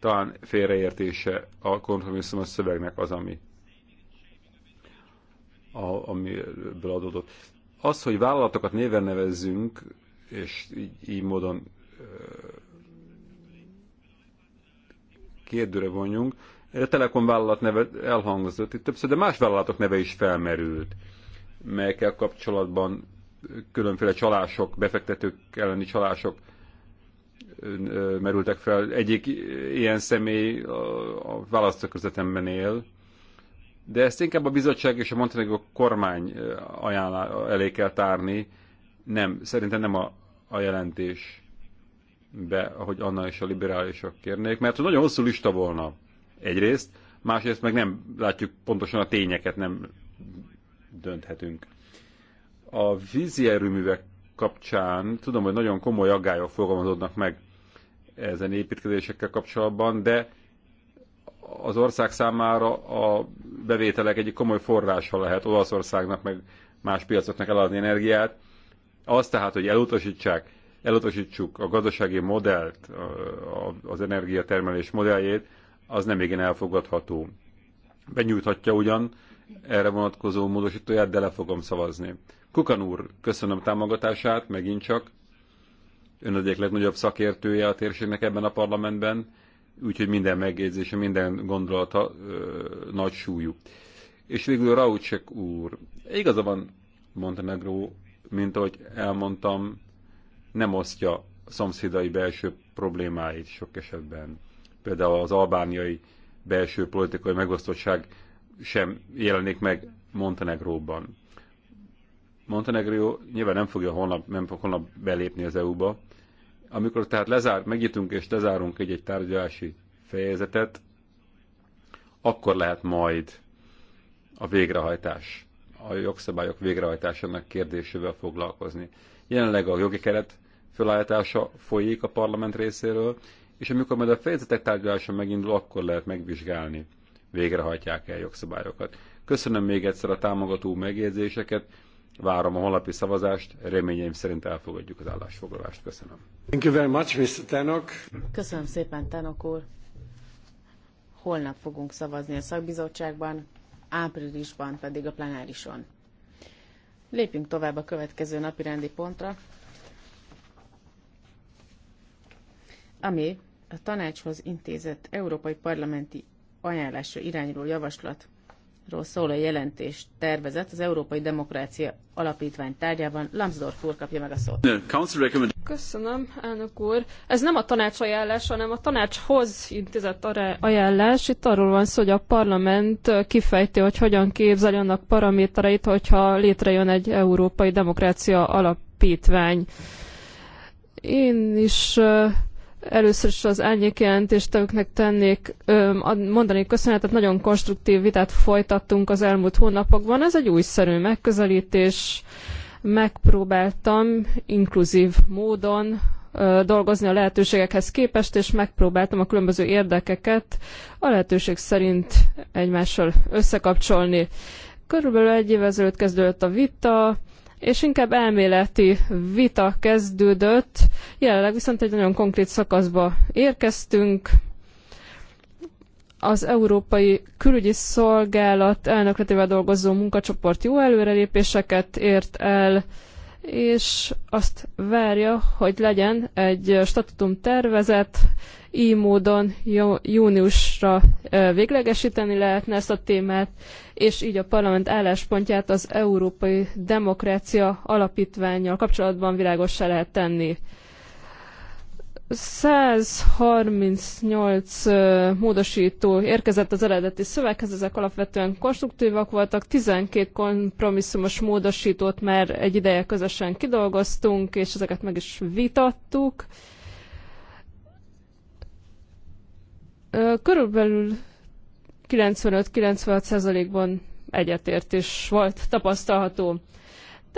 Talán félreértése a kompromisszumos szövegnek az, ami a, amiből adódott. Az, hogy vállalatokat néven nevezzünk, és így, így módon kérdőre vonjunk, a Telekom vállalat neve elhangzott itt többször, de más vállalatok neve is felmerült, melyekkel kapcsolatban különféle csalások, befektetők elleni csalások merültek fel. Egyik ilyen személy a választókörzetemben él, de ezt inkább a bizottság és a Montenegro kormány ajánlá, elé kell tárni, nem, szerintem nem a, a jelentés be, ahogy Anna és a liberálisok kérnék, mert nagyon hosszú lista volna egyrészt, másrészt meg nem látjuk pontosan a tényeket, nem dönthetünk. A vízi erőművek kapcsán tudom, hogy nagyon komoly aggályok fogalmazódnak meg ezen építkezésekkel kapcsolatban, de az ország számára a bevételek egyik komoly forrása lehet Olaszországnak, meg más piacoknak eladni energiát. Az tehát, hogy elutasítsák, elutasítsuk a gazdasági modellt, az energiatermelés modelljét, az nem igen elfogadható. Benyújthatja ugyan erre vonatkozó módosítóját, de le fogom szavazni. Kukan úr, köszönöm támogatását, megint csak. Ön egyik legnagyobb szakértője a térségnek ebben a parlamentben úgyhogy minden megjegyzése, minden gondolata ö, nagy súlyú. És végül Raucsek úr, igaza van Montenegro, mint ahogy elmondtam, nem osztja a szomszédai belső problémáit sok esetben. Például az albániai belső politikai megosztottság sem jelenik meg Montenegróban. Montenegro nyilván nem fogja holnap, nem fog holnap belépni az EU-ba, amikor tehát lezár, megnyitunk és lezárunk egy-egy tárgyalási fejezetet, akkor lehet majd a végrehajtás, a jogszabályok végrehajtásának kérdésével foglalkozni. Jelenleg a jogi keret felállítása folyik a parlament részéről, és amikor majd a fejezetek tárgyalása megindul, akkor lehet megvizsgálni, végrehajtják el jogszabályokat. Köszönöm még egyszer a támogató megjegyzéseket, Várom a holnapi szavazást, reményeim szerint elfogadjuk az állásfoglalást. Köszönöm. Thank you very much, Mr. Tenok. Köszönöm szépen, Tenok úr. Holnap fogunk szavazni a szakbizottságban, áprilisban pedig a plenárison. Lépjünk tovább a következő napi rendi pontra, ami a tanácshoz intézett európai parlamenti ajánlásra irányuló javaslat ról szóló jelentés tervezett az Európai Demokrácia Alapítvány tárgyában. Lambsdorff úr kapja meg a szót. Köszönöm, elnök úr. Ez nem a tanács ajánlás, hanem a tanácshoz intézett ajánlás. Itt arról van szó, hogy a parlament kifejti, hogy hogyan képzel annak paramétereit, hogyha létrejön egy Európai Demokrácia Alapítvány. Én is Először is az árnyékjelentéstevőknek tennék, mondani köszönetet, nagyon konstruktív vitát folytattunk az elmúlt hónapokban. Ez egy újszerű megközelítés. Megpróbáltam inkluzív módon dolgozni a lehetőségekhez képest, és megpróbáltam a különböző érdekeket a lehetőség szerint egymással összekapcsolni. Körülbelül egy évvel ezelőtt kezdődött a vita, és inkább elméleti vita kezdődött, jelenleg viszont egy nagyon konkrét szakaszba érkeztünk. Az Európai Külügyi Szolgálat elnökletével dolgozó munkacsoport jó előrelépéseket ért el, és azt várja, hogy legyen egy statutum tervezet, így módon júniusra véglegesíteni lehetne ezt a témát, és így a parlament álláspontját az Európai Demokrácia Alapítványjal kapcsolatban világossá lehet tenni. 138 módosító érkezett az eredeti szöveghez, ezek alapvetően konstruktívak voltak, 12 kompromisszumos módosítót már egy ideje közösen kidolgoztunk, és ezeket meg is vitattuk. Körülbelül 95-96 ban egyetértés volt tapasztalható.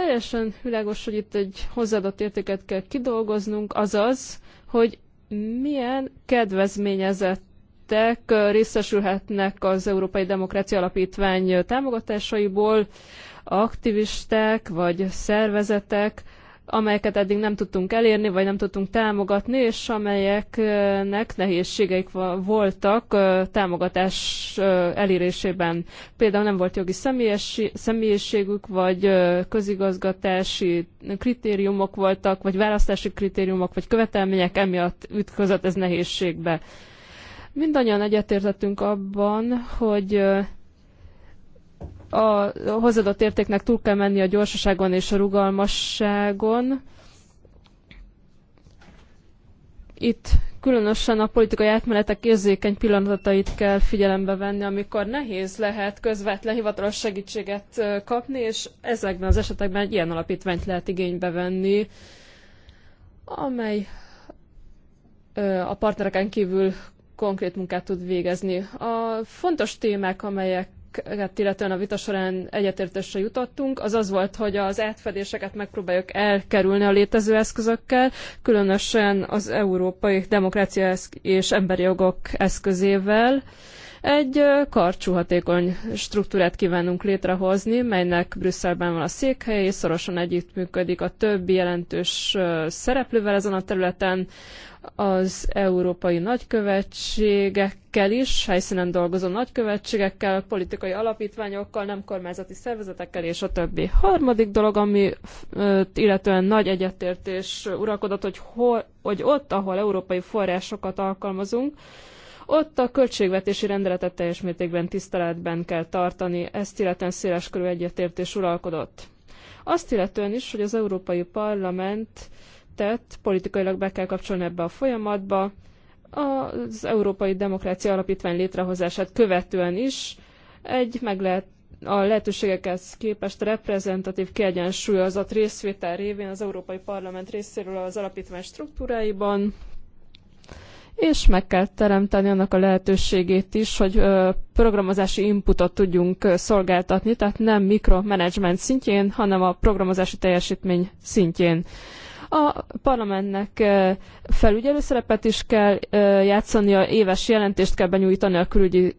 Teljesen világos, hogy itt egy hozzáadott értéket kell kidolgoznunk, azaz, hogy milyen kedvezményezettek részesülhetnek az Európai Demokrácia Alapítvány támogatásaiból, aktivisták vagy szervezetek, amelyeket eddig nem tudtunk elérni, vagy nem tudtunk támogatni, és amelyeknek nehézségeik voltak támogatás elérésében. Például nem volt jogi személyiségük, vagy közigazgatási kritériumok voltak, vagy választási kritériumok, vagy követelmények, emiatt ütközött ez nehézségbe. Mindannyian egyetértettünk abban, hogy a hozzáadott értéknek túl kell menni a gyorsaságon és a rugalmasságon. Itt különösen a politikai átmenetek érzékeny pillanatait kell figyelembe venni, amikor nehéz lehet közvetlen hivatalos segítséget kapni, és ezekben az esetekben egy ilyen alapítványt lehet igénybe venni, amely a partnereken kívül konkrét munkát tud végezni. A fontos témák, amelyek illetően a vita során egyetértésre jutottunk, az az volt, hogy az átfedéseket megpróbáljuk elkerülni a létező eszközökkel, különösen az európai demokrácia és emberi jogok eszközével. Egy karcsúhatékony struktúrát kívánunk létrehozni, melynek Brüsszelben van a székhelye, és szorosan együttműködik a többi jelentős szereplővel ezen a területen, az európai nagykövetségekkel is, helyszínen dolgozó nagykövetségekkel, politikai alapítványokkal, nem kormányzati szervezetekkel és a többi. Harmadik dolog, ami illetően nagy egyetértés uralkodott, hogy, hol, hogy ott, ahol európai forrásokat alkalmazunk, ott a költségvetési rendeletet teljes mértékben tiszteletben kell tartani, ezt illetően széleskörű egyetértés uralkodott. Azt illetően is, hogy az Európai Parlament tett, politikailag be kell kapcsolni ebbe a folyamatba, az Európai Demokrácia Alapítvány létrehozását követően is egy meg lehet a lehetőségekhez képest reprezentatív kiegyensúlyozott részvétel révén az Európai Parlament részéről az alapítvány struktúráiban, és meg kell teremteni annak a lehetőségét is, hogy programozási inputot tudjunk szolgáltatni, tehát nem mikromanagement szintjén, hanem a programozási teljesítmény szintjén. A parlamentnek felügyelő szerepet is kell játszania, éves jelentést kell benyújtani a külügyi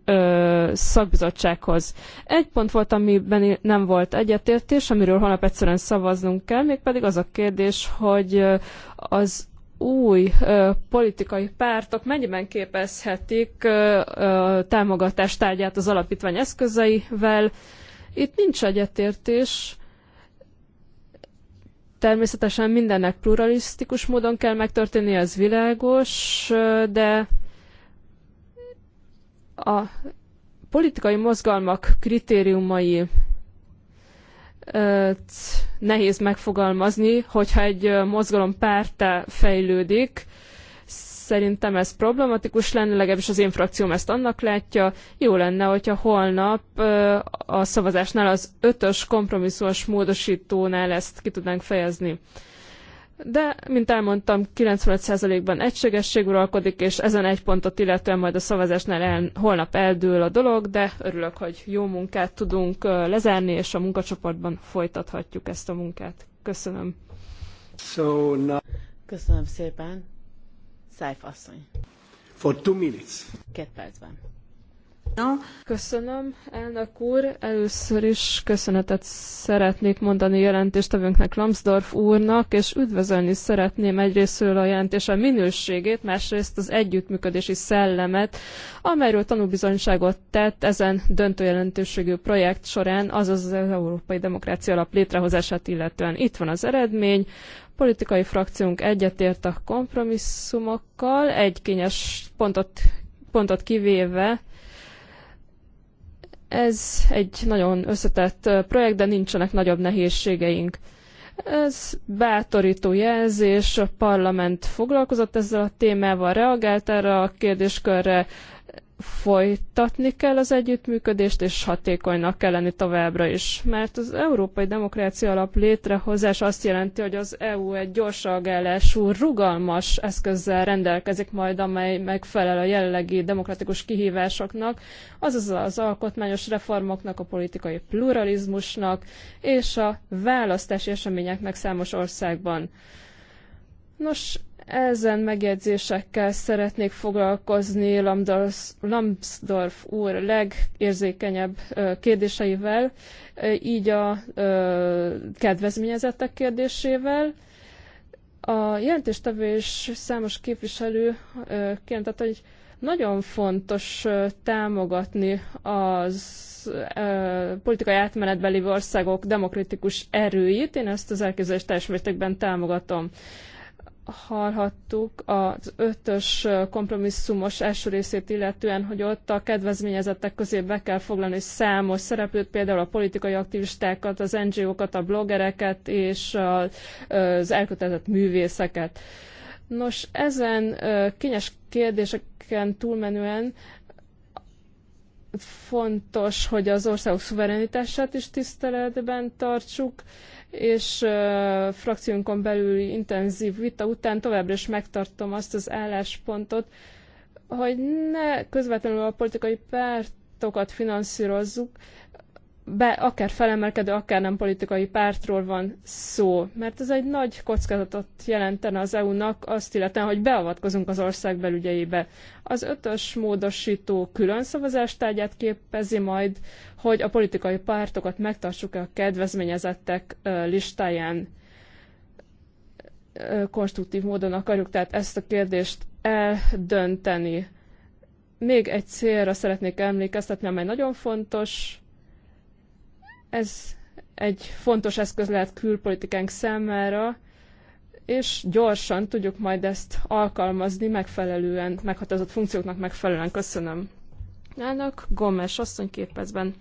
szakbizottsághoz. Egy pont volt, amiben nem volt egyetértés, amiről holnap egyszerűen szavaznunk kell, mégpedig az a kérdés, hogy az új ö, politikai pártok mennyiben képezhetik ö, ö, támogatást tárgyát az alapítvány eszközeivel. Itt nincs egyetértés. Természetesen mindennek pluralisztikus módon kell megtörténni, ez világos, de a politikai mozgalmak kritériumai nehéz megfogalmazni, hogyha egy mozgalom pártá fejlődik, szerintem ez problematikus lenne, legalábbis az én frakcióm ezt annak látja. Jó lenne, hogyha holnap a szavazásnál az ötös kompromisszumos módosítónál ezt ki tudnánk fejezni de, mint elmondtam, 95%-ban egységesség uralkodik, és ezen egy pontot illetően majd a szavazásnál el, holnap eldől a dolog, de örülök, hogy jó munkát tudunk lezárni, és a munkacsoportban folytathatjuk ezt a munkát. Köszönöm. So now... Köszönöm szépen. Szájf For two minutes. Két percben. Köszönöm, elnök úr. Először is köszönetet szeretnék mondani jelentéstevőnknek Lambsdorff úrnak, és üdvözölni szeretném egyrésztről a jelentés a minőségét, másrészt az együttműködési szellemet, amelyről tanúbizonyságot tett ezen döntő jelentőségű projekt során, azaz az Európai Demokrácia Alap létrehozását illetően. Itt van az eredmény, politikai frakciónk egyetért a kompromisszumokkal, egy kényes pontot, pontot kivéve, ez egy nagyon összetett projekt, de nincsenek nagyobb nehézségeink. Ez bátorító jelzés, a parlament foglalkozott ezzel a témával, reagált erre a kérdéskörre, folytatni kell az együttműködést, és hatékonynak kell lenni továbbra is. Mert az Európai Demokrácia Alap létrehozás azt jelenti, hogy az EU egy gyorsalgálású, rugalmas eszközzel rendelkezik majd, amely megfelel a jelenlegi demokratikus kihívásoknak, azaz az alkotmányos reformoknak, a politikai pluralizmusnak és a választási eseményeknek számos országban. Nos, ezen megjegyzésekkel szeretnék foglalkozni Lambsdorff úr legérzékenyebb kérdéseivel, így a kedvezményezettek kérdésével. A jelentéstevő és számos képviselő kérdezte, hogy nagyon fontos támogatni az politikai átmenetbeli országok demokratikus erőit. Én ezt az elképzelést teljes mértékben támogatom hallhattuk az ötös kompromisszumos első részét illetően, hogy ott a kedvezményezettek közé be kell foglalni számos szereplőt, például a politikai aktivistákat, az NGO-kat, a bloggereket és az elkötelezett művészeket. Nos, ezen kényes kérdéseken túlmenően fontos, hogy az országok szuverenitását is tiszteletben tartsuk, és uh, frakciónkon belüli intenzív vita után továbbra is megtartom azt az álláspontot, hogy ne közvetlenül a politikai pártokat finanszírozzuk, be, akár felemelkedő, akár nem politikai pártról van szó, mert ez egy nagy kockázatot jelentene az EU-nak azt illetően, hogy beavatkozunk az ország belügyeibe. Az ötös módosító külön szavazástárgyát képezi majd, hogy a politikai pártokat megtartsuk-e a kedvezményezettek listáján konstruktív módon akarjuk tehát ezt a kérdést eldönteni. Még egy célra szeretnék emlékeztetni, amely nagyon fontos, ez egy fontos eszköz lehet külpolitikánk számára, és gyorsan tudjuk majd ezt alkalmazni megfelelően, meghatározott funkcióknak megfelelően. Köszönöm. Elnök Gomes asszony két percben.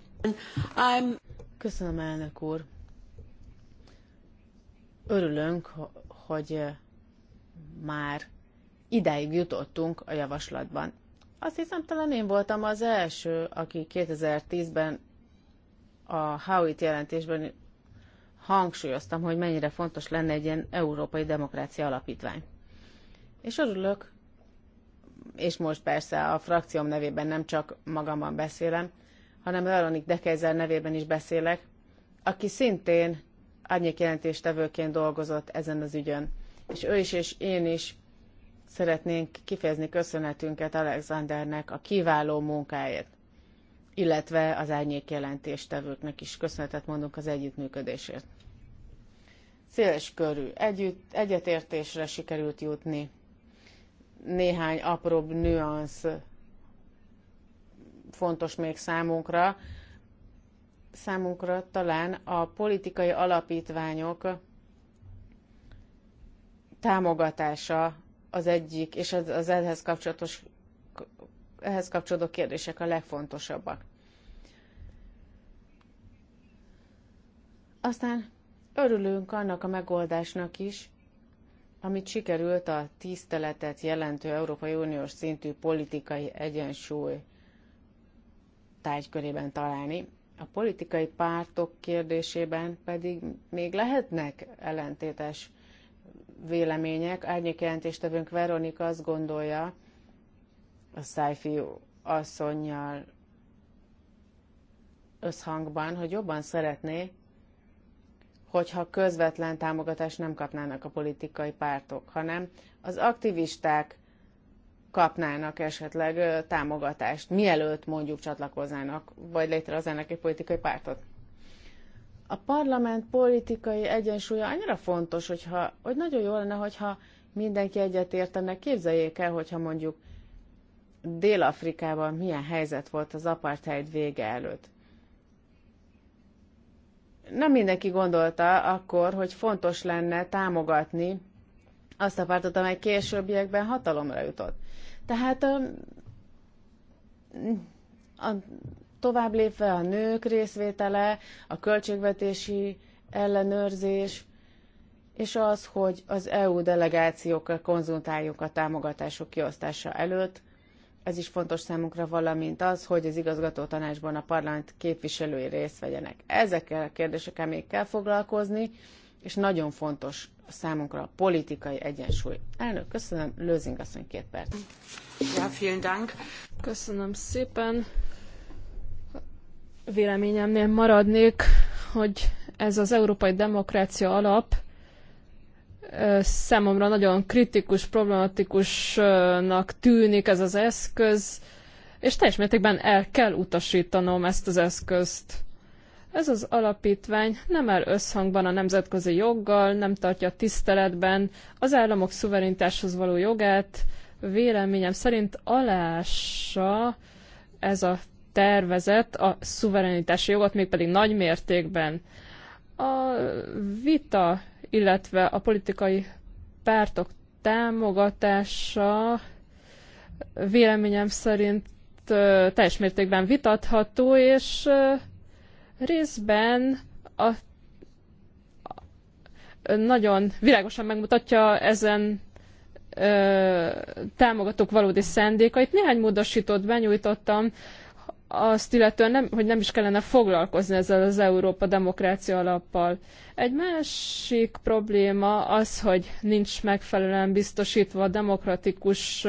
I'm... Köszönöm, elnök úr. Örülünk, hogy eh, már idáig jutottunk a javaslatban. Azt hiszem, talán én voltam az első, aki 2010-ben a Howitt jelentésben hangsúlyoztam, hogy mennyire fontos lenne egy ilyen európai demokrácia alapítvány. És örülök, és most persze a frakcióm nevében nem csak magamban beszélem, hanem Veronik Dekeizer nevében is beszélek, aki szintén jelentéstevőként dolgozott ezen az ügyön. És ő is és én is szeretnénk kifejezni köszönetünket Alexandernek a kiváló munkáért illetve az árnyék jelentéstevőknek is köszönetet mondunk az együttműködésért. Széles körű együtt, egyetértésre sikerült jutni. Néhány apróbb nüansz fontos még számunkra. Számunkra talán a politikai alapítványok támogatása az egyik, és az, az ehhez kapcsolatos ehhez kapcsolódó kérdések a legfontosabbak. Aztán örülünk annak a megoldásnak is, amit sikerült a tiszteletet jelentő Európai Uniós szintű politikai egyensúly tárgykörében találni. A politikai pártok kérdésében pedig még lehetnek ellentétes vélemények. Árnyékjelentéstevőnk Veronika azt gondolja, a szájfiú asszonynal összhangban, hogy jobban szeretné, hogyha közvetlen támogatást nem kapnának a politikai pártok, hanem az aktivisták kapnának esetleg támogatást, mielőtt mondjuk csatlakoznának, vagy ennek egy politikai pártot. A parlament politikai egyensúlya annyira fontos, hogyha, hogy nagyon jó lenne, hogyha mindenki egyetértene. Képzeljék el, hogyha mondjuk Dél-Afrikában milyen helyzet volt az apartheid vége előtt. Nem mindenki gondolta akkor, hogy fontos lenne támogatni azt a pártot, amely későbbiekben hatalomra jutott. Tehát a, a, tovább lépve a nők részvétele, a költségvetési ellenőrzés, és az, hogy az EU delegációkkal konzultáljuk a támogatások kiosztása előtt, ez is fontos számunkra, valamint az, hogy az igazgató tanácsban a parlament képviselői részt vegyenek. Ezekkel a kérdésekkel még kell foglalkozni, és nagyon fontos számunkra a politikai egyensúly. Elnök, köszönöm, Lőzing asszony két perc. Ja, vielen Dank. Köszönöm szépen. Véleményemnél maradnék, hogy ez az európai demokrácia alap, számomra nagyon kritikus, problematikusnak tűnik ez az eszköz, és teljes mértékben el kell utasítanom ezt az eszközt. Ez az alapítvány nem áll összhangban a nemzetközi joggal, nem tartja tiszteletben az államok szuverenitáshoz való jogát, véleményem szerint alássa ez a tervezet a szuverenitási jogot, mégpedig nagy mértékben. A vita illetve a politikai pártok támogatása véleményem szerint teljes mértékben vitatható, és részben a nagyon világosan megmutatja ezen támogatók valódi szándékait. Néhány módosítót benyújtottam, azt illetően, nem, hogy nem is kellene foglalkozni ezzel az Európa demokrácia alappal. Egy másik probléma az, hogy nincs megfelelően biztosítva a demokratikus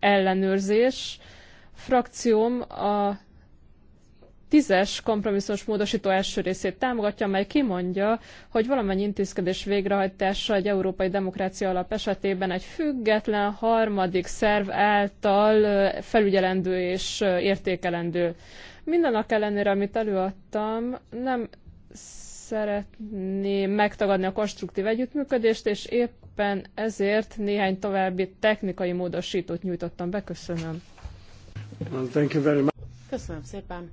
ellenőrzés. Frakcióm a tízes kompromisszumos módosító első részét támogatja, amely kimondja, hogy valamennyi intézkedés végrehajtása egy európai demokrácia alap esetében egy független harmadik szerv által felügyelendő és értékelendő. Mindenak ellenére, amit előadtam, nem szeretném megtagadni a konstruktív együttműködést, és éppen ezért néhány további technikai módosítót nyújtottam be. Köszönöm. Well, thank you very much. Köszönöm szépen.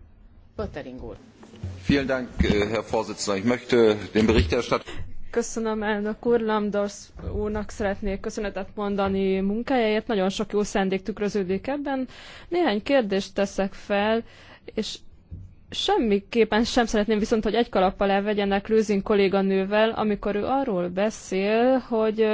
Äh, Köszönöm elnök úr, Lambdorsz úrnak szeretnék köszönetet mondani munkájáért, nagyon sok jó szándék tükröződik ebben. Néhány kérdést teszek fel, és semmiképpen sem szeretném viszont, hogy egy kalap alá vegyenek Lőzin kolléganővel, amikor ő arról beszél, hogy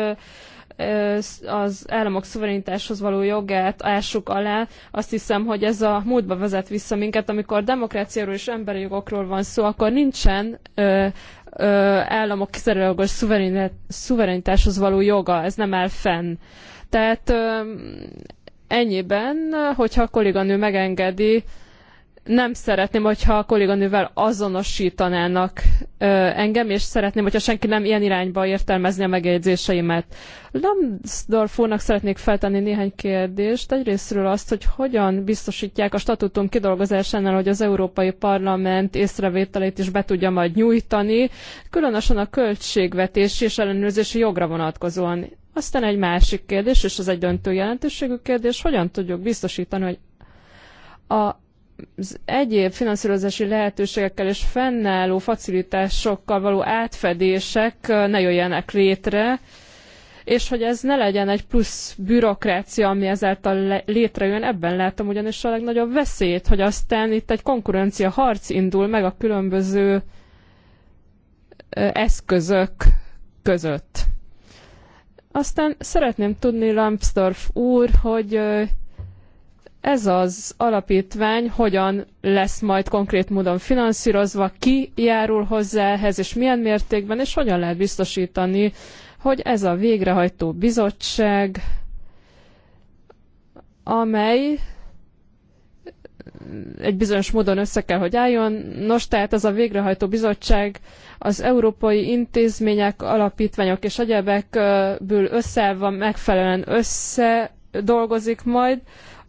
az államok szuverenitáshoz való jogát ássuk alá, azt hiszem, hogy ez a múltba vezet vissza minket, amikor demokráciáról és emberi jogokról van szó, akkor nincsen ö, ö, államok kizárólagos szuverenitáshoz való joga, ez nem áll fenn. Tehát ö, ennyiben, hogyha a kolléganő megengedi, nem szeretném, hogyha a kolléganővel azonosítanának engem, és szeretném, hogyha senki nem ilyen irányba értelmezni a megjegyzéseimet. Lambsdorff úrnak szeretnék feltenni néhány kérdést. Egyrésztről azt, hogy hogyan biztosítják a statutum kidolgozásánál, hogy az Európai Parlament észrevételét is be tudja majd nyújtani, különösen a költségvetési és ellenőrzési jogra vonatkozóan. Aztán egy másik kérdés, és ez egy döntő jelentőségű kérdés, hogyan tudjuk biztosítani, hogy a az egyéb finanszírozási lehetőségekkel és fennálló facilitásokkal való átfedések ne jöjjenek létre, és hogy ez ne legyen egy plusz bürokrácia, ami ezáltal létrejön, ebben látom ugyanis a legnagyobb veszélyt, hogy aztán itt egy konkurencia harc indul meg a különböző eszközök között. Aztán szeretném tudni, Lambsdorff úr, hogy ez az alapítvány hogyan lesz majd konkrét módon finanszírozva, ki járul hozzá ehhez, és milyen mértékben, és hogyan lehet biztosítani, hogy ez a végrehajtó bizottság, amely egy bizonyos módon össze kell, hogy álljon. Nos, tehát ez a végrehajtó bizottság az európai intézmények, alapítványok és egyebekből összeállva megfelelően összedolgozik majd,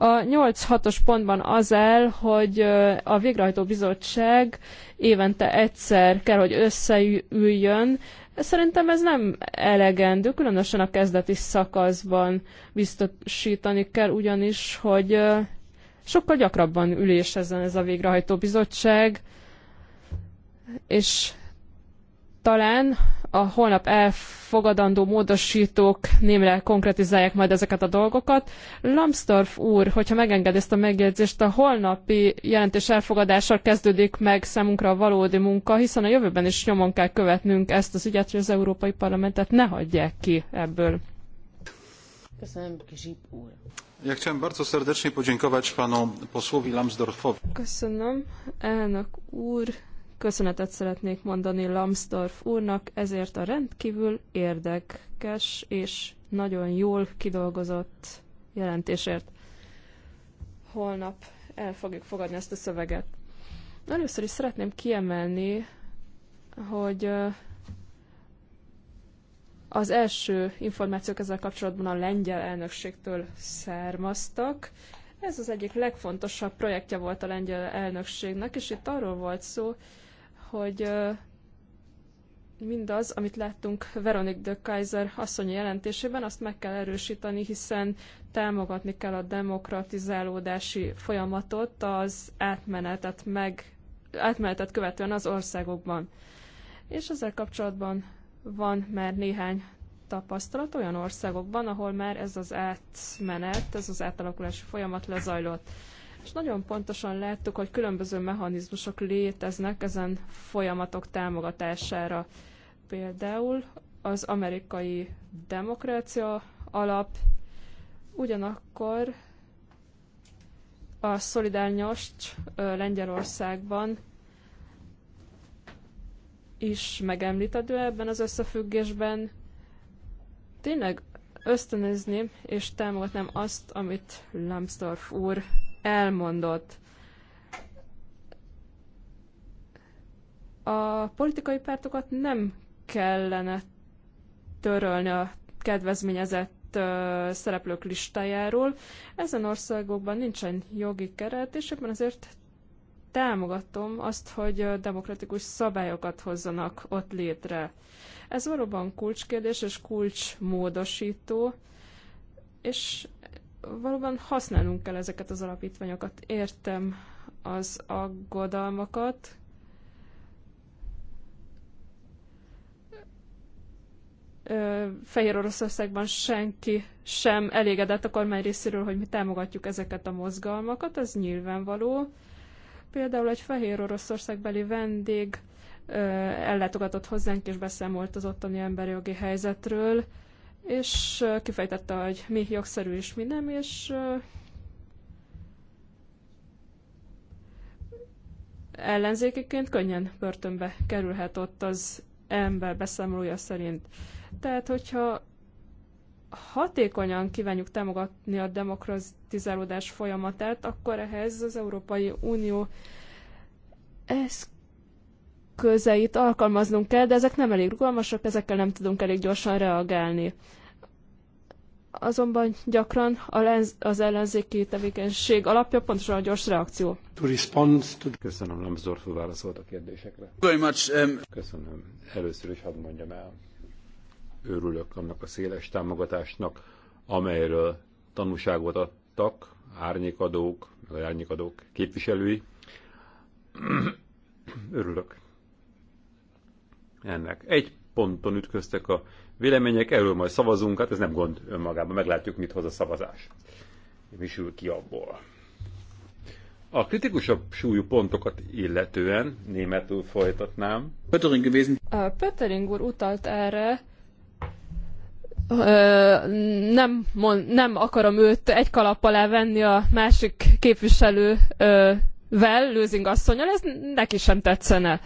a 8-6-os pontban az el, hogy a végrehajtó bizottság évente egyszer kell, hogy összeüljön. Szerintem ez nem elegendő, különösen a kezdeti szakaszban biztosítani kell ugyanis, hogy sokkal gyakrabban ülésezzen ez a végrehajtó bizottság, és talán a holnap elfogadandó módosítók némre konkretizálják majd ezeket a dolgokat. Lambsdorff úr, hogyha megenged ezt a megjegyzést, a holnapi jelentés elfogadással kezdődik meg számunkra a valódi munka, hiszen a jövőben is nyomon kell követnünk ezt az ügyet, hogy az Európai Parlamentet ne hagyják ki ebből. Köszönöm, Kizsip úr. Ja chciałem bardzo serdecznie podziękować panu posłowi Lambsdorffowi. Köszönöm, elnök úr. Köszönetet szeretnék mondani Lambsdorff úrnak ezért a rendkívül érdekes és nagyon jól kidolgozott jelentésért. Holnap el fogjuk fogadni ezt a szöveget. Először is szeretném kiemelni, hogy az első információk ezzel kapcsolatban a lengyel elnökségtől származtak. Ez az egyik legfontosabb projektje volt a lengyel elnökségnek, és itt arról volt szó, hogy mindaz, amit láttunk Veronik de Kaiser asszonyi jelentésében, azt meg kell erősíteni, hiszen támogatni kell a demokratizálódási folyamatot, az átmenetet, meg, átmenetet követően az országokban. És ezzel kapcsolatban van már néhány tapasztalat olyan országokban, ahol már ez az átmenet, ez az átalakulási folyamat lezajlott és nagyon pontosan láttuk, hogy különböző mechanizmusok léteznek ezen folyamatok támogatására. Például az amerikai demokrácia alap, ugyanakkor a szolidárnyos Lengyelországban is megemlítedő ebben az összefüggésben. Tényleg ösztönözném és támogatnám azt, amit Lambsdorff úr elmondott. A politikai pártokat nem kellene törölni a kedvezményezett ö, szereplők listájáról. Ezen országokban nincsen jogi keret, és ebben azért támogatom azt, hogy demokratikus szabályokat hozzanak ott létre. Ez valóban kulcskérdés és kulcsmódosító, és valóban használnunk kell ezeket az alapítványokat. Értem az aggodalmakat, Fehér Oroszországban senki sem elégedett a kormány részéről, hogy mi támogatjuk ezeket a mozgalmakat, ez nyilvánvaló. Például egy Fehér Oroszországbeli vendég ellátogatott hozzánk és beszámolt az ottani emberi jogi helyzetről és kifejtette, hogy mi jogszerű és mi nem, és ellenzékeként könnyen börtönbe kerülhet ott az ember beszámolója szerint. Tehát, hogyha hatékonyan kívánjuk támogatni a demokratizálódás folyamatát, akkor ehhez az Európai Unió ez eszközeit alkalmaznunk kell, de ezek nem elég rugalmasak, ezekkel nem tudunk elég gyorsan reagálni. Azonban gyakran az ellenzéki tevékenység alapja pontosan a gyors reakció. To respond to... Köszönöm, Lambsdorff válaszolt a kérdésekre. Very much, um... Köszönöm. Először is hadd mondjam el. Örülök annak a széles támogatásnak, amelyről tanúságot adtak árnyékadók, az árnyékadók képviselői. Örülök ennek. Egy ponton ütköztek a vélemények, erről majd szavazunk, hát ez nem gond önmagában, meglátjuk, mit hoz a szavazás. sül ki abból. A kritikusabb súlyú pontokat illetően németül folytatnám. Pöttering gewesen. A Pöttering úr utalt erre, nem, mond, nem akarom őt egy kalap alá venni a másik képviselővel, Lőzing asszonyal, ez neki sem tetszene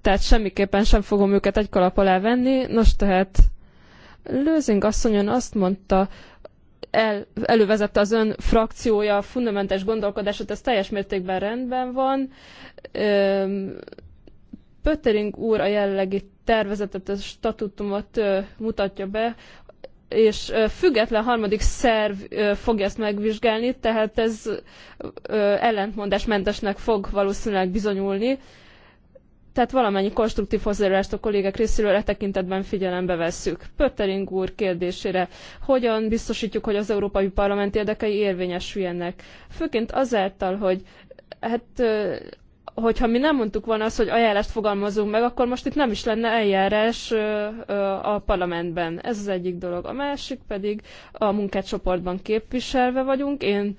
tehát semmiképpen sem fogom őket egy kalap alá venni. Nos, tehát Lőzing asszonyon azt mondta, el, elővezette az ön frakciója a fundamentális gondolkodását, ez teljes mértékben rendben van. Pöttering úr a jellegi tervezetet, a statutumot mutatja be, és független harmadik szerv fogja ezt megvizsgálni, tehát ez ellentmondásmentesnek fog valószínűleg bizonyulni. Tehát valamennyi konstruktív hozzájárulást a kollégák részéről e tekintetben figyelembe vesszük. Pöttering úr kérdésére, hogyan biztosítjuk, hogy az Európai Parlament érdekei érvényesüljenek? Főként azáltal, hogy hát hogyha mi nem mondtuk volna azt, hogy ajánlást fogalmazunk meg, akkor most itt nem is lenne eljárás a parlamentben. Ez az egyik dolog. A másik pedig a munkácsoportban képviselve vagyunk. Én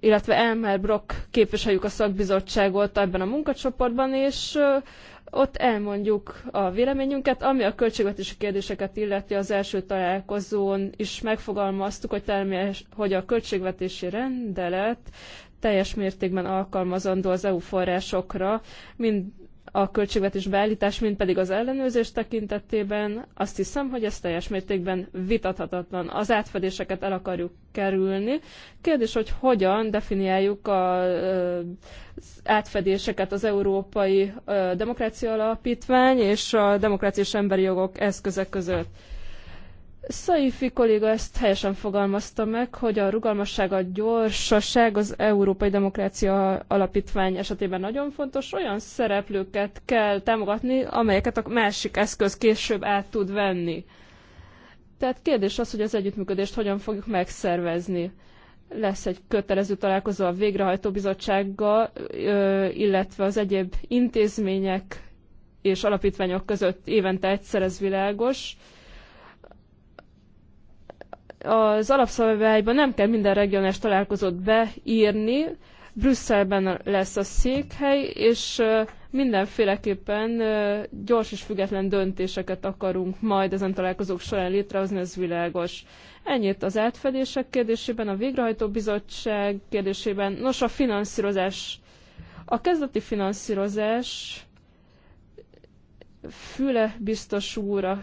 illetve Elmer Brock képviseljük a szakbizottságot ebben a munkacsoportban, és ott elmondjuk a véleményünket, ami a költségvetési kérdéseket illeti az első találkozón is megfogalmaztuk, hogy, termés, hogy a költségvetési rendelet teljes mértékben alkalmazandó az EU forrásokra, mind a költségvetés beállítás, mint pedig az ellenőrzés tekintetében azt hiszem, hogy ez teljes mértékben vitathatatlan. Az átfedéseket el akarjuk kerülni. Kérdés, hogy hogyan definiáljuk a, az átfedéseket az Európai Demokrácia Alapítvány és a Demokrácia és Emberi Jogok eszköze között. Szaifi kolléga ezt helyesen fogalmazta meg, hogy a rugalmasság, a gyorsaság az Európai Demokrácia Alapítvány esetében nagyon fontos. Olyan szereplőket kell támogatni, amelyeket a másik eszköz később át tud venni. Tehát kérdés az, hogy az együttműködést hogyan fogjuk megszervezni. Lesz egy kötelező találkozó a végrehajtó bizottsággal, illetve az egyéb intézmények és alapítványok között évente egyszer ez világos az alapszabályban nem kell minden regionális találkozót beírni, Brüsszelben lesz a székhely, és mindenféleképpen gyors és független döntéseket akarunk majd ezen találkozók során létrehozni, ez világos. Ennyit az átfedések kérdésében, a végrehajtó bizottság kérdésében. Nos, a finanszírozás. A kezdeti finanszírozás Füle biztos úr a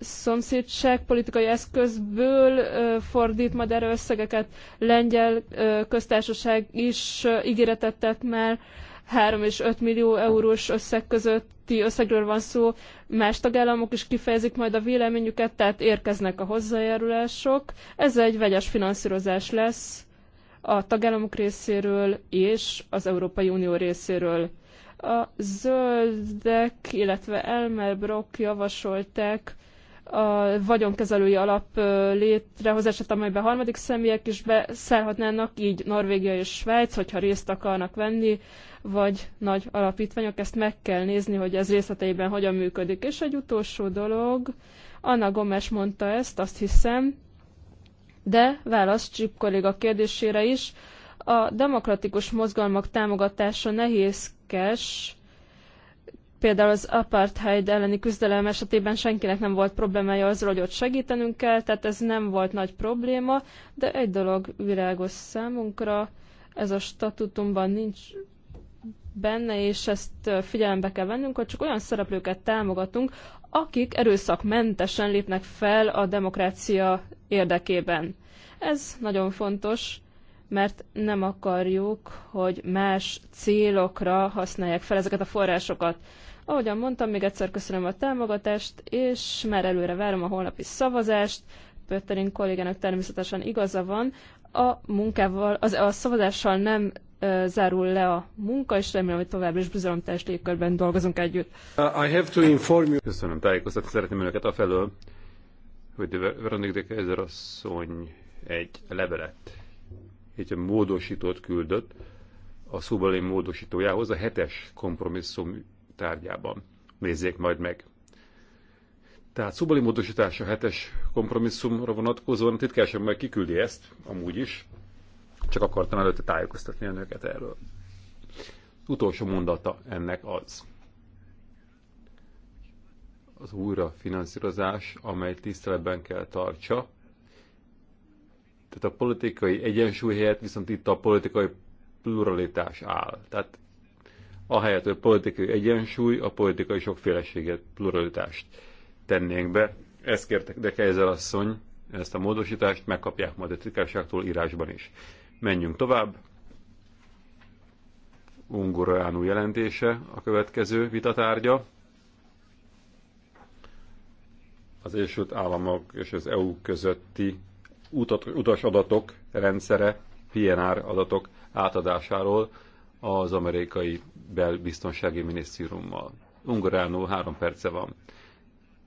szomszédság politikai eszközből fordít majd erre összegeket. Lengyel köztársaság is ígéretet tett már, 3 és 5 millió eurós összeg közötti összegről van szó, más tagállamok is kifejezik majd a véleményüket, tehát érkeznek a hozzájárulások. Ez egy vegyes finanszírozás lesz a tagállamok részéről és az Európai Unió részéről. A zöldek, illetve Elmer Brock javasolták, a vagyonkezelői alap létrehozását, amelyben harmadik személyek is beszállhatnának, így Norvégia és Svájc, hogyha részt akarnak venni, vagy nagy alapítványok, ezt meg kell nézni, hogy ez részleteiben hogyan működik. És egy utolsó dolog, Anna Gomes mondta ezt, azt hiszem, de válasz Csip kolléga kérdésére is, a demokratikus mozgalmak támogatása nehézkes, Például az apartheid elleni küzdelem esetében senkinek nem volt problémája azzal, hogy ott segítenünk kell, tehát ez nem volt nagy probléma, de egy dolog virágos számunkra, ez a statutumban nincs benne, és ezt figyelembe kell vennünk, hogy csak olyan szereplőket támogatunk, akik erőszakmentesen lépnek fel a demokrácia érdekében. Ez nagyon fontos, mert nem akarjuk, hogy más célokra használják fel ezeket a forrásokat. Ahogyan mondtam, még egyszer köszönöm a támogatást, és már előre várom a holnapi szavazást. Pötterin kollégának természetesen igaza van. A munkával, az, a szavazással nem ö, zárul le a munka, és remélem, hogy tovább is bizalomteljes légkörben dolgozunk együtt. Uh, I have to inform you. Köszönöm, tájékoztatni szeretném önöket felől, hogy Veronik de Kaiser asszony egy levelet, egy módosítót küldött a szóbeli módosítójához, a hetes kompromisszum tárgyában. Nézzék majd meg. Tehát szubali módosítás a hetes kompromisszumra vonatkozóan, titkárság majd kiküldi ezt, amúgy is, csak akartam előtte tájékoztatni nőket erről. Utolsó mondata ennek az. Az újrafinanszírozás, amely tiszteletben kell tartsa. Tehát a politikai egyensúly helyett viszont itt a politikai pluralitás áll. Tehát ahelyett, hogy politikai egyensúly, a politikai sokféleséget, pluralitást tennénk be. Ezt kértek de Kejzel asszony, ezt a módosítást megkapják majd a titkárságtól írásban is. Menjünk tovább. Ungoreanu jelentése a következő vitatárgya. Az Egyesült Államok és az EU közötti utas adatok rendszere, PNR adatok átadásáról az amerikai belbiztonsági minisztériummal. Ungaránul három perce van.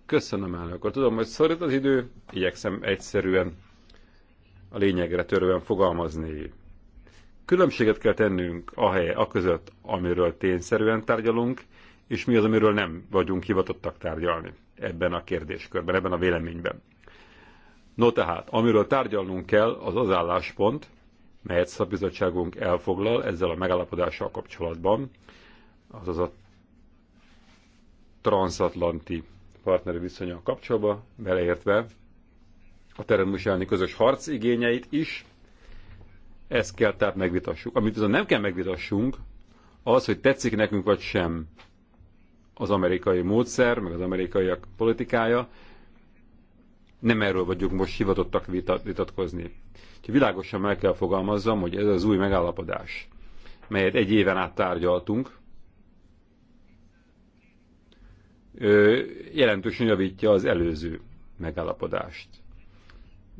Köszönöm, elnök Tudom, hogy szorít az idő, igyekszem egyszerűen a lényegre törően fogalmazni. Különbséget kell tennünk a hely, a között, amiről tényszerűen tárgyalunk, és mi az, amiről nem vagyunk hivatottak tárgyalni ebben a kérdéskörben, ebben a véleményben. No tehát, amiről tárgyalnunk kell, az az álláspont, melyet szakbizottságunk elfoglal ezzel a megállapodással kapcsolatban, azaz a transatlanti partneri viszonyal kapcsolatban, beleértve a teremmus elleni közös harc igényeit is, ezt kell tehát megvitassuk. Amit azon nem kell megvitassunk, az, hogy tetszik nekünk vagy sem az amerikai módszer, meg az amerikaiak politikája, nem erről vagyunk most hivatottak vitatkozni. Úgyhogy világosan meg kell fogalmazzam, hogy ez az új megállapodás, melyet egy éven át tárgyaltunk, jelentősen javítja az előző megállapodást.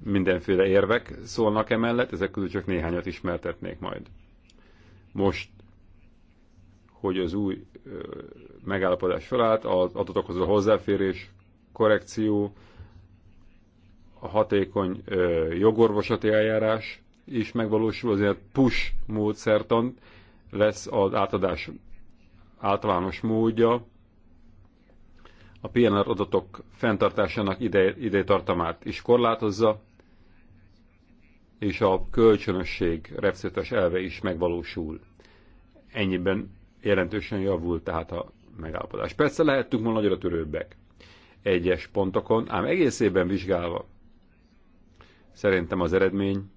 Mindenféle érvek szólnak emellett, ezek közül csak néhányat ismertetnék majd. Most, hogy az új megállapodás felállt, az adatokhoz a hozzáférés, korrekció, a hatékony jogorvosati eljárás is megvalósul, azért push módszertan lesz az átadás általános módja, a PNR adatok fenntartásának ide, idetartamát is korlátozza, és a kölcsönösség repszétes elve is megvalósul. Ennyiben jelentősen javult tehát a megállapodás. Persze lehettünk volna nagyra törőbbek egyes pontokon, ám egészében vizsgálva Szerintem az eredmény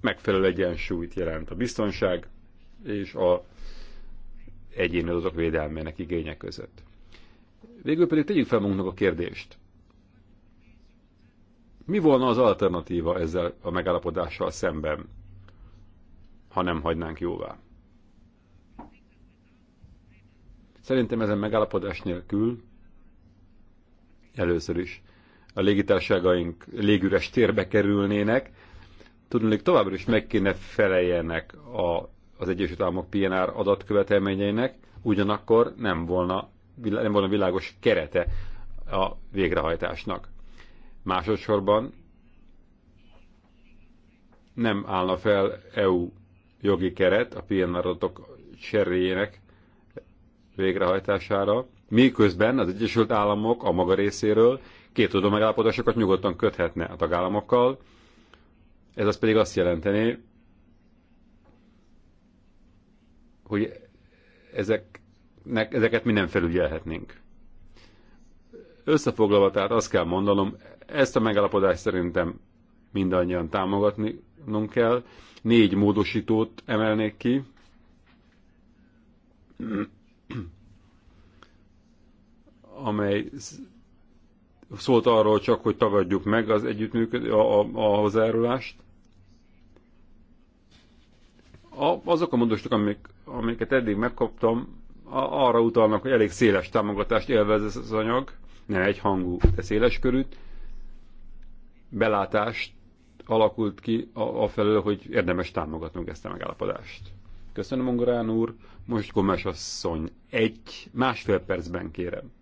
megfelelő egyensúlyt jelent a biztonság és a egyéni adatok védelmének igénye között. Végül pedig tegyük fel magunknak a kérdést. Mi volna az alternatíva ezzel a megállapodással szemben, ha nem hagynánk jóvá? Szerintem ezen megállapodás nélkül először is a légitárságaink légüres térbe kerülnének, tudnék továbbra is meg kéne feleljenek a, az Egyesült Államok PNR adatkövetelményeinek, ugyanakkor nem volna, nem volna világos kerete a végrehajtásnak. Másodszorban nem állna fel EU jogi keret a PNR adatok cseréjének végrehajtására, miközben az Egyesült Államok a maga részéről két oldalú megállapodásokat nyugodtan köthetne a tagállamokkal. Ez az pedig azt jelenteni, hogy ezeknek, ezeket mi nem felügyelhetnénk. Összefoglalva, tehát azt kell mondanom, ezt a megállapodást szerintem mindannyian támogatnunk kell. Négy módosítót emelnék ki. amely szólt arról csak, hogy tagadjuk meg az együttműködő, a, a, a hozzájárulást. A, azok a mondostok, amik, amiket eddig megkaptam, a, arra utalnak, hogy elég széles támogatást élvez ez az anyag, nem hangú, de széles körűt. Belátást alakult ki a felől, hogy érdemes támogatnunk ezt a megállapodást. Köszönöm, Ungorán úr. Most Gomes asszony, egy másfél percben kérem.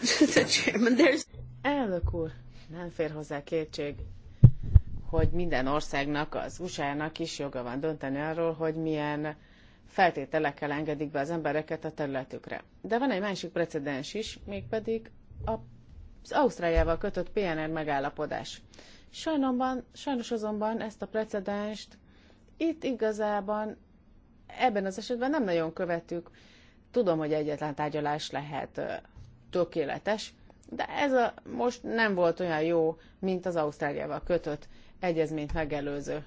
The chairman, there's... Elnök úr, nem fér hozzá kétség, hogy minden országnak, az USA-nak is joga van dönteni arról, hogy milyen feltételekkel engedik be az embereket a területükre. De van egy másik precedens is, mégpedig az Ausztráliával kötött PNR megállapodás. Sajnomban, sajnos azonban ezt a precedenst itt igazában ebben az esetben nem nagyon követük. Tudom, hogy egyetlen tárgyalás lehet tökéletes, de ez a, most nem volt olyan jó, mint az Ausztráliával kötött egyezményt megelőző.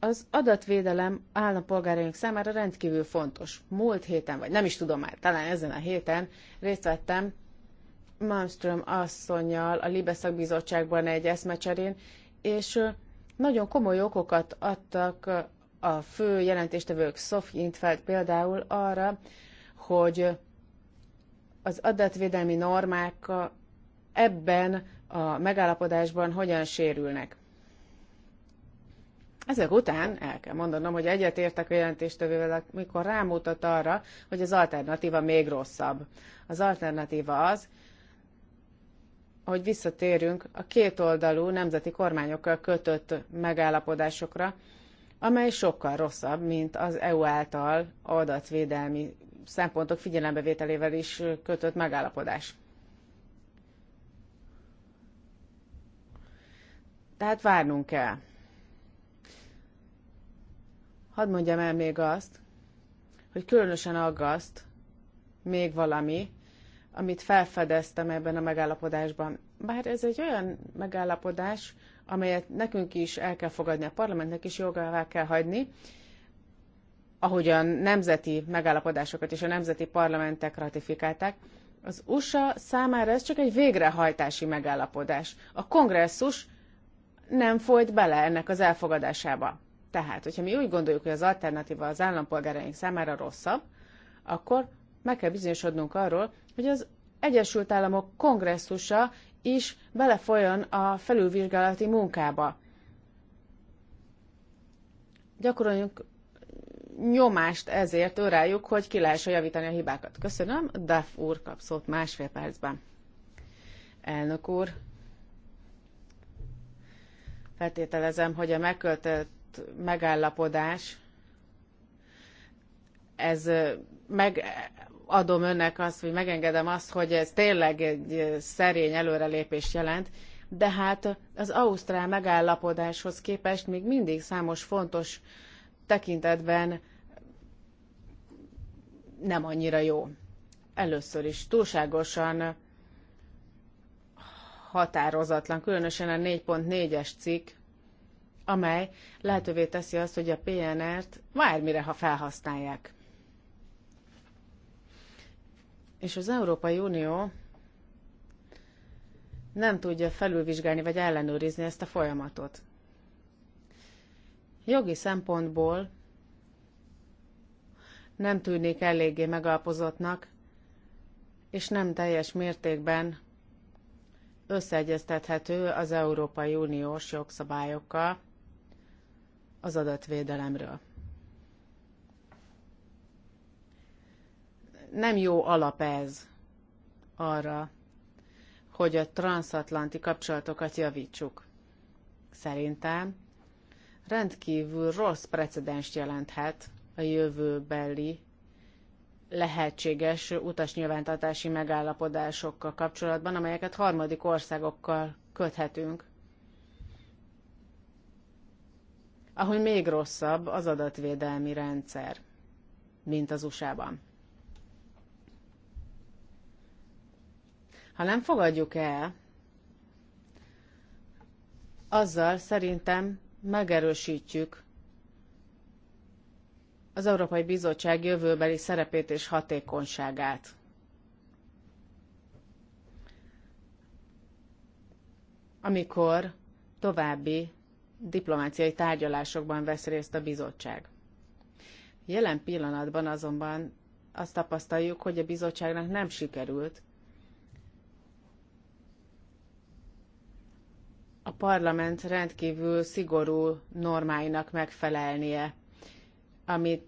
Az adatvédelem állampolgáraink számára rendkívül fontos. Múlt héten, vagy nem is tudom már, talán ezen a héten részt vettem Malmström asszonyjal a Libeszak Bizottságban egy eszmecserén, és nagyon komoly okokat adtak a fő jelentéstevők Sophie Intfeld például arra, hogy az adatvédelmi normák ebben a megállapodásban hogyan sérülnek. Ezek után el kell mondanom, hogy egyetértek a jelentéstevővel, amikor rámutat arra, hogy az alternatíva még rosszabb. Az alternatíva az, hogy visszatérünk a kétoldalú nemzeti kormányokkal kötött megállapodásokra, amely sokkal rosszabb, mint az EU által adatvédelmi szempontok figyelembevételével is kötött megállapodás. Tehát várnunk kell. Hadd mondjam el még azt, hogy különösen aggaszt még valami, amit felfedeztem ebben a megállapodásban. Bár ez egy olyan megállapodás, amelyet nekünk is el kell fogadni, a parlamentnek is jogává kell hagyni, ahogy a nemzeti megállapodásokat és a nemzeti parlamentek ratifikálták, az USA számára ez csak egy végrehajtási megállapodás. A kongresszus nem folyt bele ennek az elfogadásába. Tehát, hogyha mi úgy gondoljuk, hogy az alternatíva az állampolgáraink számára rosszabb, akkor meg kell bizonyosodnunk arról, hogy az Egyesült Államok kongresszusa is belefolyjon a felülvizsgálati munkába. Gyakoroljunk nyomást ezért öreljük, hogy ki lehessen javítani a hibákat. Köszönöm, Duff úr kap szót másfél percben. Elnök úr, feltételezem, hogy a megköltött megállapodás, ez adom önnek azt, hogy megengedem azt, hogy ez tényleg egy szerény előrelépés jelent, de hát az Ausztrál megállapodáshoz képest még mindig számos fontos uh, tekintetben nem annyira jó. Először is túlságosan határozatlan, különösen a 4.4-es cikk, amely lehetővé teszi azt, hogy a PNR-t bármire, ha felhasználják. És az Európai Unió nem tudja felülvizsgálni vagy ellenőrizni ezt a folyamatot. Jogi szempontból nem tűnik eléggé megalapozottnak, és nem teljes mértékben összeegyeztethető az Európai Uniós jogszabályokkal az adatvédelemről. Nem jó alap ez arra, hogy a transatlanti kapcsolatokat javítsuk. Szerintem rendkívül rossz precedenst jelenthet a jövőbeli lehetséges utasnyilvántartási megállapodásokkal kapcsolatban, amelyeket harmadik országokkal köthetünk. Ahogy még rosszabb az adatvédelmi rendszer, mint az USA-ban. Ha nem fogadjuk el, azzal szerintem megerősítjük az Európai Bizottság jövőbeli szerepét és hatékonyságát. amikor további diplomáciai tárgyalásokban vesz részt a bizottság. Jelen pillanatban azonban azt tapasztaljuk, hogy a bizottságnak nem sikerült a parlament rendkívül szigorú normáinak megfelelnie, amit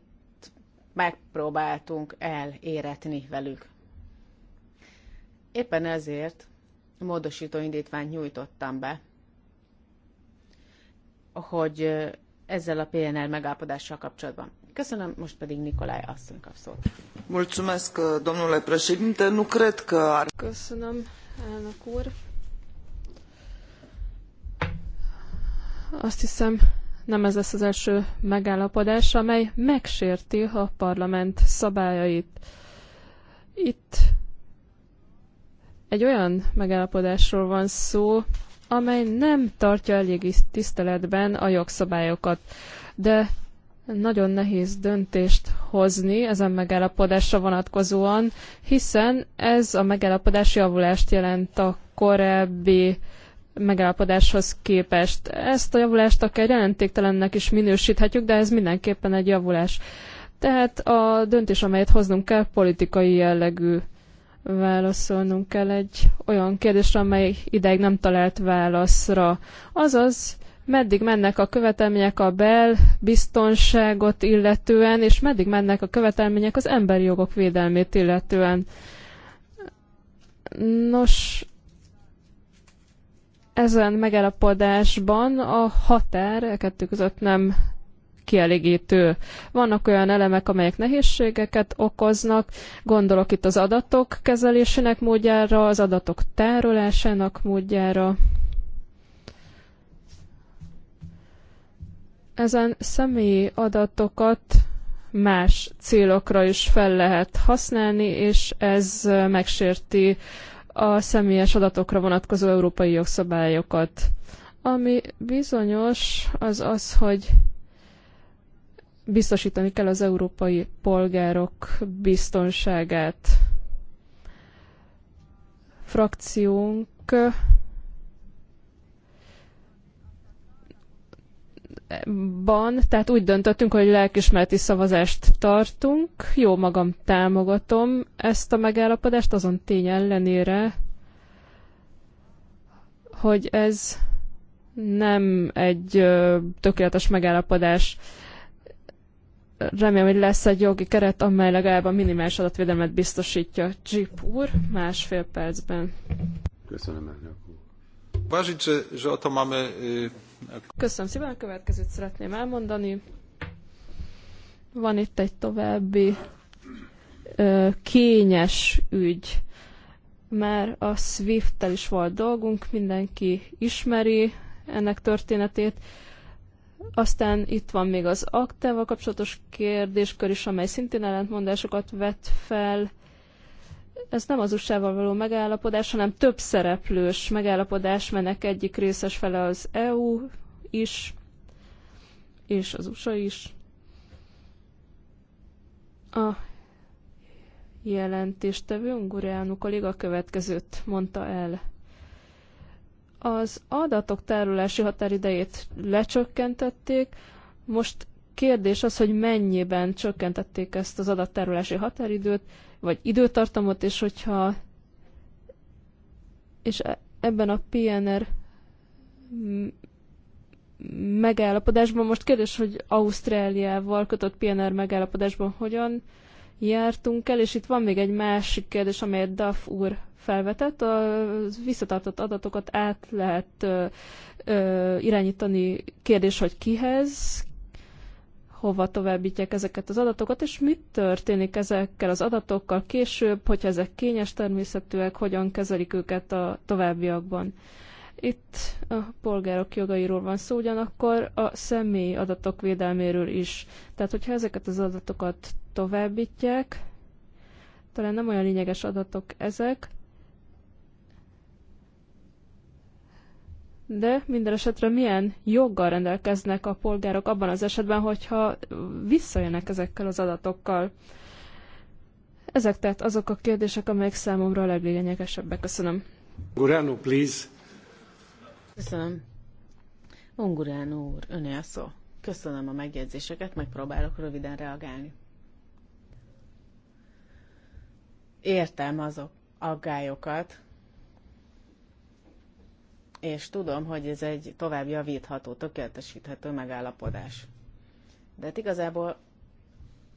megpróbáltunk eléretni velük. Éppen ezért módosító indítványt nyújtottam be, hogy ezzel a PNL megállapodással kapcsolatban. Köszönöm, most pedig Nikolaj asszony kap szót. Mulțumesc, domnule președinte, nu cred că... Köszönöm, elnök úr. azt hiszem nem ez lesz az első megállapodás, amely megsérti a parlament szabályait. Itt egy olyan megállapodásról van szó, amely nem tartja eléggé tiszteletben a jogszabályokat. De nagyon nehéz döntést hozni ezen megállapodásra vonatkozóan, hiszen ez a megállapodás javulást jelent a korábbi megállapodáshoz képest. Ezt a javulást akár jelentéktelennek is minősíthetjük, de ez mindenképpen egy javulás. Tehát a döntés, amelyet hoznunk kell, politikai jellegű válaszolnunk kell egy olyan kérdésre, amely ideig nem talált válaszra. Azaz, meddig mennek a követelmények a bel biztonságot illetően, és meddig mennek a követelmények az emberi jogok védelmét illetően. Nos, ezen megállapodásban a határ a e kettő között nem kielégítő. Vannak olyan elemek, amelyek nehézségeket okoznak, gondolok itt az adatok kezelésének módjára, az adatok tárolásának módjára. Ezen személyi adatokat más célokra is fel lehet használni, és ez megsérti a személyes adatokra vonatkozó európai jogszabályokat. Ami bizonyos, az az, hogy biztosítani kell az európai polgárok biztonságát. Frakciónk ban, tehát úgy döntöttünk, hogy lelkismereti szavazást tartunk. Jó magam támogatom ezt a megállapodást, azon tény ellenére, hogy ez nem egy ö, tökéletes megállapodás. Remélem, hogy lesz egy jogi keret, amely legalább a minimális adatvédelmet biztosítja. Jeep úr, másfél percben. Köszönöm, elnök úr. Vážice, że oto mamy y, Köszönöm szépen, a következőt szeretném elmondani. Van itt egy további ö, kényes ügy, mert a SWIFT-tel is volt dolgunk, mindenki ismeri ennek történetét. Aztán itt van még az aktával kapcsolatos kérdéskör is, amely szintén ellentmondásokat vet fel ez nem az USA-val való megállapodás, hanem több szereplős megállapodás, melynek egyik részes fele az EU is, és az USA is. A jelentéstevő Ungureanu kolléga következőt mondta el. Az adatok tárolási határidejét lecsökkentették, most kérdés az, hogy mennyiben csökkentették ezt az adattárolási határidőt, vagy időtartamot, és hogyha és e- ebben a PNR megállapodásban, most kérdés, hogy Ausztráliával kötött PNR megállapodásban hogyan jártunk el, és itt van még egy másik kérdés, amelyet Duff úr felvetett, a visszatartott adatokat át lehet ö, ö, irányítani kérdés, hogy kihez, hova továbbítják ezeket az adatokat, és mit történik ezekkel az adatokkal később, hogyha ezek kényes természetűek, hogyan kezelik őket a továbbiakban. Itt a polgárok jogairól van szó, ugyanakkor a személy adatok védelméről is. Tehát, hogyha ezeket az adatokat továbbítják, talán nem olyan lényeges adatok ezek, de minden esetre milyen joggal rendelkeznek a polgárok abban az esetben, hogyha visszajönnek ezekkel az adatokkal. Ezek tehát azok a kérdések, amelyek számomra a leglényegesebbek. Köszönöm. Gurano, please. Köszönöm. Unguránó úr, öné a szó. Köszönöm a megjegyzéseket, megpróbálok röviden reagálni. Értem azok aggályokat, és tudom, hogy ez egy tovább javítható, tökéletesíthető megállapodás. De hát igazából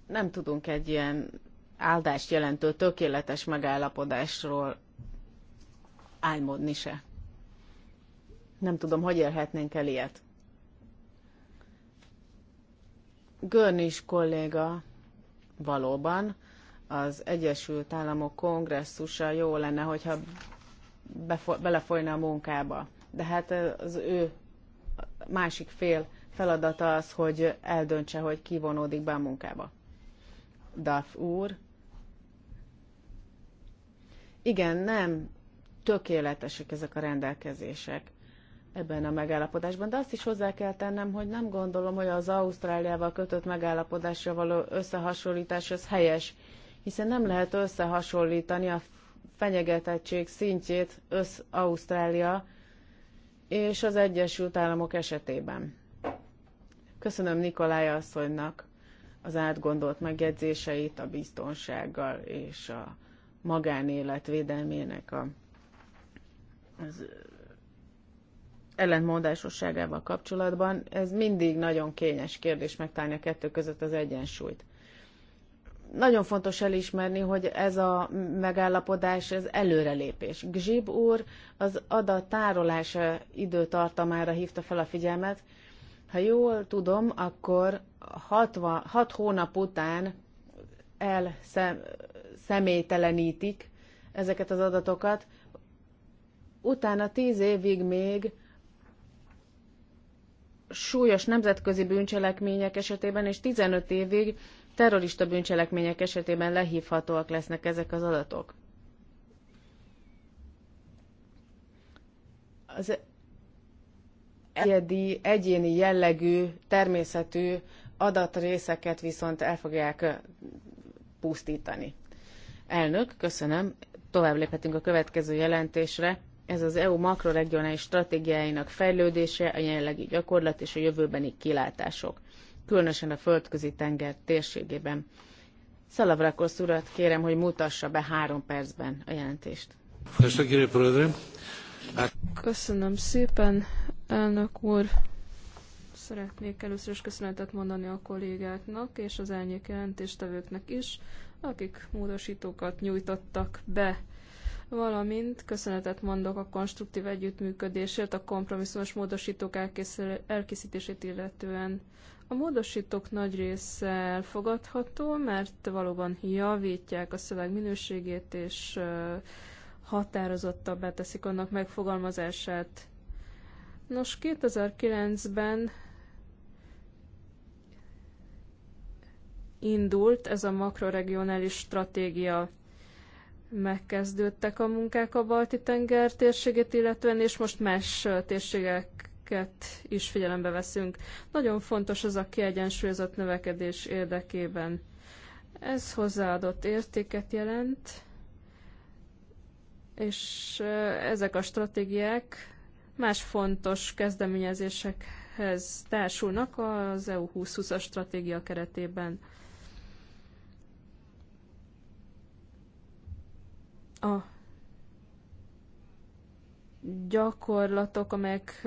nem tudunk egy ilyen áldást jelentő tökéletes megállapodásról álmodni se. Nem tudom, hogy élhetnénk el ilyet. Görnis kolléga valóban az Egyesült Államok kongresszusa jó lenne, hogyha befo- belefolyna a munkába de hát az ő másik fél feladata az, hogy eldöntse, hogy kivonódik be a munkába. Duff úr. Igen, nem tökéletesek ezek a rendelkezések ebben a megállapodásban, de azt is hozzá kell tennem, hogy nem gondolom, hogy az Ausztráliával kötött megállapodásra való összehasonlítás az helyes, hiszen nem lehet összehasonlítani a fenyegetettség szintjét össz-Ausztrália és az Egyesült Államok esetében. Köszönöm Nikolaj asszonynak az átgondolt megjegyzéseit a biztonsággal és a magánélet védelmének a, az ellentmondásosságával kapcsolatban. Ez mindig nagyon kényes kérdés megtalálni a kettő között az egyensúlyt nagyon fontos elismerni, hogy ez a megállapodás, ez előrelépés. Gzsib úr az adat tárolása időtartamára hívta fel a figyelmet. Ha jól tudom, akkor 60, 6 hónap után elszemélytelenítik ezeket az adatokat, utána 10 évig még súlyos nemzetközi bűncselekmények esetében, és 15 évig terrorista bűncselekmények esetében lehívhatóak lesznek ezek az adatok. Az egyedi, egyéni jellegű, természetű adatrészeket viszont el fogják pusztítani. Elnök, köszönöm. Tovább léphetünk a következő jelentésre. Ez az EU makroregionális stratégiáinak fejlődése, a jelenlegi gyakorlat és a jövőbeni kilátások különösen a földközi tenger térségében. Szalavrakosz urat kérem, hogy mutassa be három percben a jelentést. Köszönöm szépen, elnök úr. Szeretnék először is köszönetet mondani a kollégáknak és az elnyék jelentéstevőknek is, akik módosítókat nyújtottak be valamint köszönetet mondok a konstruktív együttműködésért, a kompromisszumos módosítók elkészítését illetően a módosítók nagy része elfogadható, mert valóban javítják a szöveg minőségét, és határozottabbá teszik annak megfogalmazását. Nos, 2009-ben indult ez a makroregionális stratégia. Megkezdődtek a munkák a Balti-tenger térségét illetően, és most más térségek amiket is figyelembe veszünk. Nagyon fontos az a kiegyensúlyozott növekedés érdekében. Ez hozzáadott értéket jelent, és ezek a stratégiák más fontos kezdeményezésekhez társulnak az EU 2020-as stratégia keretében. A gyakorlatok, amelyek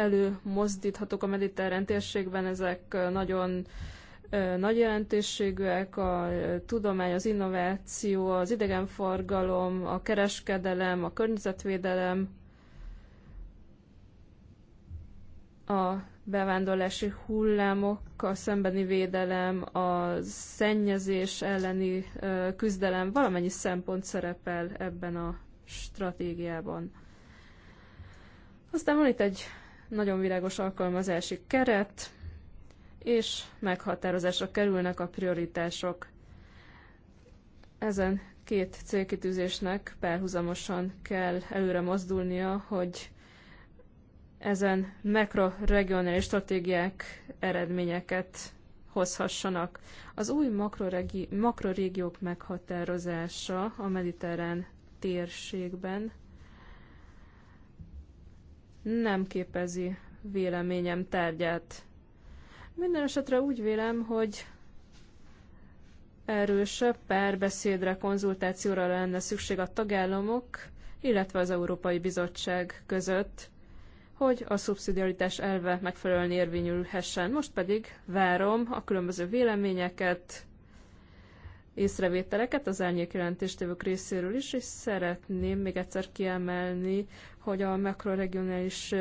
előmozdíthatók a mediterrán térségben, ezek nagyon nagy jelentőségűek, a tudomány, az innováció, az idegenforgalom, a kereskedelem, a környezetvédelem, a bevándorlási hullámokkal szembeni védelem, a szennyezés elleni küzdelem, valamennyi szempont szerepel ebben a stratégiában. Aztán van itt egy nagyon világos alkalmazási keret, és meghatározásra kerülnek a prioritások. Ezen két célkitűzésnek párhuzamosan kell előre mozdulnia, hogy ezen makroregionális stratégiák eredményeket hozhassanak. Az új makrorégiók meghatározása a mediterrán térségben nem képezi véleményem tárgyát. Minden esetre úgy vélem, hogy erősebb párbeszédre, konzultációra lenne szükség a tagállamok, illetve az Európai Bizottság között, hogy a szubszidiaritás elve megfelelően érvényülhessen. Most pedig várom a különböző véleményeket, észrevételeket az árnyék jelentéstevők részéről is, és szeretném még egyszer kiemelni hogy a makroregionális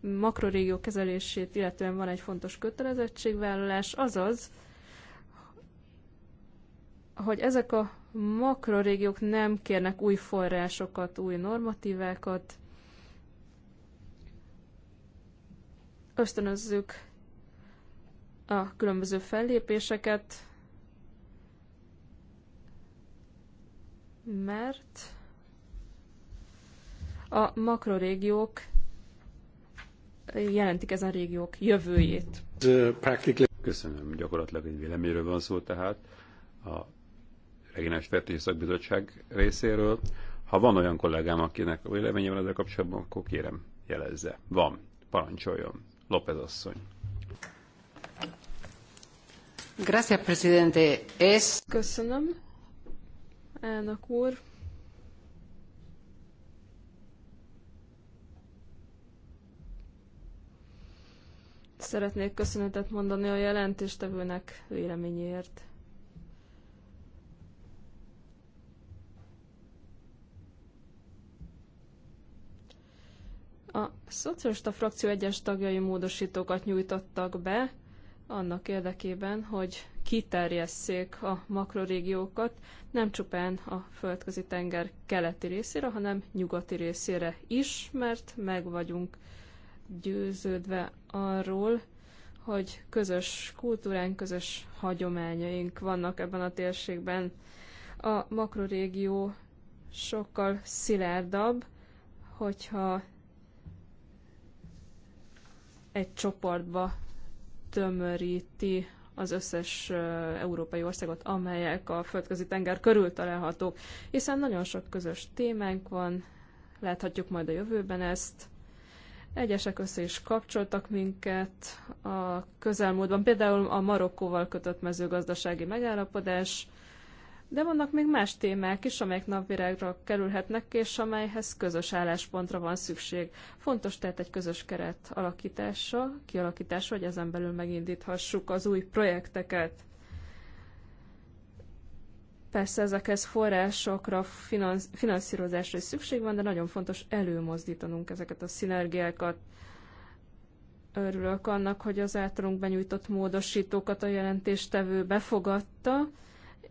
makrorégió kezelését illetően van egy fontos kötelezettségvállalás, azaz, hogy ezek a makrorégiók nem kérnek új forrásokat, új normatívákat, ösztönözzük a különböző fellépéseket, mert a makrorégiók jelentik ezen régiók jövőjét. Köszönöm, gyakorlatilag egy véleményről van szó tehát a Regionális Fejlesztési Szakbizottság részéről. Ha van olyan kollégám, akinek véleménye van ezzel kapcsolatban, akkor kérem, jelezze. Van. Parancsoljon. López asszony. Gracias, presidente. Es... Köszönöm, elnök úr. Szeretnék köszönetet mondani a jelentéstevőnek véleményéért. A szocialista frakció egyes tagjai módosítókat nyújtottak be annak érdekében, hogy kiterjesszék a makrorégiókat nem csupán a földközi tenger keleti részére, hanem nyugati részére is, mert meg vagyunk győződve arról, hogy közös kultúránk, közös hagyományaink vannak ebben a térségben. A makrorégió sokkal szilárdabb, hogyha egy csoportba tömöríti az összes európai országot, amelyek a földközi tenger körül találhatók, hiszen nagyon sok közös témánk van, láthatjuk majd a jövőben ezt. Egyesek össze is kapcsoltak minket a közelmúltban, például a Marokkóval kötött mezőgazdasági megállapodás, de vannak még más témák is, amelyek napvirágra kerülhetnek, és amelyhez közös álláspontra van szükség. Fontos tehát egy közös keret alakítása, kialakítása, hogy ezen belül megindíthassuk az új projekteket. Persze ezekhez forrásokra, finansz, finanszírozásra is szükség van, de nagyon fontos előmozdítanunk ezeket a szinergiákat. Örülök annak, hogy az általunk benyújtott módosítókat a jelentéstevő befogadta,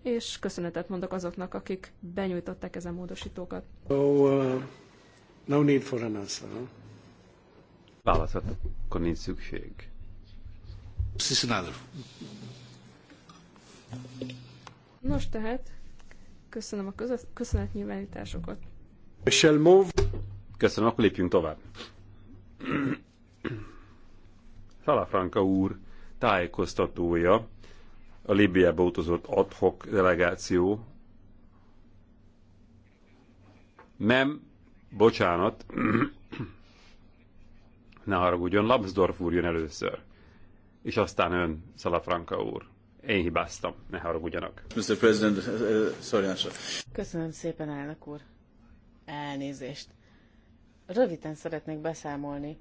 és köszönetet mondok azoknak, akik benyújtották ezen módosítókat. So, uh, no need for an answer. Huh? Válaszat, akkor nincs szükség. Nos tehát, köszönöm a köszönetnyilvánításokat. Shall move. Köszönöm, akkor lépjünk tovább. Salafranca úr tájékoztatója, a Libiába utazott adhok delegáció. Nem, bocsánat, ne haragudjon, Lambsdorff úr jön először, és aztán ön, Salafranca úr. Én hibáztam, ne haragudjanak. Mr. President, uh, uh, sorry, Köszönöm szépen, elnök úr. Elnézést. Röviden szeretnék beszámolni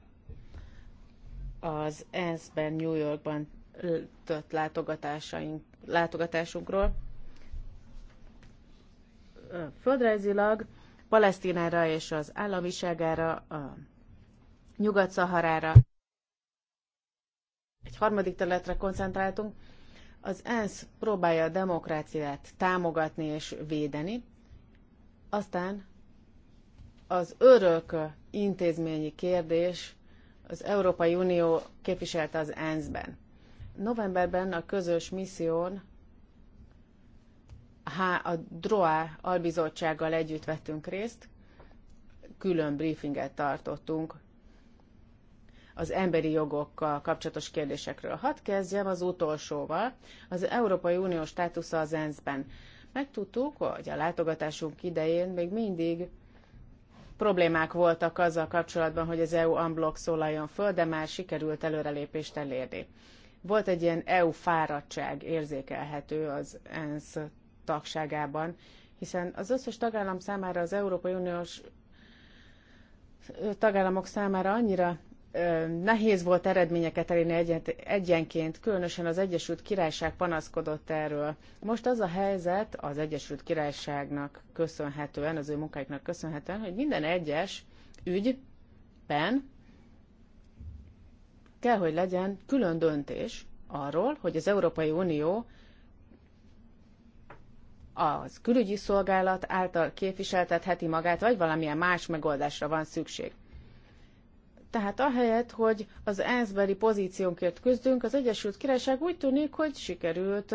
az ENSZ-ben, New Yorkban tört látogatásaink, látogatásunkról. Földrajzilag Palesztinára és az államiságára, a Nyugat-Szaharára, egy harmadik területre koncentráltunk, az ENSZ próbálja a demokráciát támogatni és védeni, aztán az örök intézményi kérdés az Európai Unió képviselte az ENSZ-ben. Novemberben a közös misszión a DROA albizottsággal együtt vettünk részt, külön briefinget tartottunk az emberi jogokkal kapcsolatos kérdésekről. Hadd kezdjem az utolsóval, az Európai Unió státusza az ENSZ-ben. Megtudtuk, hogy a látogatásunk idején még mindig problémák voltak azzal kapcsolatban, hogy az EU unblock szólaljon föl, de már sikerült előrelépést elérni. Volt egy ilyen EU fáradtság érzékelhető az ENSZ tagságában, hiszen az összes tagállam számára az Európai Uniós tagállamok számára annyira nehéz volt eredményeket elérni egyet, egyenként, különösen az Egyesült Királyság panaszkodott erről. Most az a helyzet az Egyesült Királyságnak köszönhetően, az ő munkáiknak köszönhetően, hogy minden egyes ügyben kell, hogy legyen külön döntés arról, hogy az Európai Unió az külügyi szolgálat által képviseltetheti magát, vagy valamilyen más megoldásra van szükség. Tehát ahelyett, hogy az ENSZ-beli pozíciónkért küzdünk, az Egyesült Királyság úgy tűnik, hogy sikerült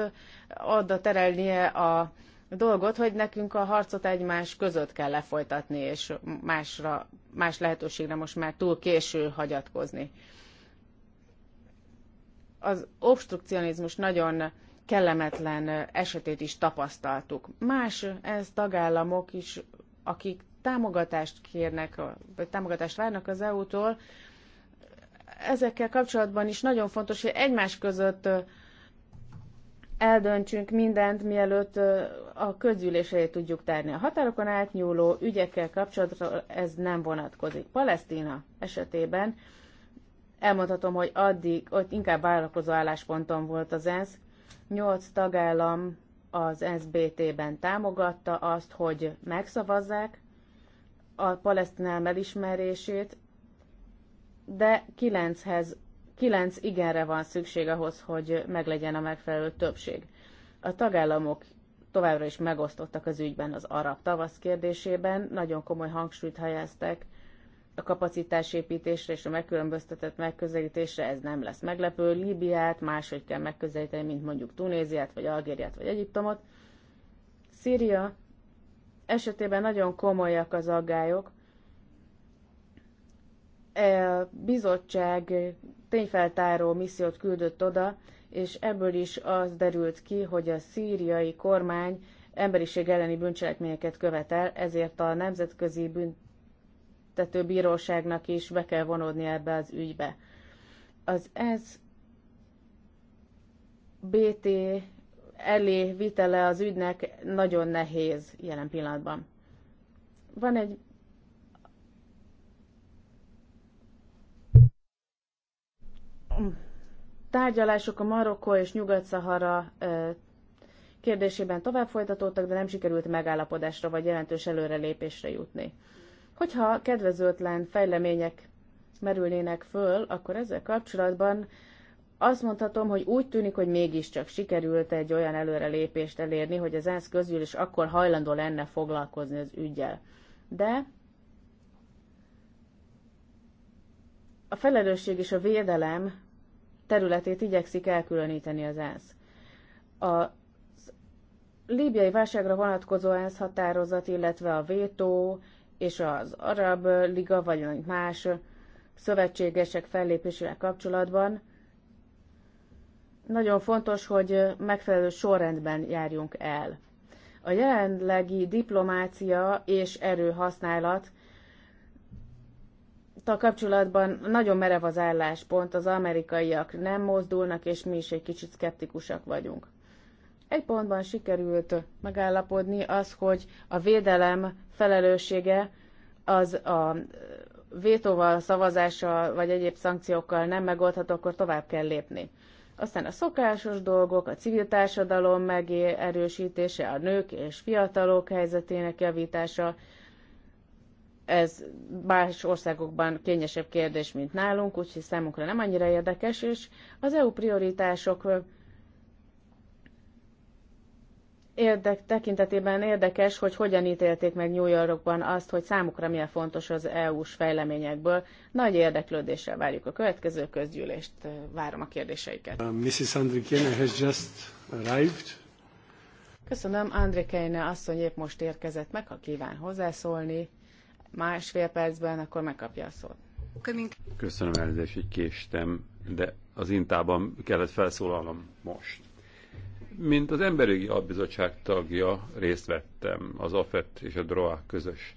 oda eh, terelnie a dolgot, hogy nekünk a harcot egymás között kell lefolytatni, és másra, más lehetőségre most már túl késő hagyatkozni. Az obstrukcionizmus nagyon kellemetlen esetét is tapasztaltuk. Más ENSZ tagállamok is, akik támogatást kérnek, vagy támogatást várnak az EU-tól, ezekkel kapcsolatban is nagyon fontos, hogy egymás között eldöntsünk mindent, mielőtt a közgyűlésre tudjuk tárni. A határokon átnyúló ügyekkel kapcsolatban ez nem vonatkozik. Palesztina esetében elmondhatom, hogy addig ott inkább vállalkozó állásponton volt az ENSZ. Nyolc tagállam az SBT-ben támogatta azt, hogy megszavazzák a palesztin elmelismerését, de kilenchez, kilenc igenre van szükség ahhoz, hogy meglegyen a megfelelő többség. A tagállamok továbbra is megosztottak az ügyben az arab tavasz kérdésében, nagyon komoly hangsúlyt helyeztek a kapacitásépítésre és a megkülönböztetett megközelítésre, ez nem lesz meglepő. Líbiát máshogy kell megközelíteni, mint mondjuk Tunéziát, vagy Algériát, vagy Egyiptomot. Szíria esetében nagyon komolyak az aggályok. A e, bizottság tényfeltáró missziót küldött oda, és ebből is az derült ki, hogy a szíriai kormány emberiség elleni bűncselekményeket követel, ezért a Nemzetközi Büntetőbíróságnak is be kell vonódni ebbe az ügybe. Az ez BT elé vitele az ügynek nagyon nehéz jelen pillanatban. Van egy tárgyalások a Marokkó és Nyugat-Szahara kérdésében tovább folytatódtak, de nem sikerült megállapodásra vagy jelentős előrelépésre jutni. Hogyha kedvezőtlen fejlemények merülnének föl, akkor ezzel kapcsolatban azt mondhatom, hogy úgy tűnik, hogy mégiscsak sikerült egy olyan előrelépést elérni, hogy az ENSZ közül is akkor hajlandó lenne foglalkozni az ügyel. De a felelősség és a védelem területét igyekszik elkülöníteni az ENSZ. A líbiai válságra vonatkozó ENSZ határozat, illetve a vétó és az Arab Liga, vagy más szövetségesek fellépésével kapcsolatban – nagyon fontos, hogy megfelelő sorrendben járjunk el. A jelenlegi diplomácia és erőhasználat a kapcsolatban nagyon merev az álláspont, az amerikaiak nem mozdulnak, és mi is egy kicsit szkeptikusak vagyunk. Egy pontban sikerült megállapodni az, hogy a védelem felelőssége az a vétóval, szavazással vagy egyéb szankciókkal nem megoldható, akkor tovább kell lépni. Aztán a szokásos dolgok, a civil társadalom megerősítése, a nők és fiatalok helyzetének javítása, ez más országokban kényesebb kérdés, mint nálunk, úgyhogy számunkra nem annyira érdekes, és az EU prioritások érdek, tekintetében érdekes, hogy hogyan ítélték meg New Yorkban azt, hogy számukra milyen fontos az EU-s fejleményekből. Nagy érdeklődéssel várjuk a következő közgyűlést, várom a kérdéseiket. Uh, Mrs. Andrikene has just arrived. Köszönöm, Andrikene asszony épp most érkezett meg, ha kíván hozzászólni. Másfél percben, akkor megkapja a szót. Köszönöm elnézést, hogy késtem, de az intában kellett felszólalnom most. Mint az Emberi Albizottság tagja részt vettem az AFET és a DROA közös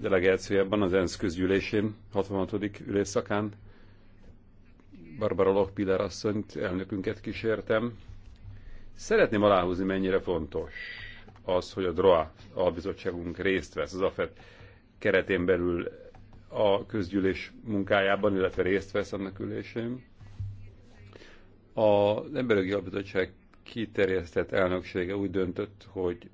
delegációjában, az ENSZ közgyűlésén, 66. ülésszakán. Barbara Lochpiller asszonyt, elnökünket kísértem. Szeretném aláhúzni, mennyire fontos az, hogy a DROA albizottságunk részt vesz az AFET keretén belül a közgyűlés munkájában, illetve részt vesz annak ülésén az Emberi Alapítottság kiterjesztett elnöksége úgy döntött, hogy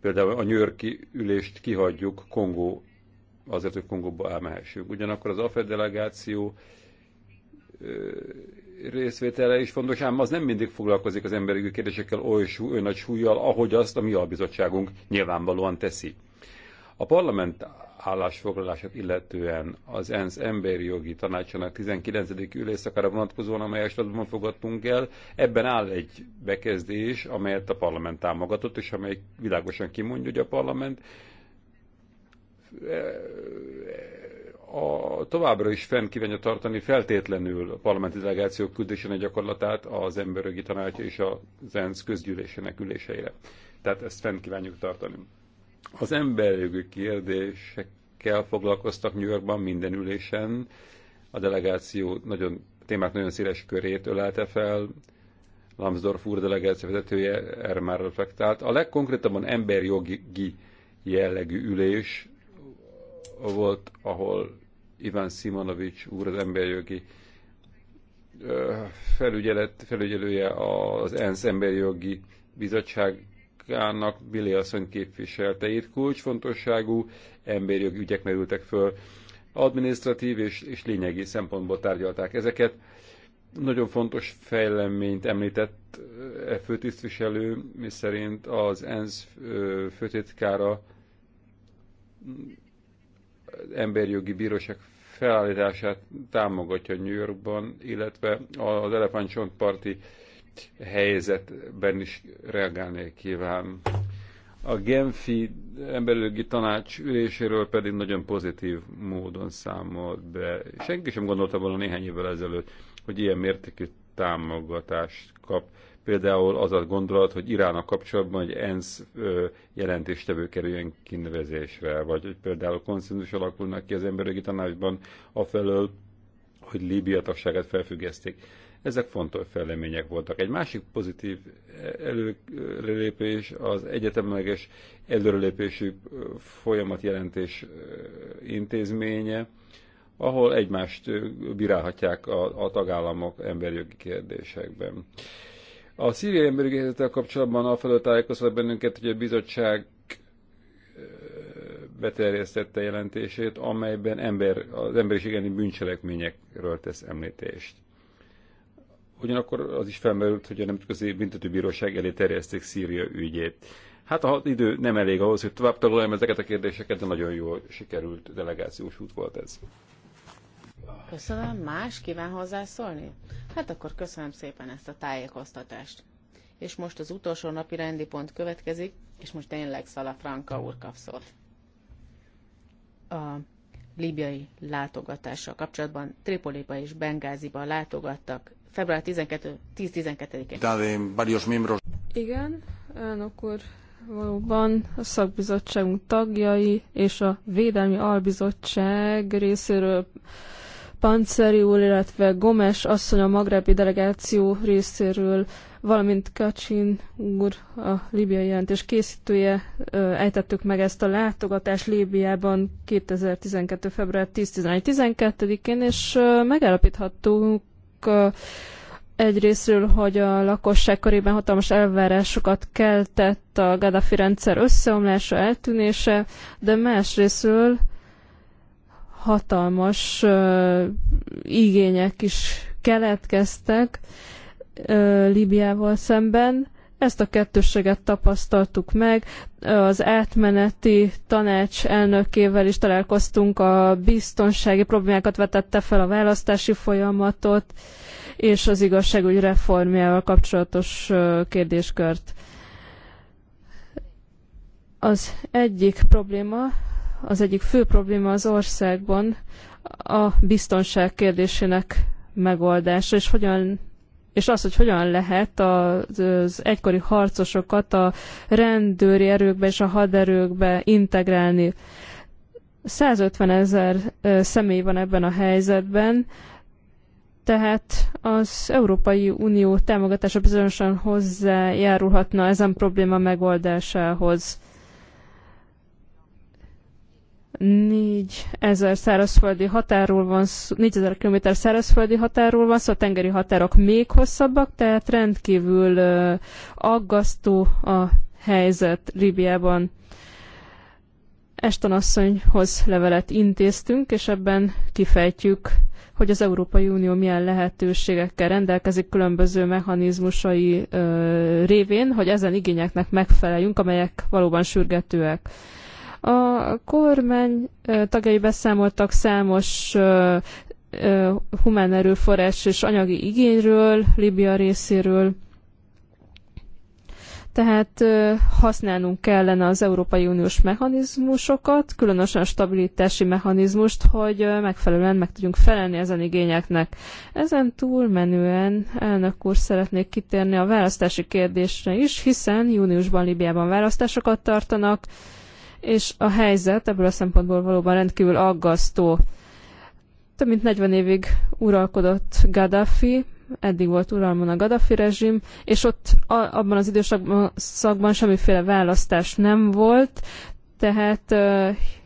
például a nyőrki ülést kihagyjuk Kongó, azért, hogy Kongóba elmehessünk. Ugyanakkor az AFED delegáció részvétele is fontos, ám az nem mindig foglalkozik az emberi kérdésekkel oly oly nagy súlyjal, ahogy azt a mi albizottságunk nyilvánvalóan teszi. A parlament állásfoglalását illetően az ENSZ emberi jogi tanácsának 19. ülésszakára vonatkozóan, amelyet Stadban fogadtunk el, ebben áll egy bekezdés, amelyet a parlament támogatott, és amely világosan kimondja, hogy a parlament eh, a, továbbra is fenn kívánja tartani feltétlenül a parlamenti delegációk küldésének gyakorlatát az emberi jogi tanács és az ENSZ közgyűlésének üléseire. Tehát ezt fenn kívánjuk tartani. Az emberjogi kérdésekkel foglalkoztak New Yorkban minden ülésen. A delegáció nagyon, a témák nagyon széles körét ölelte fel. Lambsdorff úr delegáció vezetője erre már reflektált. A legkonkrétabban emberjogi jellegű ülés volt, ahol Ivan Simonovics úr az emberjogi felügyelet, felügyelője az ENSZ emberjogi bizottság bizottságának Billy képviselte. Itt Kulcsfontosságú emberjog ügyek merültek föl. Administratív és, és lényegi szempontból tárgyalták ezeket. Nagyon fontos fejleményt említett e főtisztviselő, miszerint az ENSZ főtitkára emberjogi bíróság felállítását támogatja New Yorkban, illetve az elefántcsontparti parti helyzetben is reagálni kíván. A Genfi emberjogi tanács üléséről pedig nagyon pozitív módon számolt be. Senki sem gondolta volna néhány évvel ezelőtt, hogy ilyen mértékű támogatást kap. Például az a gondolat, hogy Irán a kapcsolatban egy ENSZ jelentéstevő kerüljön kinevezésre, vagy hogy például konszenzus alakulnak ki az emberjogi tanácsban afelől, hogy Líbia tagságát felfüggeszték ezek fontos fejlemények voltak. Egy másik pozitív előrelépés az egyetemleges előrelépésű folyamatjelentés intézménye, ahol egymást bírálhatják a, a tagállamok emberjogi kérdésekben. A szíriai emberi helyzettel kapcsolatban a tájékoztat bennünket, hogy a bizottság beterjesztette jelentését, amelyben ember, az emberiségeni bűncselekményekről tesz említést. Ugyanakkor az is felmerült, hogy a Nemzetközi Büntetőbíróság elé terjeszték Szíria ügyét. Hát a idő nem elég ahhoz, hogy tovább tanuljam ezeket a kérdéseket, de nagyon jól sikerült delegációs út volt ez. Köszönöm. Más kíván hozzászólni? Hát akkor köszönöm szépen ezt a tájékoztatást. És most az utolsó napi rendi pont következik, és most tényleg Szala Franka úr kap szót. A líbiai látogatással kapcsolatban Tripoliba és Bengáziba látogattak február 12 10-12-én. Igen, elnök úr, valóban a szakbizottságunk tagjai és a Védelmi Albizottság részéről Panceri úr, illetve Gomes asszony a magrebi delegáció részéről, valamint Kacsin úr, a libiai jelentés készítője, ejtettük meg ezt a látogatást Líbiában 2012. február 10-11-12-én, és megállapíthattunk Egyrésztről, hogy a lakosság körében hatalmas elvárásokat keltett a Gaddafi rendszer összeomlása, eltűnése, de másrésztről hatalmas uh, igények is keletkeztek uh, szemben, ezt a kettősséget tapasztaltuk meg. Az átmeneti tanács elnökével is találkoztunk, a biztonsági problémákat vetette fel a választási folyamatot, és az igazságügy reformjával kapcsolatos kérdéskört. Az egyik probléma, az egyik fő probléma az országban a biztonság kérdésének megoldása, és hogyan és az, hogy hogyan lehet az egykori harcosokat a rendőri erőkbe és a haderőkbe integrálni. 150 ezer személy van ebben a helyzetben, tehát az Európai Unió támogatása bizonyosan hozzájárulhatna ezen probléma megoldásához. 4000 szárazföldi határól van szó, 4000 km szárazföldi határól van szó, a tengeri határok még hosszabbak, tehát rendkívül aggasztó a helyzet Líbiában. Eston asszonyhoz levelet intéztünk, és ebben kifejtjük, hogy az Európai Unió milyen lehetőségekkel rendelkezik különböző mechanizmusai révén, hogy ezen igényeknek megfeleljünk, amelyek valóban sürgetőek. A kormány tagjai beszámoltak számos humán erőforrás és anyagi igényről, Libia részéről. Tehát használnunk kellene az Európai Uniós mechanizmusokat, különösen a stabilitási mechanizmust, hogy megfelelően meg tudjunk felelni ezen igényeknek. Ezen túlmenően elnök úr szeretnék kitérni a választási kérdésre is, hiszen júniusban Libiában választásokat tartanak, és a helyzet ebből a szempontból valóban rendkívül aggasztó. Több mint 40 évig uralkodott Gaddafi, eddig volt uralmon a Gaddafi rezsim, és ott a, abban az időszakban semmiféle választás nem volt, tehát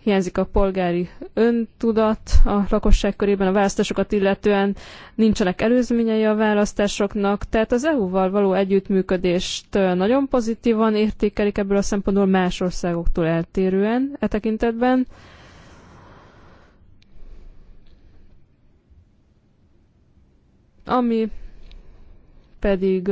hiányzik a polgári öntudat a lakosság körében a választásokat illetően, nincsenek előzményei a választásoknak, tehát az EU-val való együttműködést nagyon pozitívan értékelik ebből a szempontból más országoktól eltérően e tekintetben. Ami pedig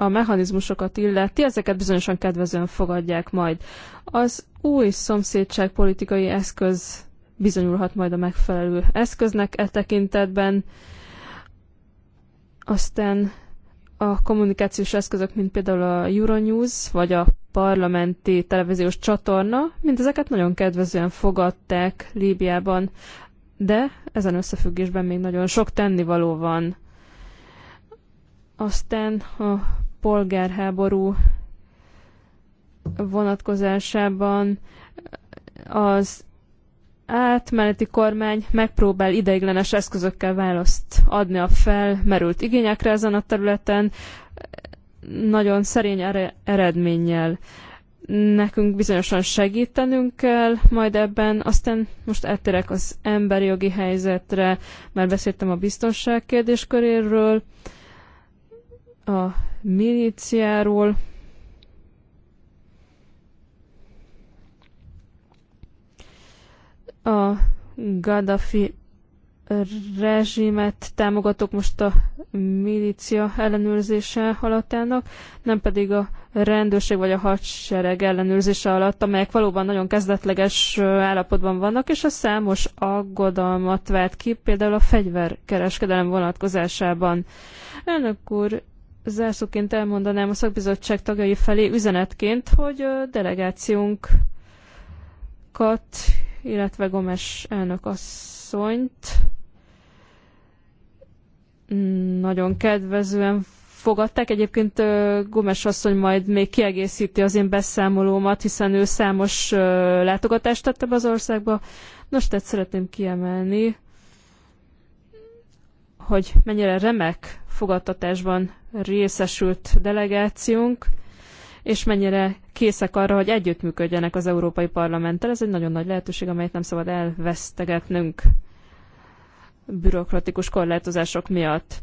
a mechanizmusokat illeti, ezeket bizonyosan kedvezően fogadják majd. Az új politikai eszköz bizonyulhat majd a megfelelő eszköznek e tekintetben. Aztán a kommunikációs eszközök, mint például a Euronews, vagy a parlamenti televíziós csatorna, mint ezeket nagyon kedvezően fogadták Líbiában, de ezen összefüggésben még nagyon sok tennivaló van. Aztán a polgárháború vonatkozásában az átmeneti kormány megpróbál ideiglenes eszközökkel választ adni a felmerült igényekre ezen a területen, nagyon szerény eredménnyel. Nekünk bizonyosan segítenünk kell majd ebben, aztán most áttérek az emberi jogi helyzetre, már beszéltem a biztonság kérdésköréről. köréről a milíciáról. A Gaddafi rezsimet támogatok most a milícia ellenőrzése alatt nem pedig a rendőrség vagy a hadsereg ellenőrzése alatt, amelyek valóban nagyon kezdetleges állapotban vannak, és a számos aggodalmat vált ki, például a fegyverkereskedelem vonatkozásában. Elnök úr, zárszóként elmondanám a szakbizottság tagjai felé üzenetként, hogy delegációnkat, illetve Gomes elnök asszonyt nagyon kedvezően fogadták. Egyébként Gomes asszony majd még kiegészíti az én beszámolómat, hiszen ő számos látogatást tett ebbe az országba. Nos, tehát szeretném kiemelni, hogy mennyire remek fogadtatásban részesült delegációnk, és mennyire készek arra, hogy együttműködjenek az Európai Parlamenttel. Ez egy nagyon nagy lehetőség, amelyet nem szabad elvesztegetnünk bürokratikus korlátozások miatt.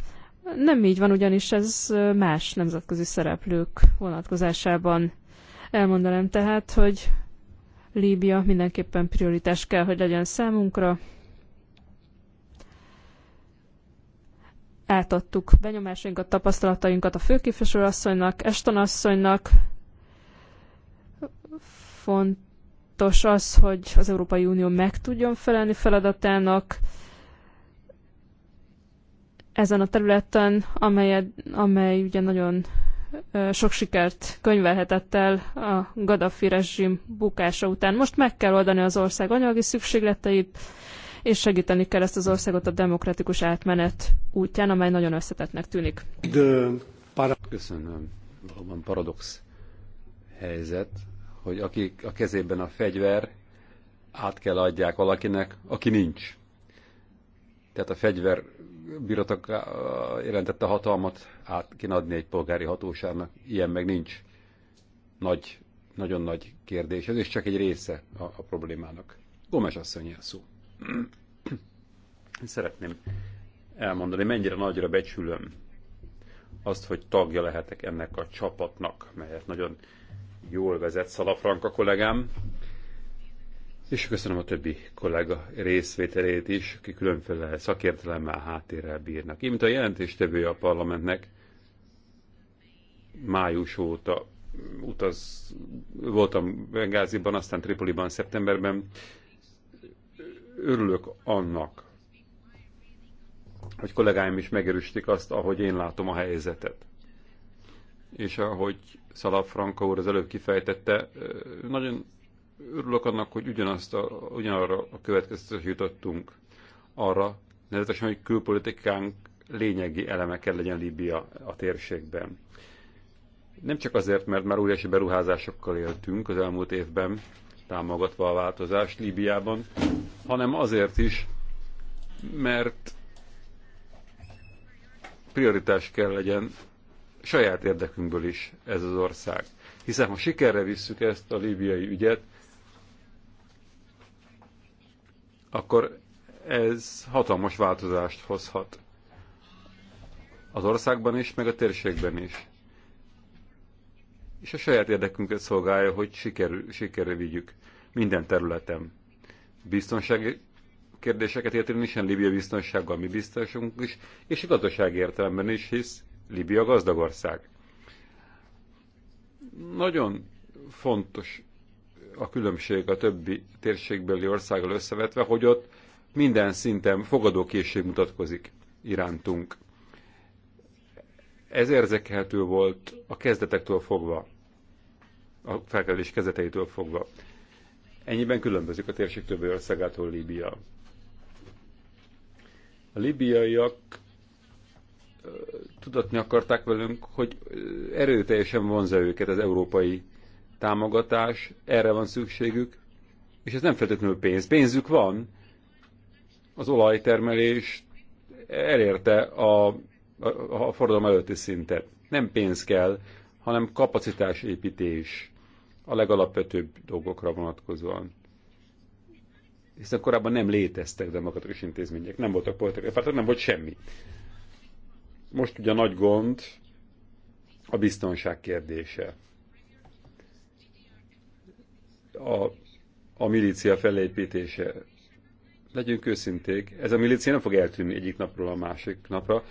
Nem így van, ugyanis ez más nemzetközi szereplők vonatkozásában. Elmondanám tehát, hogy Líbia mindenképpen prioritás kell, hogy legyen számunkra. átadtuk benyomásainkat, tapasztalatainkat a főképviselő asszonynak, Eston asszonynak. Fontos az, hogy az Európai Unió meg tudjon felelni feladatának ezen a területen, amely, amely ugye nagyon sok sikert könyvelhetett el a Gaddafi rezsim bukása után. Most meg kell oldani az ország anyagi szükségleteit, és segíteni kell ezt az országot a demokratikus átmenet útján, amely nagyon összetettnek tűnik. Köszönöm. Valóban paradox helyzet, hogy aki a kezében a fegyver, át kell adják valakinek, aki nincs. Tehát a fegyver birotok jelentette a hatalmat, át kéne adni egy polgári hatóságnak, ilyen meg nincs. Nagy, nagyon nagy kérdés, ez is csak egy része a, a problémának. Gomes asszony szó. Szeretném elmondani, mennyire nagyra becsülöm azt, hogy tagja lehetek ennek a csapatnak, melyet nagyon jól vezet Szalafranka kollégám, és köszönöm a többi kollega részvételét is, aki különféle szakértelemmel, háttérrel bírnak. Én, mint a jelentéstevője a parlamentnek, május óta utaz, voltam Bengáziban, aztán Tripoliban szeptemberben, örülök annak, hogy kollégáim is megerősítik azt, ahogy én látom a helyzetet. És ahogy Franka úr az előbb kifejtette, nagyon örülök annak, hogy ugyanazt a, ugyanarra a következtetés jutottunk arra, nevezetesen, hogy külpolitikánk lényegi eleme kell legyen Líbia a térségben. Nem csak azért, mert már óriási beruházásokkal éltünk az elmúlt évben, támogatva a változást Líbiában, hanem azért is, mert prioritás kell legyen saját érdekünkből is ez az ország. Hiszen ha sikerre visszük ezt a líbiai ügyet, akkor ez hatalmas változást hozhat az országban is, meg a térségben is és a saját érdekünket szolgálja, hogy sikerül, sikerül vigyük minden területen. Biztonsági kérdéseket értelem is, Libia biztonsággal mi biztonságunk is, és a gazdaság értelemben is, hisz Libia gazdag ország. Nagyon fontos a különbség a többi térségbeli országgal összevetve, hogy ott minden szinten fogadókészség mutatkozik irántunk. Ez érzékelhető volt a kezdetektől fogva, a felkelés kezdeteitől fogva. Ennyiben különbözik a térség többi országától Líbia. A libiaiak tudatni akarták velünk, hogy erőteljesen vonza őket az európai támogatás, erre van szükségük, és ez nem feltétlenül pénz. Pénzük van, az olajtermelés elérte a a forradalom előtti szintet. Nem pénz kell, hanem kapacitásépítés a legalapvetőbb dolgokra vonatkozóan. Hiszen korábban nem léteztek demokratikus intézmények, nem voltak politikai pártok, nem volt semmi. Most ugye nagy gond a biztonság kérdése. A, a milícia felépítése. Legyünk őszinték, ez a milícia nem fog eltűnni egyik napról a másik napra,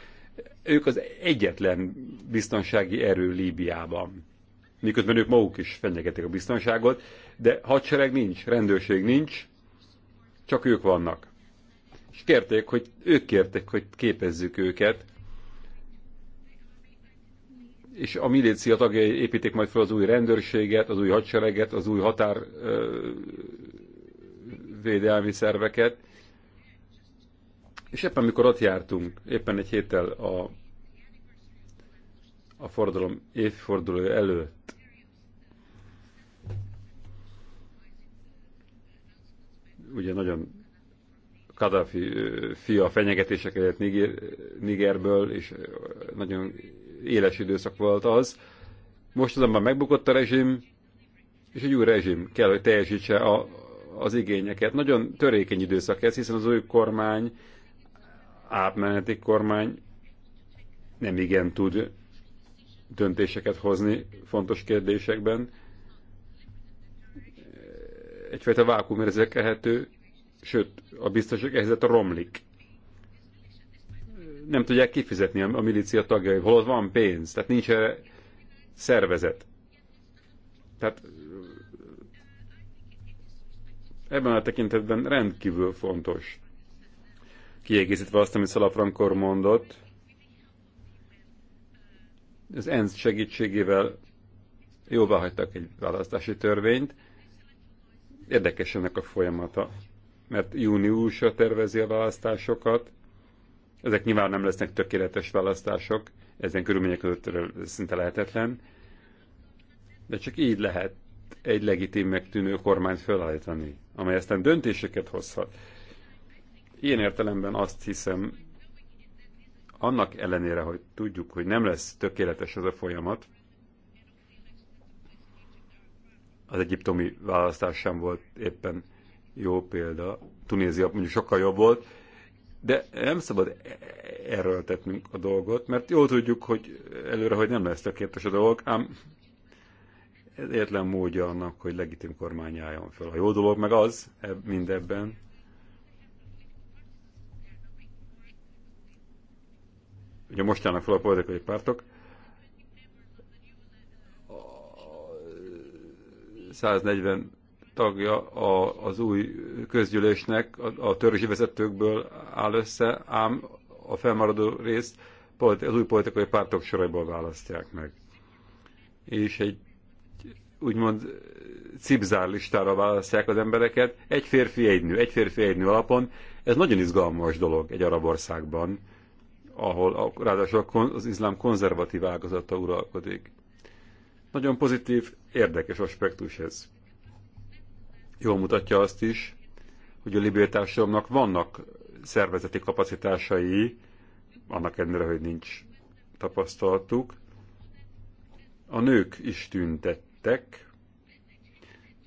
ők az egyetlen biztonsági erő Líbiában. Miközben ők maguk is fenyegetik a biztonságot, de hadsereg nincs, rendőrség nincs, csak ők vannak. És kérték, hogy ők kértek, hogy képezzük őket, és a milícia tagjai építik majd fel az új rendőrséget, az új hadsereget, az új határvédelmi szerveket, és éppen amikor ott jártunk, éppen egy héttel a, a fordulom évfordulója előtt, ugye nagyon Kadhafi fia fenyegetéseket Niger, Nigerből, és nagyon éles időszak volt az. Most azonban megbukott a rezsim, és egy új rezsim kell, hogy teljesítse a, az igényeket. Nagyon törékeny időszak ez, hiszen az új kormány átmeneti kormány nem igen tud döntéseket hozni fontos kérdésekben. Egyfajta vákum érzékelhető, sőt, a biztonság helyzete romlik. Nem tudják kifizetni a milícia tagjai, hol van pénz, tehát nincs erre szervezet. Tehát ebben a tekintetben rendkívül fontos kiegészítve azt, amit Szalafrankor mondott, az ENSZ segítségével jóvá hagytak egy választási törvényt. Érdekes ennek a folyamata, mert júniusra tervezi a választásokat. Ezek nyilván nem lesznek tökéletes választások, ezen körülmények között szinte lehetetlen. De csak így lehet egy legitim megtűnő kormányt felállítani, amely aztán döntéseket hozhat Ilyen értelemben azt hiszem, annak ellenére, hogy tudjuk, hogy nem lesz tökéletes ez a folyamat, az egyiptomi választás sem volt éppen jó példa, Tunézia mondjuk sokkal jobb volt, de nem szabad tettünk a dolgot, mert jól tudjuk, hogy előre, hogy nem lesz tökéletes a dolog, ám ez egyetlen módja annak, hogy legitim kormány álljon fel. A jó dolog meg az e- mindebben, ugye most állnak fel a politikai pártok, 140 tagja a, az új közgyűlésnek a, a törzsi vezetőkből áll össze, ám a felmaradó részt az új politikai pártok soraiból választják meg. És egy úgymond cipzár listára választják az embereket, egy férfi, egy nő, egy férfi, egy nő alapon. Ez nagyon izgalmas dolog egy arab országban ahol ráadásul az iszlám konzervatív ágazata uralkodik. Nagyon pozitív, érdekes aspektus ez. Jól mutatja azt is, hogy a libiai vannak szervezeti kapacitásai, annak ellenére, hogy nincs tapasztaltuk. A nők is tüntettek,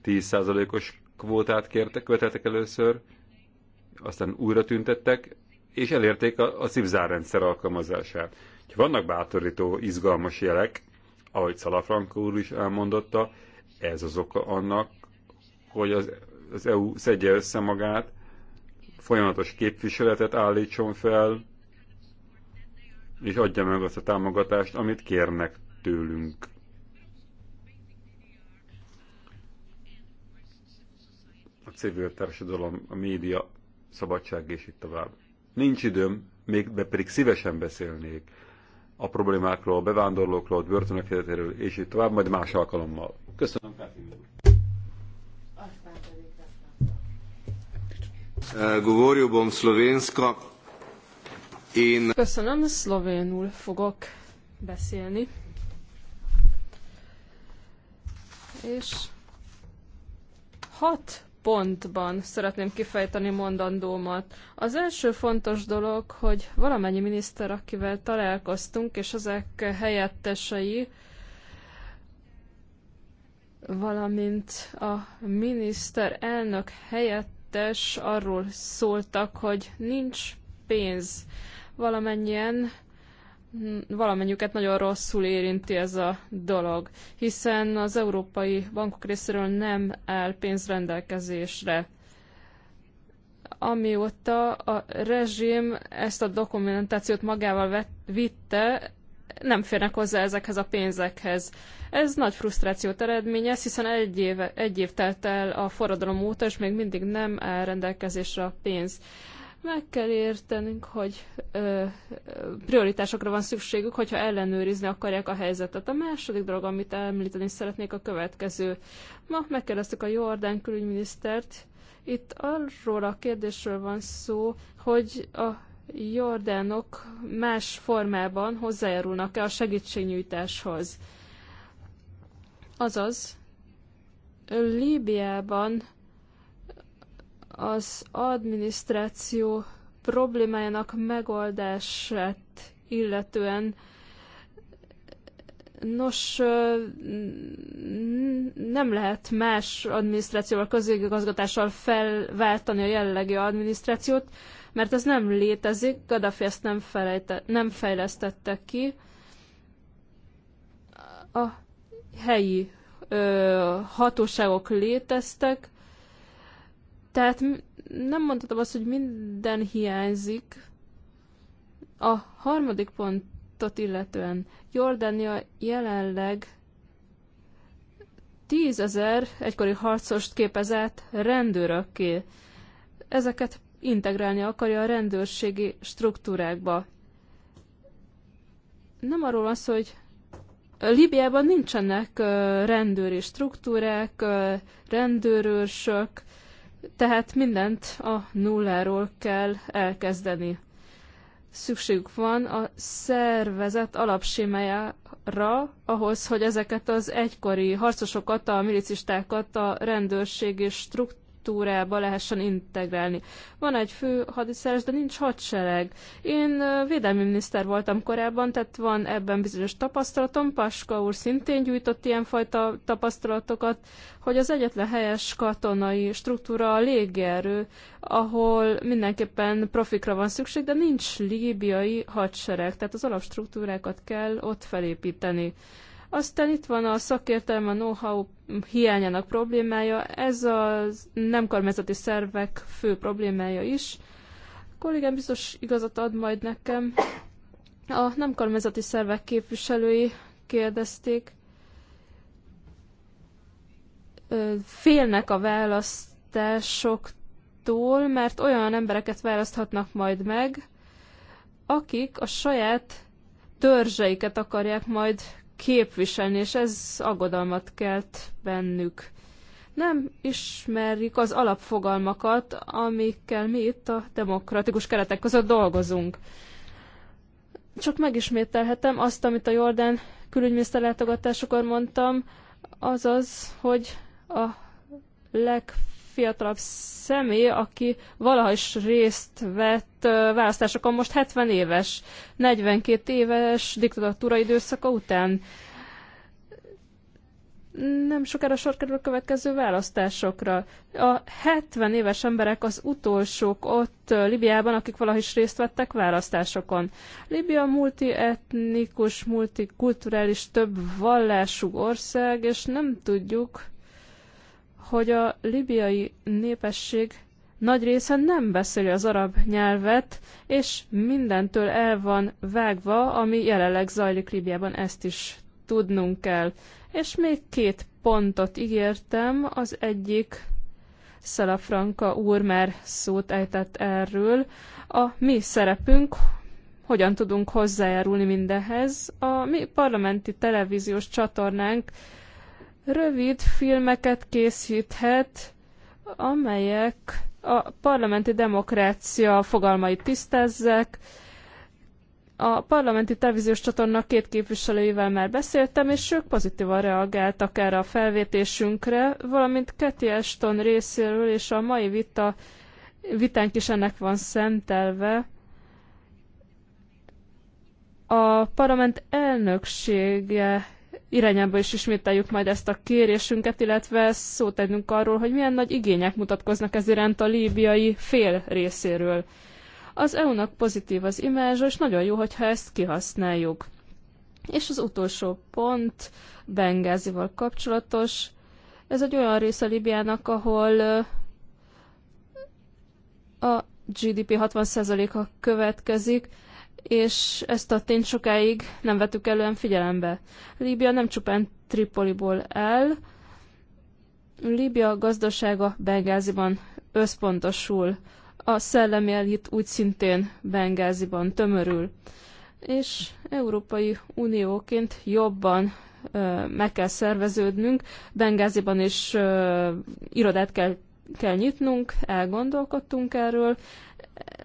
10%-os kvótát kértek, követeltek először, aztán újra tüntettek, és elérték a, a szívzárrendszer alkalmazását. vannak bátorító, izgalmas jelek, ahogy Szalafranka úr is elmondotta, ez az oka annak, hogy az, az EU szedje össze magát, folyamatos képviseletet állítson fel, és adja meg azt a támogatást, amit kérnek tőlünk. A civil társadalom, a média, szabadság és itt tovább. Nincs időm, még be pedig szívesen beszélnék a problémákról, a bevándorlókról, a börtönök helyzetéről, és így tovább, majd más alkalommal. Köszönöm, Káfi eh, bom Én... Köszönöm, szlovénul fogok beszélni. És hat pontban szeretném kifejteni mondandómat. Az első fontos dolog, hogy valamennyi miniszter, akivel találkoztunk, és ezek helyettesei, valamint a miniszter elnök helyettes arról szóltak, hogy nincs pénz. Valamennyien valamennyiüket nagyon rosszul érinti ez a dolog, hiszen az európai bankok részéről nem áll pénz rendelkezésre. Amióta a rezsim ezt a dokumentációt magával vitte, nem férnek hozzá ezekhez a pénzekhez. Ez nagy frusztrációt eredményez, hiszen egy év, egy év telt el a forradalom óta, és még mindig nem áll rendelkezésre a pénz. Meg kell értenünk, hogy ö, prioritásokra van szükségük, hogyha ellenőrizni akarják a helyzetet. A második dolog, amit említeni szeretnék, a következő. Ma megkérdeztük a Jordán külügyminisztert. Itt arról a kérdésről van szó, hogy a jordánok más formában hozzájárulnak-e a segítségnyújtáshoz. Azaz, Líbiában az adminisztráció problémájának megoldását illetően Nos, nem lehet más adminisztrációval, közigazgatással felváltani a jellegi adminisztrációt, mert ez nem létezik, Gaddafi ezt nem, felejte, nem fejlesztette ki. A helyi ö, hatóságok léteztek, tehát nem mondhatom azt, hogy minden hiányzik. A harmadik pontot illetően Jordánia jelenleg tízezer egykori harcost képezett rendőrökké. Ezeket integrálni akarja a rendőrségi struktúrákba. Nem arról az, hogy Libiában nincsenek rendőri struktúrák, rendőrősök, tehát mindent a nulláról kell elkezdeni. Szükségük van a szervezet alapsémájára ahhoz, hogy ezeket az egykori harcosokat, a milicistákat a rendőrségi struktúrákat, struktúrába lehessen integrálni. Van egy fő hadiszeres, de nincs hadsereg. Én védelmi miniszter voltam korábban, tehát van ebben bizonyos tapasztalatom. Paska úr szintén gyújtott ilyenfajta tapasztalatokat, hogy az egyetlen helyes katonai struktúra a légierő, ahol mindenképpen profikra van szükség, de nincs líbiai hadsereg, tehát az alapstruktúrákat kell ott felépíteni. Aztán itt van a szakértelme, a know-how hiányának problémája, ez a nem kormányzati szervek fő problémája is. A kollégám biztos igazat ad majd nekem. A nem kormányzati szervek képviselői kérdezték, félnek a választásoktól, mert olyan embereket választhatnak majd meg, akik a saját törzseiket akarják majd képviselni, és ez aggodalmat kelt bennük. Nem ismerik az alapfogalmakat, amikkel mi itt a demokratikus keretek között dolgozunk. Csak megismételhetem azt, amit a Jordán külügyminiszter látogatásokor mondtam, azaz, hogy a legfőbb legfiatalabb személy, aki valaha is részt vett választásokon, most 70 éves, 42 éves diktatúra időszaka után. Nem sokára sor kerül a következő választásokra. A 70 éves emberek az utolsók ott Libiában, akik valaha is részt vettek választásokon. Libia multietnikus, multikulturális, több vallású ország, és nem tudjuk, hogy a libiai népesség nagy része nem beszéli az arab nyelvet, és mindentől el van vágva, ami jelenleg zajlik Líbiában, ezt is tudnunk kell. És még két pontot ígértem, az egyik Szelafranka úr már szót ejtett erről. A mi szerepünk, hogyan tudunk hozzájárulni mindenhez. A mi parlamenti televíziós csatornánk rövid filmeket készíthet, amelyek a parlamenti demokrácia fogalmait tisztázzák. A parlamenti televíziós csatorna két képviselőivel már beszéltem, és ők pozitívan reagáltak erre a felvétésünkre, valamint Keti Eston részéről, és a mai vita, vitánk is ennek van szentelve. A parlament elnöksége irányába is ismételjük majd ezt a kérésünket, illetve szót tennünk arról, hogy milyen nagy igények mutatkoznak ez iránt a líbiai fél részéről. Az EU-nak pozitív az imázsa, és nagyon jó, hogyha ezt kihasználjuk. És az utolsó pont Bengázival kapcsolatos. Ez egy olyan része Libiának, ahol a GDP 60%-a következik, és ezt a tényt sokáig nem vettük elően figyelembe. Líbia nem csupán Tripoliból el, Líbia gazdasága Bengáziban összpontosul, a szellemi elit úgy szintén Bengáziban tömörül, és Európai Unióként jobban ö, meg kell szerveződnünk, Bengáziban is ö, irodát kell kell nyitnunk, elgondolkodtunk erről,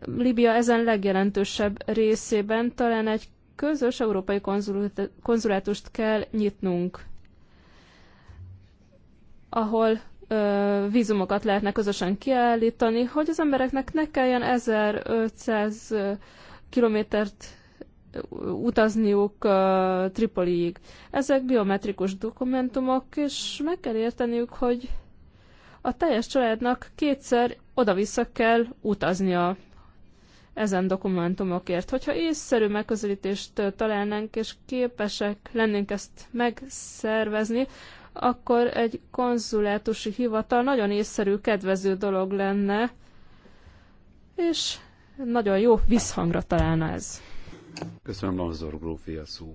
Libia ezen legjelentősebb részében talán egy közös európai konzulátust kell nyitnunk, ahol ö, vízumokat lehetne közösen kiállítani, hogy az embereknek ne kelljen 1500 kilométert utazniuk uh, Tripoliig. Ezek biometrikus dokumentumok, és meg kell érteniük, hogy a teljes családnak kétszer oda-vissza kell utaznia ezen dokumentumokért. Hogyha észszerű megközelítést találnánk, és képesek lennénk ezt megszervezni, akkor egy konzulátusi hivatal nagyon észszerű, kedvező dolog lenne, és nagyon jó visszhangra találna ez. Köszönöm, Lanzor Grófia szó.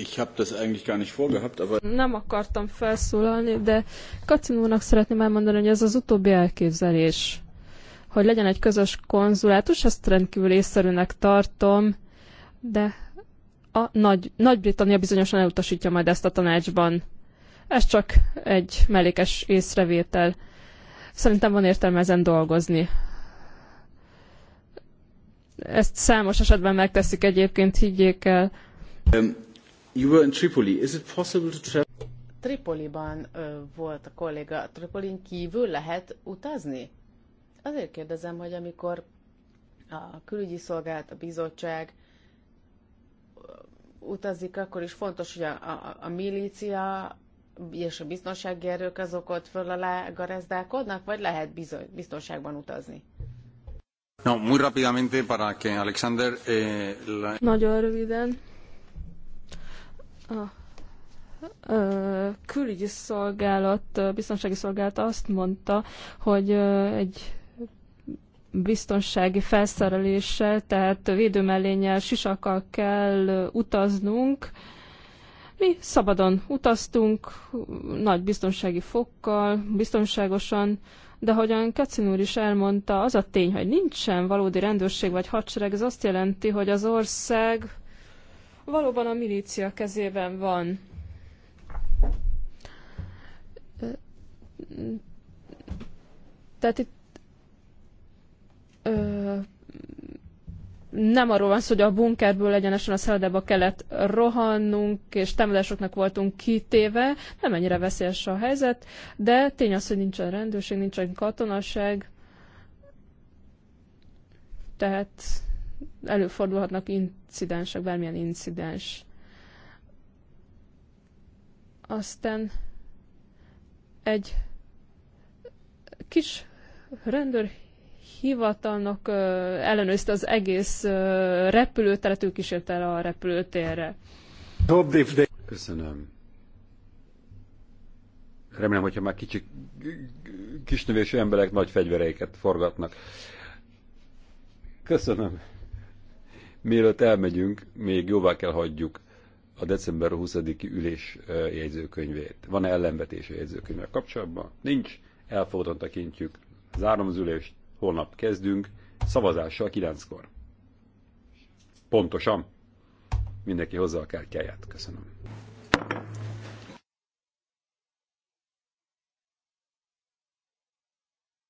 Ich habe das eigentlich gar nicht vorgehabt, aber... Nem akartam felszólalni, de Kacinónak szeretném elmondani, hogy ez az utóbbi elképzelés, hogy legyen egy közös konzulátus, ezt rendkívül észszerűnek tartom, de a Nagy- Nagy-Britannia bizonyosan elutasítja majd ezt a tanácsban. Ez csak egy mellékes észrevétel. Szerintem van értelme ezen dolgozni. Ezt számos esetben megteszik egyébként, higgyék el. Um. You were in Tripoli. Is it possible to travel? Tripoliban ö, volt a kolléga. Tripolin kívül lehet utazni? Azért kérdezem, hogy amikor a külügyi szolgált, a bizottság utazik, akkor is fontos, hogy a, a, a milícia és a biztonsági erők azok ott föl alá garezdálkodnak, vagy lehet bizony, biztonságban utazni? No, muy rápidamente para que Alexander... Eh, la... Nagyon röviden a külügyi szolgálat, biztonsági szolgálat azt mondta, hogy egy biztonsági felszereléssel, tehát védőmellénnyel, sisakkal kell utaznunk. Mi szabadon utaztunk, nagy biztonsági fokkal, biztonságosan, de ahogyan Kacin úr is elmondta, az a tény, hogy nincsen valódi rendőrség vagy hadsereg, ez azt jelenti, hogy az ország valóban a milícia kezében van. Tehát itt ö, nem arról van szó, hogy a bunkerből egyenesen a szeledába kellett rohannunk, és támadásoknak voltunk kitéve. Nem ennyire veszélyes a helyzet, de tény az, hogy nincsen rendőrség, nincsen katonaság. Tehát előfordulhatnak incidensek, bármilyen incidens. Aztán egy kis rendőr hivatalnak ellenőrizte az egész repülőteret, ő kísért el a repülőtérre. Köszönöm. Remélem, hogyha már kicsi, kisnövésű emberek nagy fegyvereiket forgatnak. Köszönöm. Mielőtt elmegyünk, még jóvá kell hagyjuk a december 20-i ülés jegyzőkönyvét. Van-e ellenvetés a jegyzőkönyvvel kapcsolatban? Nincs. Elfogadon tekintjük. Zárom az ülést, holnap kezdünk, szavazással 9-kor. Pontosan. Mindenki hozza a kártyáját. Köszönöm.